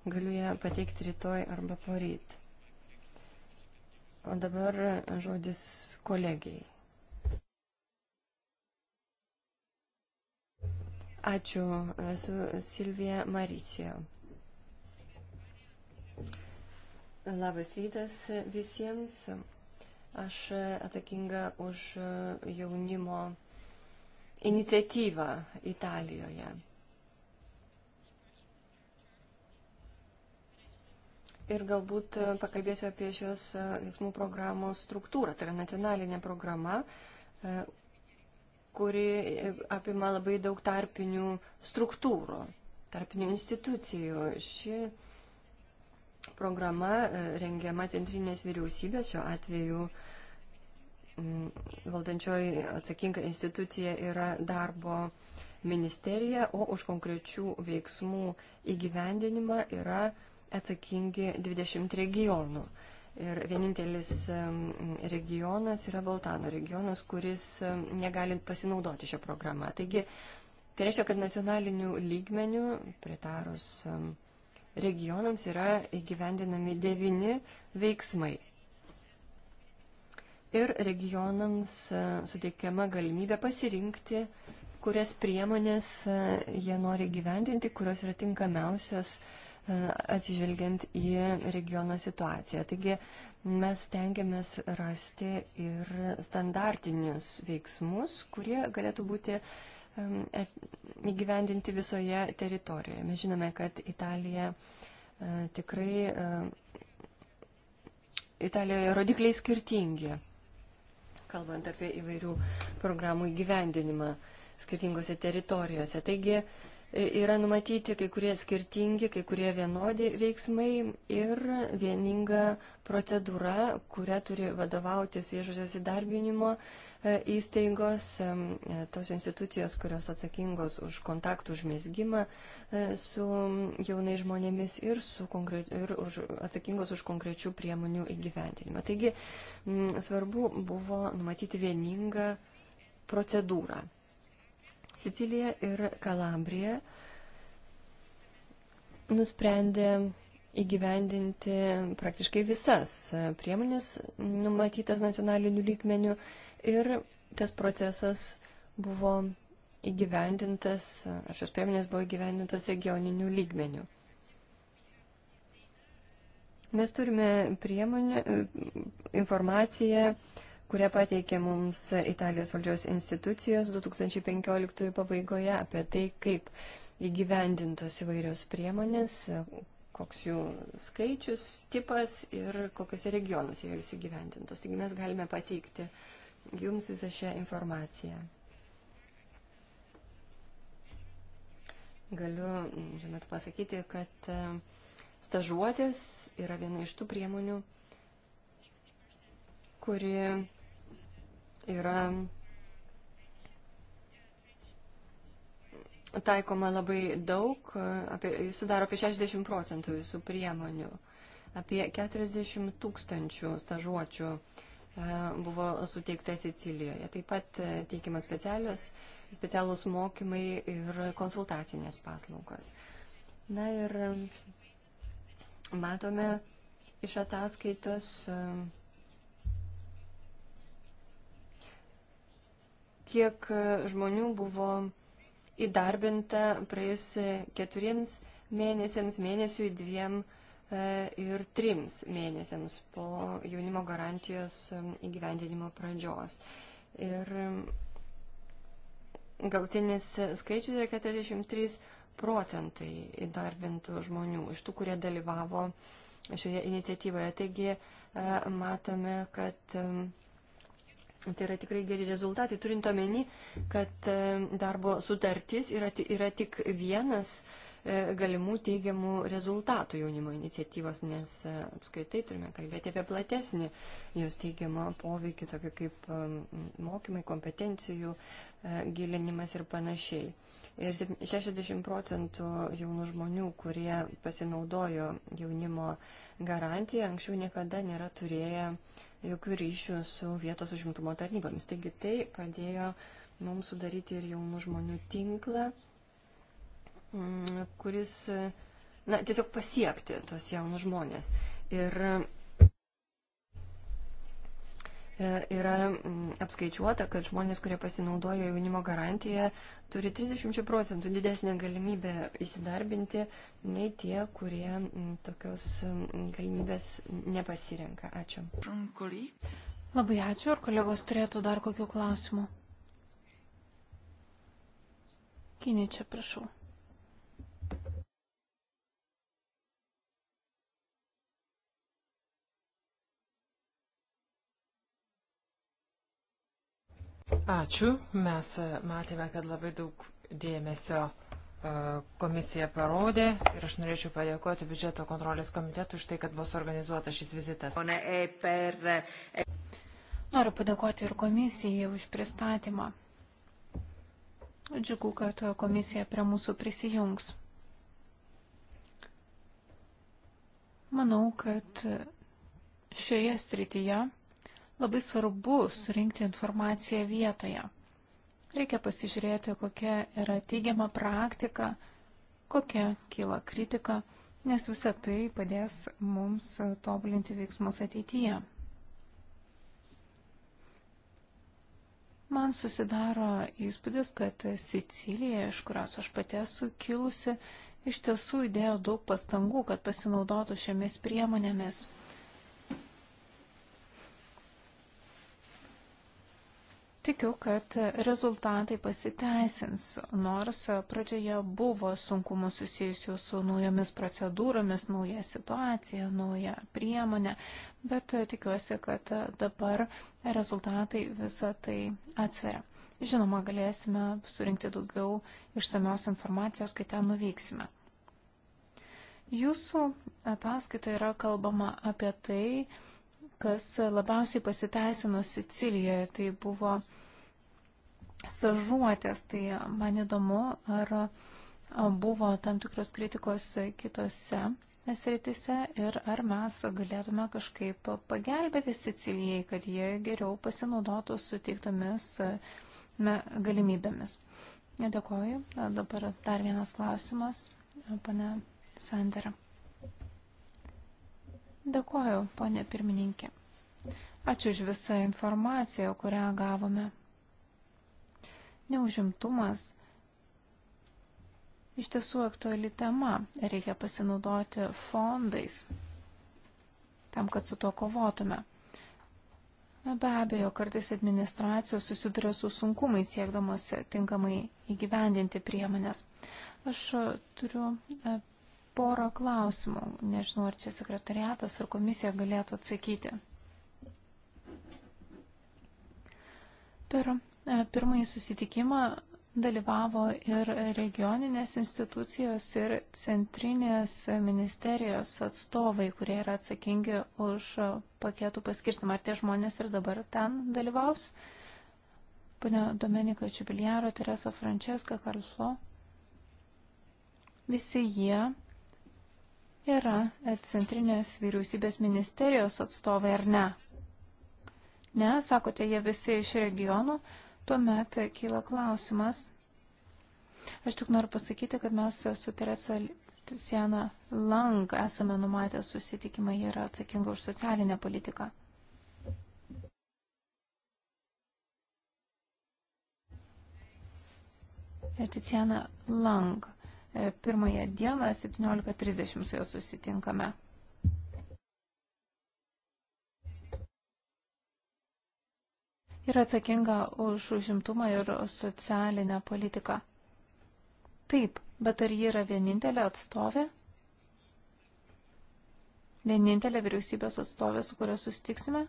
galiu ją pateikti rytoj arba poryt. O dabar žodis kolegijai. Ačiū, esu Silvija Maricijo. Labas rytas visiems. Aš atsakinga už e, jaunimo iniciatyvą Italijoje. Ir galbūt e, pakalbėsiu apie šios e, veiksmų programos struktūrą. Tai yra nacionalinė programa, kuri apima labai daug tarpinių struktūrų, tarpinių institucijų. Ši programa e, rengiama centrinės vyriausybės, šiuo atveju valdančioji atsakinga institucija yra darbo ministerija, o už konkrečių veiksmų įgyvendinimą yra atsakingi 20 regionų. Ir vienintelis e, regionas yra Baltano regionas, kuris e, negalint pasinaudoti šią programą. Taigi, tai reiškia, kad nacionalinių lygmenių pritarus um, regionams yra įgyvendinami devini veiksmai. Ir regionams e, suteikiama galimybė pasirinkti, kurias priemonės e, jie nori gyvendinti, kurios yra tinkamiausios e, atsižvelgiant į regiono situaciją. Taigi mes tengiamės rasti ir standartinius veiksmus, kurie galėtų būti uh, E, įgyvendinti visoje teritorijoje. Mes žinome, kad Italija e, tikrai, e, Italijoje rodikliai skirtingi, kalbant apie įvairių programų įgyvendinimą skirtingose teritorijose. Taigi yra numatyti kai kurie skirtingi, kai kurie vienodi veiksmai ir vieninga procedūra, kuria turi vadovautis viešosios įdarbinimo E, įstaigos, e, e, tos institucijos, kurios atsakingos už kontaktų užmėsgymą su jaunai žmonėmis ir, su konkre... ir už, atsakingos už konkrečių priemonių įgyventinimą. Taigi svarbu buvo numatyti vieningą procedūrą. Sicilija ir Kalabrija nusprendė įgyvendinti praktiškai visas priemonės numatytas nacionaliniu lygmeniu Ir tas procesas buvo įgyvendintas, ar šios priemonės buvo įgyvendintas regioninių lygmenių. Mes turime priemonę, informaciją, kurią pateikė mums Italijos valdžios institucijos 2015 pabaigoje apie tai, kaip įgyvendintos įvairios priemonės, koks jų skaičius, tipas ir kokiuose regionuose jos įgyvendintos. Taigi mes galime pateikti uh, jums visą šią informaciją. Galiu žinot pasakyti, kad e, stažuotės yra viena iš tų priemonių, kuri yra taikoma labai daug, e, apie, jis sudaro apie 60 procentų visų priemonių, apie 40 tūkstančių stažuočių E, buvo suteikta Sicilijoje. Taip pat e, teikiamas specialus mokymai ir konsultacinės paslaugos. Na ir matome iš ataskaitos, e, kiek žmonių buvo įdarbinta praėjus keturiems mėnesiams, mėnesiui dviem mėnesiams E, ir trims mėnesiams po jaunimo garantijos e, įgyvendinimo pradžios. Ir e, galtinis skaičius yra 43 procentai įdarbintų žmonių iš tų, kurie dalyvavo šioje iniciatyvoje. Taigi matome, kad Tai yra tikrai geri rezultatai, turint omeny, kad darbo sutartis yra, yra tik vienas uh, E, galimų teigiamų rezultatų jaunimo iniciatyvos, nes e, apskritai turime kalbėti apie platesnį jos teigiamą poveikį, tokį kaip e, mokymai, kompetencijų gilinimas ir panašiai. Ir 60 procentų jaunų žmonių, kurie pasinaudojo jaunimo garantiją, anksčiau niekada nėra turėję jokių ryšių su vietos užimtumo tarnybomis. Taigi tai padėjo mums sudaryti ir jaunų žmonių tinklą Mm, kuris, e, na, tiesiog pasiekti tos jaunus žmonės. Ir e, yra mm, apskaičiuota, kad žmonės, kurie pasinaudojo jaunimo garantiją, turi 30 procentų didesnę galimybę įsidarbinti nei tie, kurie mm, tokios galimybės nepasirenka. Ačiū. Labai ačiū. Ar kolegos turėtų dar kokių klausimų? Kiničia, prašau. Ačiū. Mes e, matėme, kad labai daug dėmesio e, komisija parodė ir aš norėčiau padėkoti biudžeto kontrolės komitetui už tai, kad buvo suorganizuotas šis vizitas. E, Noriu padėkoti ir komisijai už pristatymą. Džiugu, kad komisija prie mūsų prisijungs. Manau, kad šioje srityje Labai svarbu surinkti informaciją vietoje. Reikia pasižiūrėti, kokia yra teigiama praktika, kokia kyla kritika, nes visa tai padės mums tobulinti veiksmus ateityje. Man susidaro įspūdis, kad Sicilija, iš kurios aš pati esu kilusi, iš tiesų įdėjo daug pastangų, kad pasinaudotų šiomis priemonėmis. Tikiu, kad rezultatai pasiteisins, nors pradžioje buvo sunkumų susijusių su naujomis procedūromis, nauja situacija, nauja priemonė, bet tikiuosi, kad dabar rezultatai visą tai atsveria. Žinoma, galėsime surinkti daugiau išsamios informacijos, kai ten nuvyksime. Jūsų ataskaitoje yra kalbama apie tai, kas labiausiai pasiteisino Sicilijoje, tai buvo stažuotės. Tai man įdomu, ar buvo tam tikros kritikos kitose sritise ir ar mes galėtume kažkaip pagelbėti Sicilijai, kad jie geriau pasinaudotų suteiktomis galimybėmis. Dėkoju. Dabar dar vienas klausimas, pane Sandera. Dėkoju, ponė pirmininkė. Ačiū už visą informaciją, kurią gavome. Neužimtumas iš tiesų aktuali tema. Reikia pasinaudoti fondais tam, kad su tuo kovotume. Be abejo, kartais administracijos susiduria su sunkumais siekdamos tinkamai įgyvendinti priemonės. Aš turiu e, porą klausimų. Nežinau, ar čia sekretariatas ar komisija galėtų atsakyti. Per e, pirmąjį susitikimą dalyvavo ir regioninės institucijos, ir centrinės ministerijos atstovai, kurie yra atsakingi už paketų paskirstimą. Ar tie žmonės ir dabar ten dalyvaus? Pane Domenika Čibiliaro, Teresa Franceska, Karlso. Visi jie yra e, centrinės vyriausybės ministerijos atstovai ar ne? Ne, sakote, jie visi iš regionų, tuomet e, kyla klausimas. Aš tik noriu pasakyti, kad mes su Teresa Siena Lang esame numatę susitikimą, jie yra atsakinga už socialinę politiką. E, Ticiana Lang. E, pirmąją dieną 17.30 su juo susitinkame. Ir atsakinga už užimtumą ir socialinę politiką. Taip, bet ar ji yra vienintelė atstovė? Vienintelė vyriausybės atstovė, su kuria susitiksime?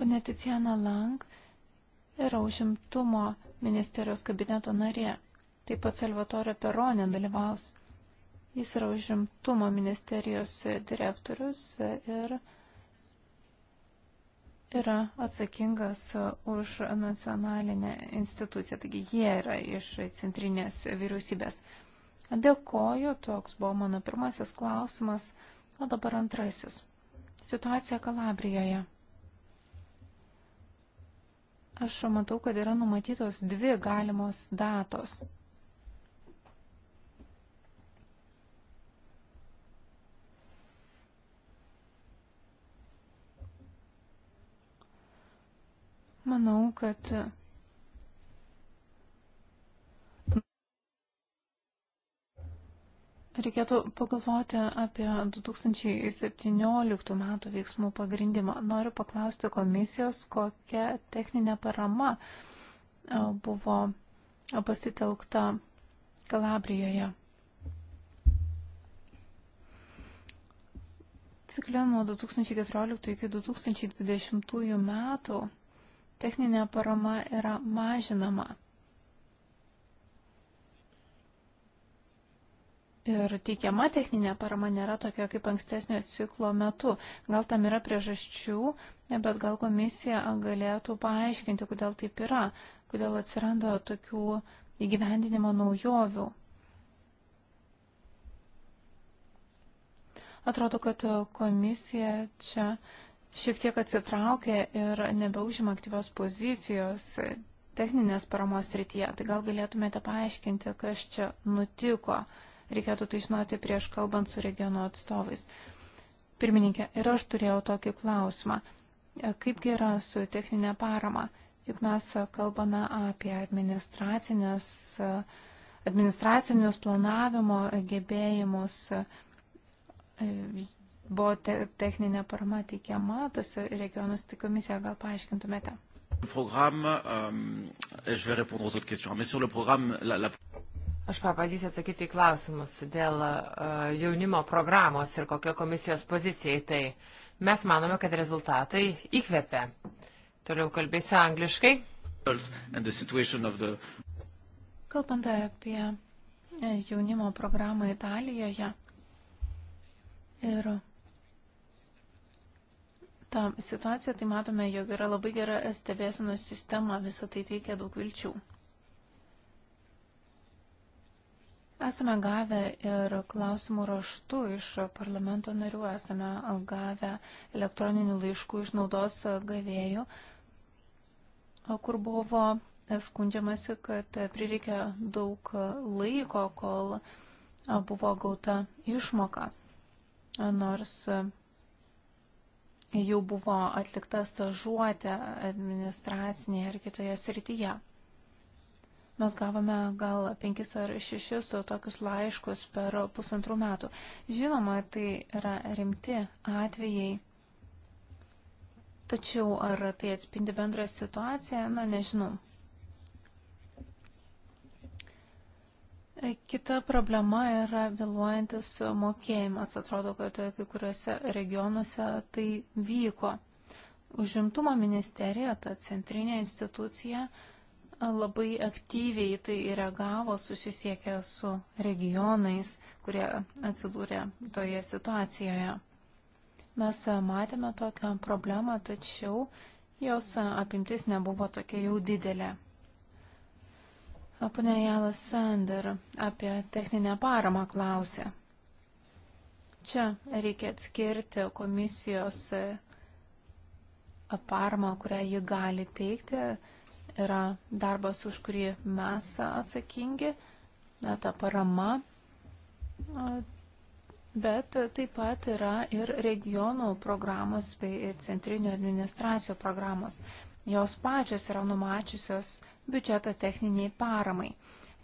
Pane Tiziana Lang yra užimtumo ministerijos kabineto narė. Taip pat Salvatore Peronė dalyvaus. Jis yra užimtumo ministerijos direktorius ir yra atsakingas už nacionalinę instituciją. Taigi jie yra iš centrinės vyriausybės. Dėkoju, toks buvo mano pirmasis klausimas, o dabar antrasis. Situacija Kalabrijoje. Aš matau, kad yra numatytos dvi galimos datos. Manau, kad Reikėtų pagalvoti apie 2017 metų veiksmų pagrindimą. Noriu paklausti komisijos, kokia techninė parama buvo pasitelkta Kalabrijoje. Cikle nuo 2014 iki 2020 metų techninė parama yra mažinama ir teikiama techninė parama nėra tokia kaip ankstesnio ciklo metu. Gal tam yra priežasčių, bet gal komisija galėtų paaiškinti, kodėl taip yra, kodėl atsiranda tokių įgyvendinimo naujovių. Atrodo, kad komisija čia šiek tiek atsitraukė ir nebeužima aktyvios pozicijos techninės paramos rytyje. Tai gal galėtumėte paaiškinti, kas čia nutiko. Reikėtų tai žinoti prieš kalbant su regiono atstovais. Pirmininkė, ir aš turėjau tokį klausimą. E, kaipgi yra su techninė parama? Juk mes kalbame apie administracinės, e, administracinius planavimo gebėjimus. E, Buvo te, techninė parama teikiama tose regionuose, tai komisija gal paaiškintumėte. Programme, euh, je vais répondre aux autres questions. Mais sur le programme, la, la... Aš pabandysiu atsakyti į klausimus dėl uh, jaunimo programos ir kokia komisijos pozicija į tai. Mes manome, kad rezultatai įkvepia. Toliau kalbėsiu angliškai. The... Kalbant apie e, jaunimo programą Italijoje ir tą situaciją, tai matome, jog yra labai gera stebėsinos sistema, visą tai teikia daug vilčių. Esame gavę ir klausimų raštų iš parlamento narių, esame gavę elektroninių laiškų iš naudos gavėjų, kur buvo skundžiamasi, kad prireikė daug laiko, kol buvo gauta išmoka, nors jau buvo atlikta stažuotė administracinėje ar kitoje srityje. Mes gavome gal penkis ar šešis tokius laiškus per pusantrų metų. Žinoma, tai yra rimti atvejai. Tačiau ar tai atspindi bendrą situaciją, na nežinau. Kita problema yra vėluojantis mokėjimas. Atrodo, kad kai kuriuose regionuose tai vyko. Užimtumo ministerija, ta centrinė institucija, labai aktyviai tai reagavo, susisiekė su regionais, kurie atsidūrė toje situacijoje. Mes matėme tokią problemą, tačiau jos apimtis nebuvo tokia jau didelė. Pane Jalas Sander apie techninę paramą klausė. Čia reikia atskirti komisijos paramą, kurią ji gali teikti yra darbas, už kurį mes atsakingi, ta parama, bet taip pat yra ir regionų programos bei centrinio administracijų programos. Jos pačios yra numačiusios biudžetą techniniai paramai.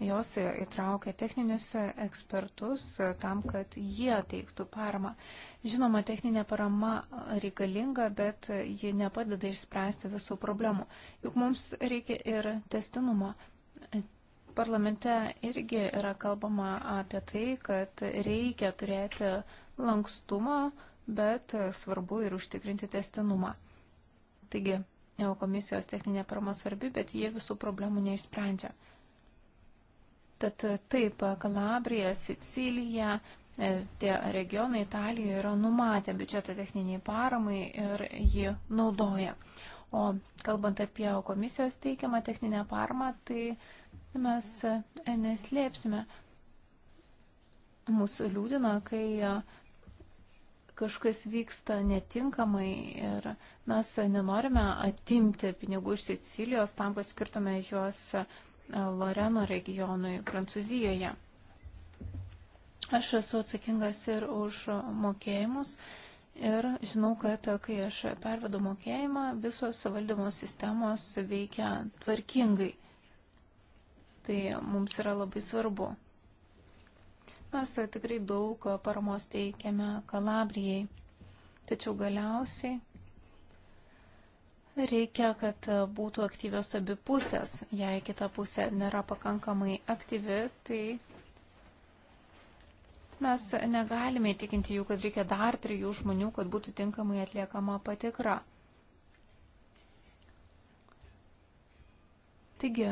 Jos įtraukia techninius ekspertus tam, kad jie teiktų paramą. Žinoma, techninė parama reikalinga, bet ji nepadeda išspręsti visų problemų. Juk mums reikia ir testinumo. Parlamente irgi yra kalbama apie tai, kad reikia turėti lankstumą, bet svarbu ir užtikrinti testinumą. Taigi, komisijos techninė parama svarbi, bet jie visų problemų neišsprendžia. Tad e, taip, Kalabrija, Sicilija, e, tie regionai Italijoje yra numatę biudžetą techniniai paramai ir jį naudoja. O kalbant apie komisijos teikiamą techninę paramą, tai mes e, neslėpsime. Mūsų liūdina, kai kažkas vyksta netinkamai ir mes nenorime atimti pinigų iš Sicilijos tam, kad skirtume juos Loreno regionui Prancūzijoje. Aš esu atsakingas ir už mokėjimus ir žinau, kad kai aš pervedu mokėjimą, visos valdymo sistemos veikia tvarkingai. Tai mums yra labai svarbu. Mes tikrai daug paramos teikiame Kalabrijai, tačiau galiausiai Reikia, kad būtų aktyvios abi pusės. Jei kita pusė nėra pakankamai aktyvi, tai mes negalime įtikinti jų, kad reikia dar trijų žmonių, kad būtų tinkamai atliekama patikra. Taigi,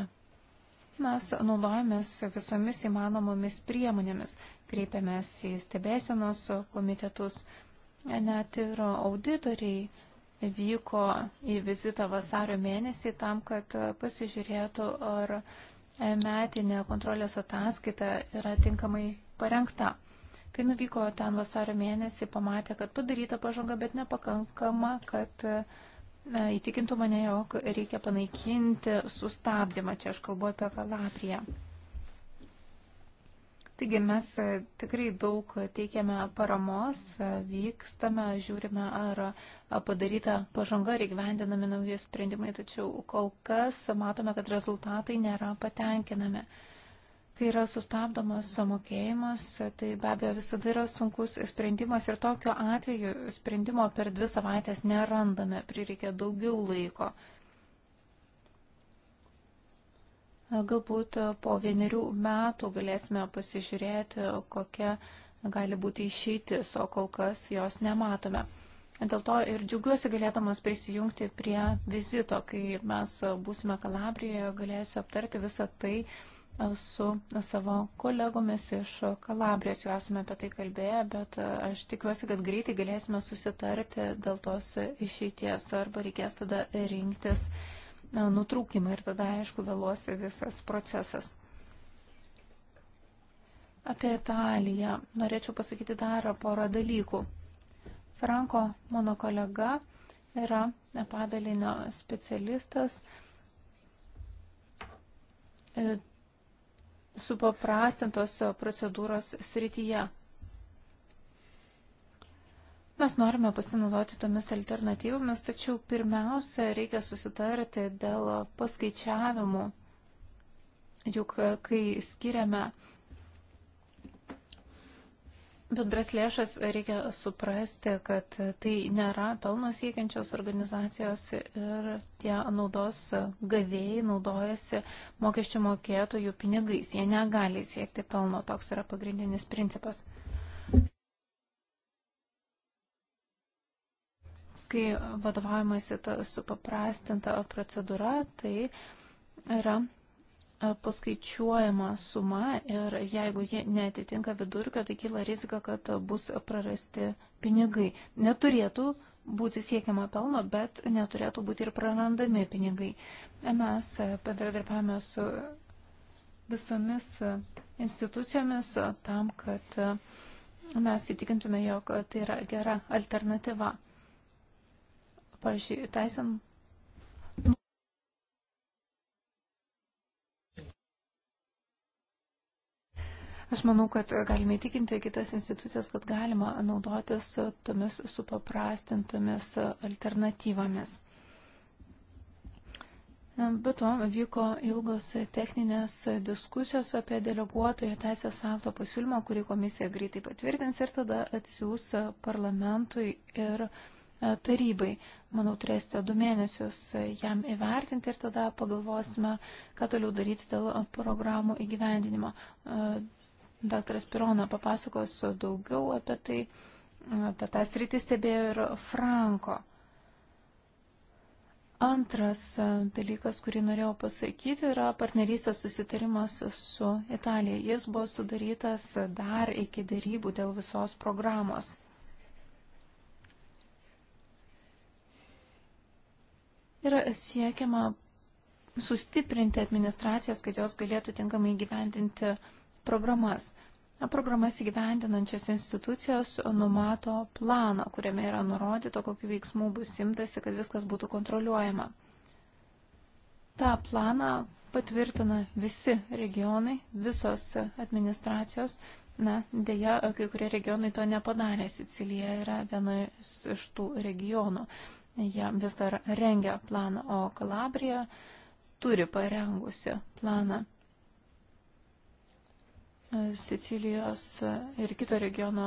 mes naudojamės visomis įmanomomis priemonėmis, kreipiamės į stebėsenos komitetus, net ir auditoriai vyko į vizitą vasario mėnesį tam, kad pasižiūrėtų, ar metinė kontrolės ataskaita yra tinkamai parengta. Kai nuvyko ten vasario mėnesį, pamatė, kad padaryta pažanga, bet nepakankama, kad įtikintų mane, jog reikia panaikinti sustabdymą. Čia aš kalbu apie Kalabriją. Taigi mes e, tikrai daug teikiame paramos, e, vykstame, žiūrime, ar padaryta pažanga ir įgyvendinami nauji sprendimai, tačiau kol kas matome, kad rezultatai nėra patenkinami. Kai yra sustabdomas mokėjimas, tai be abejo visada yra sunkus sprendimas ir tokiu atveju sprendimo per dvi savaitės nerandame, prireikia daugiau laiko. Galbūt e, po vienerių metų galėsime pasižiūrėti, kokia gali būti išeitis, o kol kas jos nematome. Dėl to ir džiaugiuosi galėdamas prisijungti prie vizito, kai mes būsime Kalabrijoje, galėsiu aptarti visą tai e, su savo kolegomis iš Kalabrijos. Jau esame apie tai kalbėję, bet e, aš tikiuosi, kad greitai galėsime susitarti dėl tos išeities arba reikės tada rinktis nutraukimą ir tada, aišku, vėluosi visas procesas. Apie Italiją norėčiau pasakyti dar porą dalykų. Franko, mano kolega, yra padalinio specialistas e, supaprastintos procedūros srityje. Mes norime pasinaudoti tomis alternatyvomis, tačiau pirmiausia, reikia susitarti dėl paskaičiavimų. Juk kai skiriame bendras lėšas, reikia suprasti, kad tai nėra pelno siekiančios organizacijos ir tie naudos gavėjai naudojasi mokesčių mokėtojų pinigais. Jie negali siekti pelno. Toks yra pagrindinis principas. Kai vadovaujamasi ta supaprastinta procedūra, tai yra e, paskaičiuojama suma ir jeigu ji netitinka vidurkio, tai kyla rizika, kad bus prarasti pinigai. Neturėtų būti siekiama pelno, bet neturėtų būti ir prarandami pinigai. Mes bendradarbiavame su visomis institucijomis tam, kad mes įtikintume, jog tai yra gera alternatyva. Pavyzdžiui, Tyson Aš manau, kad galime įtikinti kitas institucijas, kad galima naudotis tomis supaprastintomis alternatyvomis. Be to vyko ilgos techninės diskusijos apie deleguotojo teisės akto pasiūlymą, kurį komisija greitai patvirtins ir tada atsiūs parlamentui ir parlamentui E, tarybai. Manau, turėsite du mėnesius e, jam įvertinti ir tada pagalvosime, ką toliau daryti dėl programų įgyvendinimo. E, daktaras Pirona papasakos daugiau apie tai, apie tą sritį stebėjo ir Franko. Antras dalykas, kurį norėjau pasakyti, yra partnerystės susitarimas su Italija. Jis buvo sudarytas dar iki dėrybų dėl visos programos. yra siekiama sustiprinti administracijas, kad jos galėtų tinkamai gyvendinti programas. Programas įgyvendinančios institucijos numato planą, kuriame yra nurodyta, kokiu veiksmu bus imtasi, kad viskas būtų kontroliuojama. Ta planą patvirtina visi regionai, visos administracijos. Na, dėja, kai kurie regionai to nepadarė. Sicilija yra viena iš tų regionų jie vis dar rengia planą, o Kalabrija turi parengusi planą. Sicilijos ir kito regiono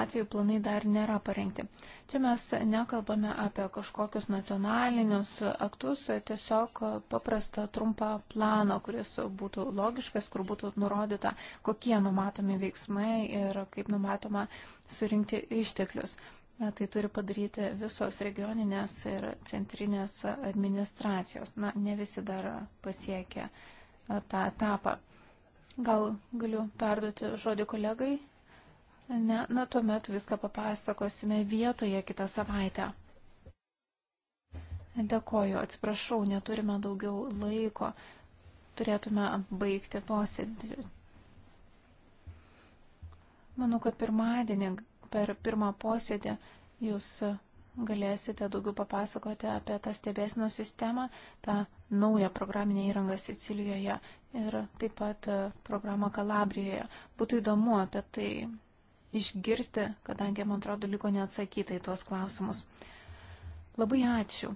atveju planai dar nėra parengti. Čia mes nekalbame apie kažkokius nacionalinius aktus, tiesiog paprastą trumpą planą, kuris būtų logiškas, kur būtų nurodyta, kokie numatomi veiksmai ir kaip numatoma surinkti išteklius. Tai turi padaryti visos regioninės ir centrinės administracijos. Na, ne visi dar pasiekė tą etapą. Gal galiu perduoti žodį kolegai? Ne, na, tuomet viską papasakosime vietoje kitą savaitę. Dėkoju, atsiprašau, neturime daugiau laiko. Turėtume baigti posėdį. Manau, kad pirmadienį per pirmą posėdį jūs galėsite daugiau papasakoti apie tą stebėsino sistemą, tą naują programinę įrangą Sicilijoje ir taip pat e, programą Kalabrijoje. Būtų įdomu apie tai išgirsti, kadangi, man atrodo, liko neatsakyta į tuos klausimus. Labai ačiū.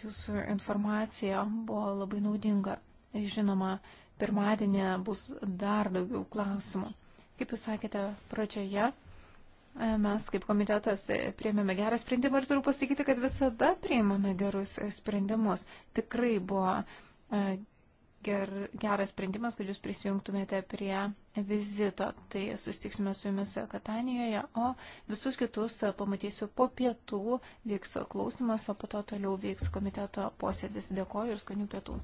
Jūsų informacija buvo labai naudinga. Žinoma, pirmadienį bus dar daugiau klausimų. Kaip jūs sakėte pradžioje, Mes kaip komitetas priėmėme gerą sprendimą ir turiu pasakyti, kad visada priėmame gerus sprendimus. Tikrai buvo e, ger, geras sprendimas, kad jūs prisijungtumėte prie vizito. Tai susitiksime su jumis Katanijoje, o visus kitus pamatysiu po pietų, vyks klausimas, o po to toliau vyks komiteto posėdis. Dėkoju ir skanių pietų.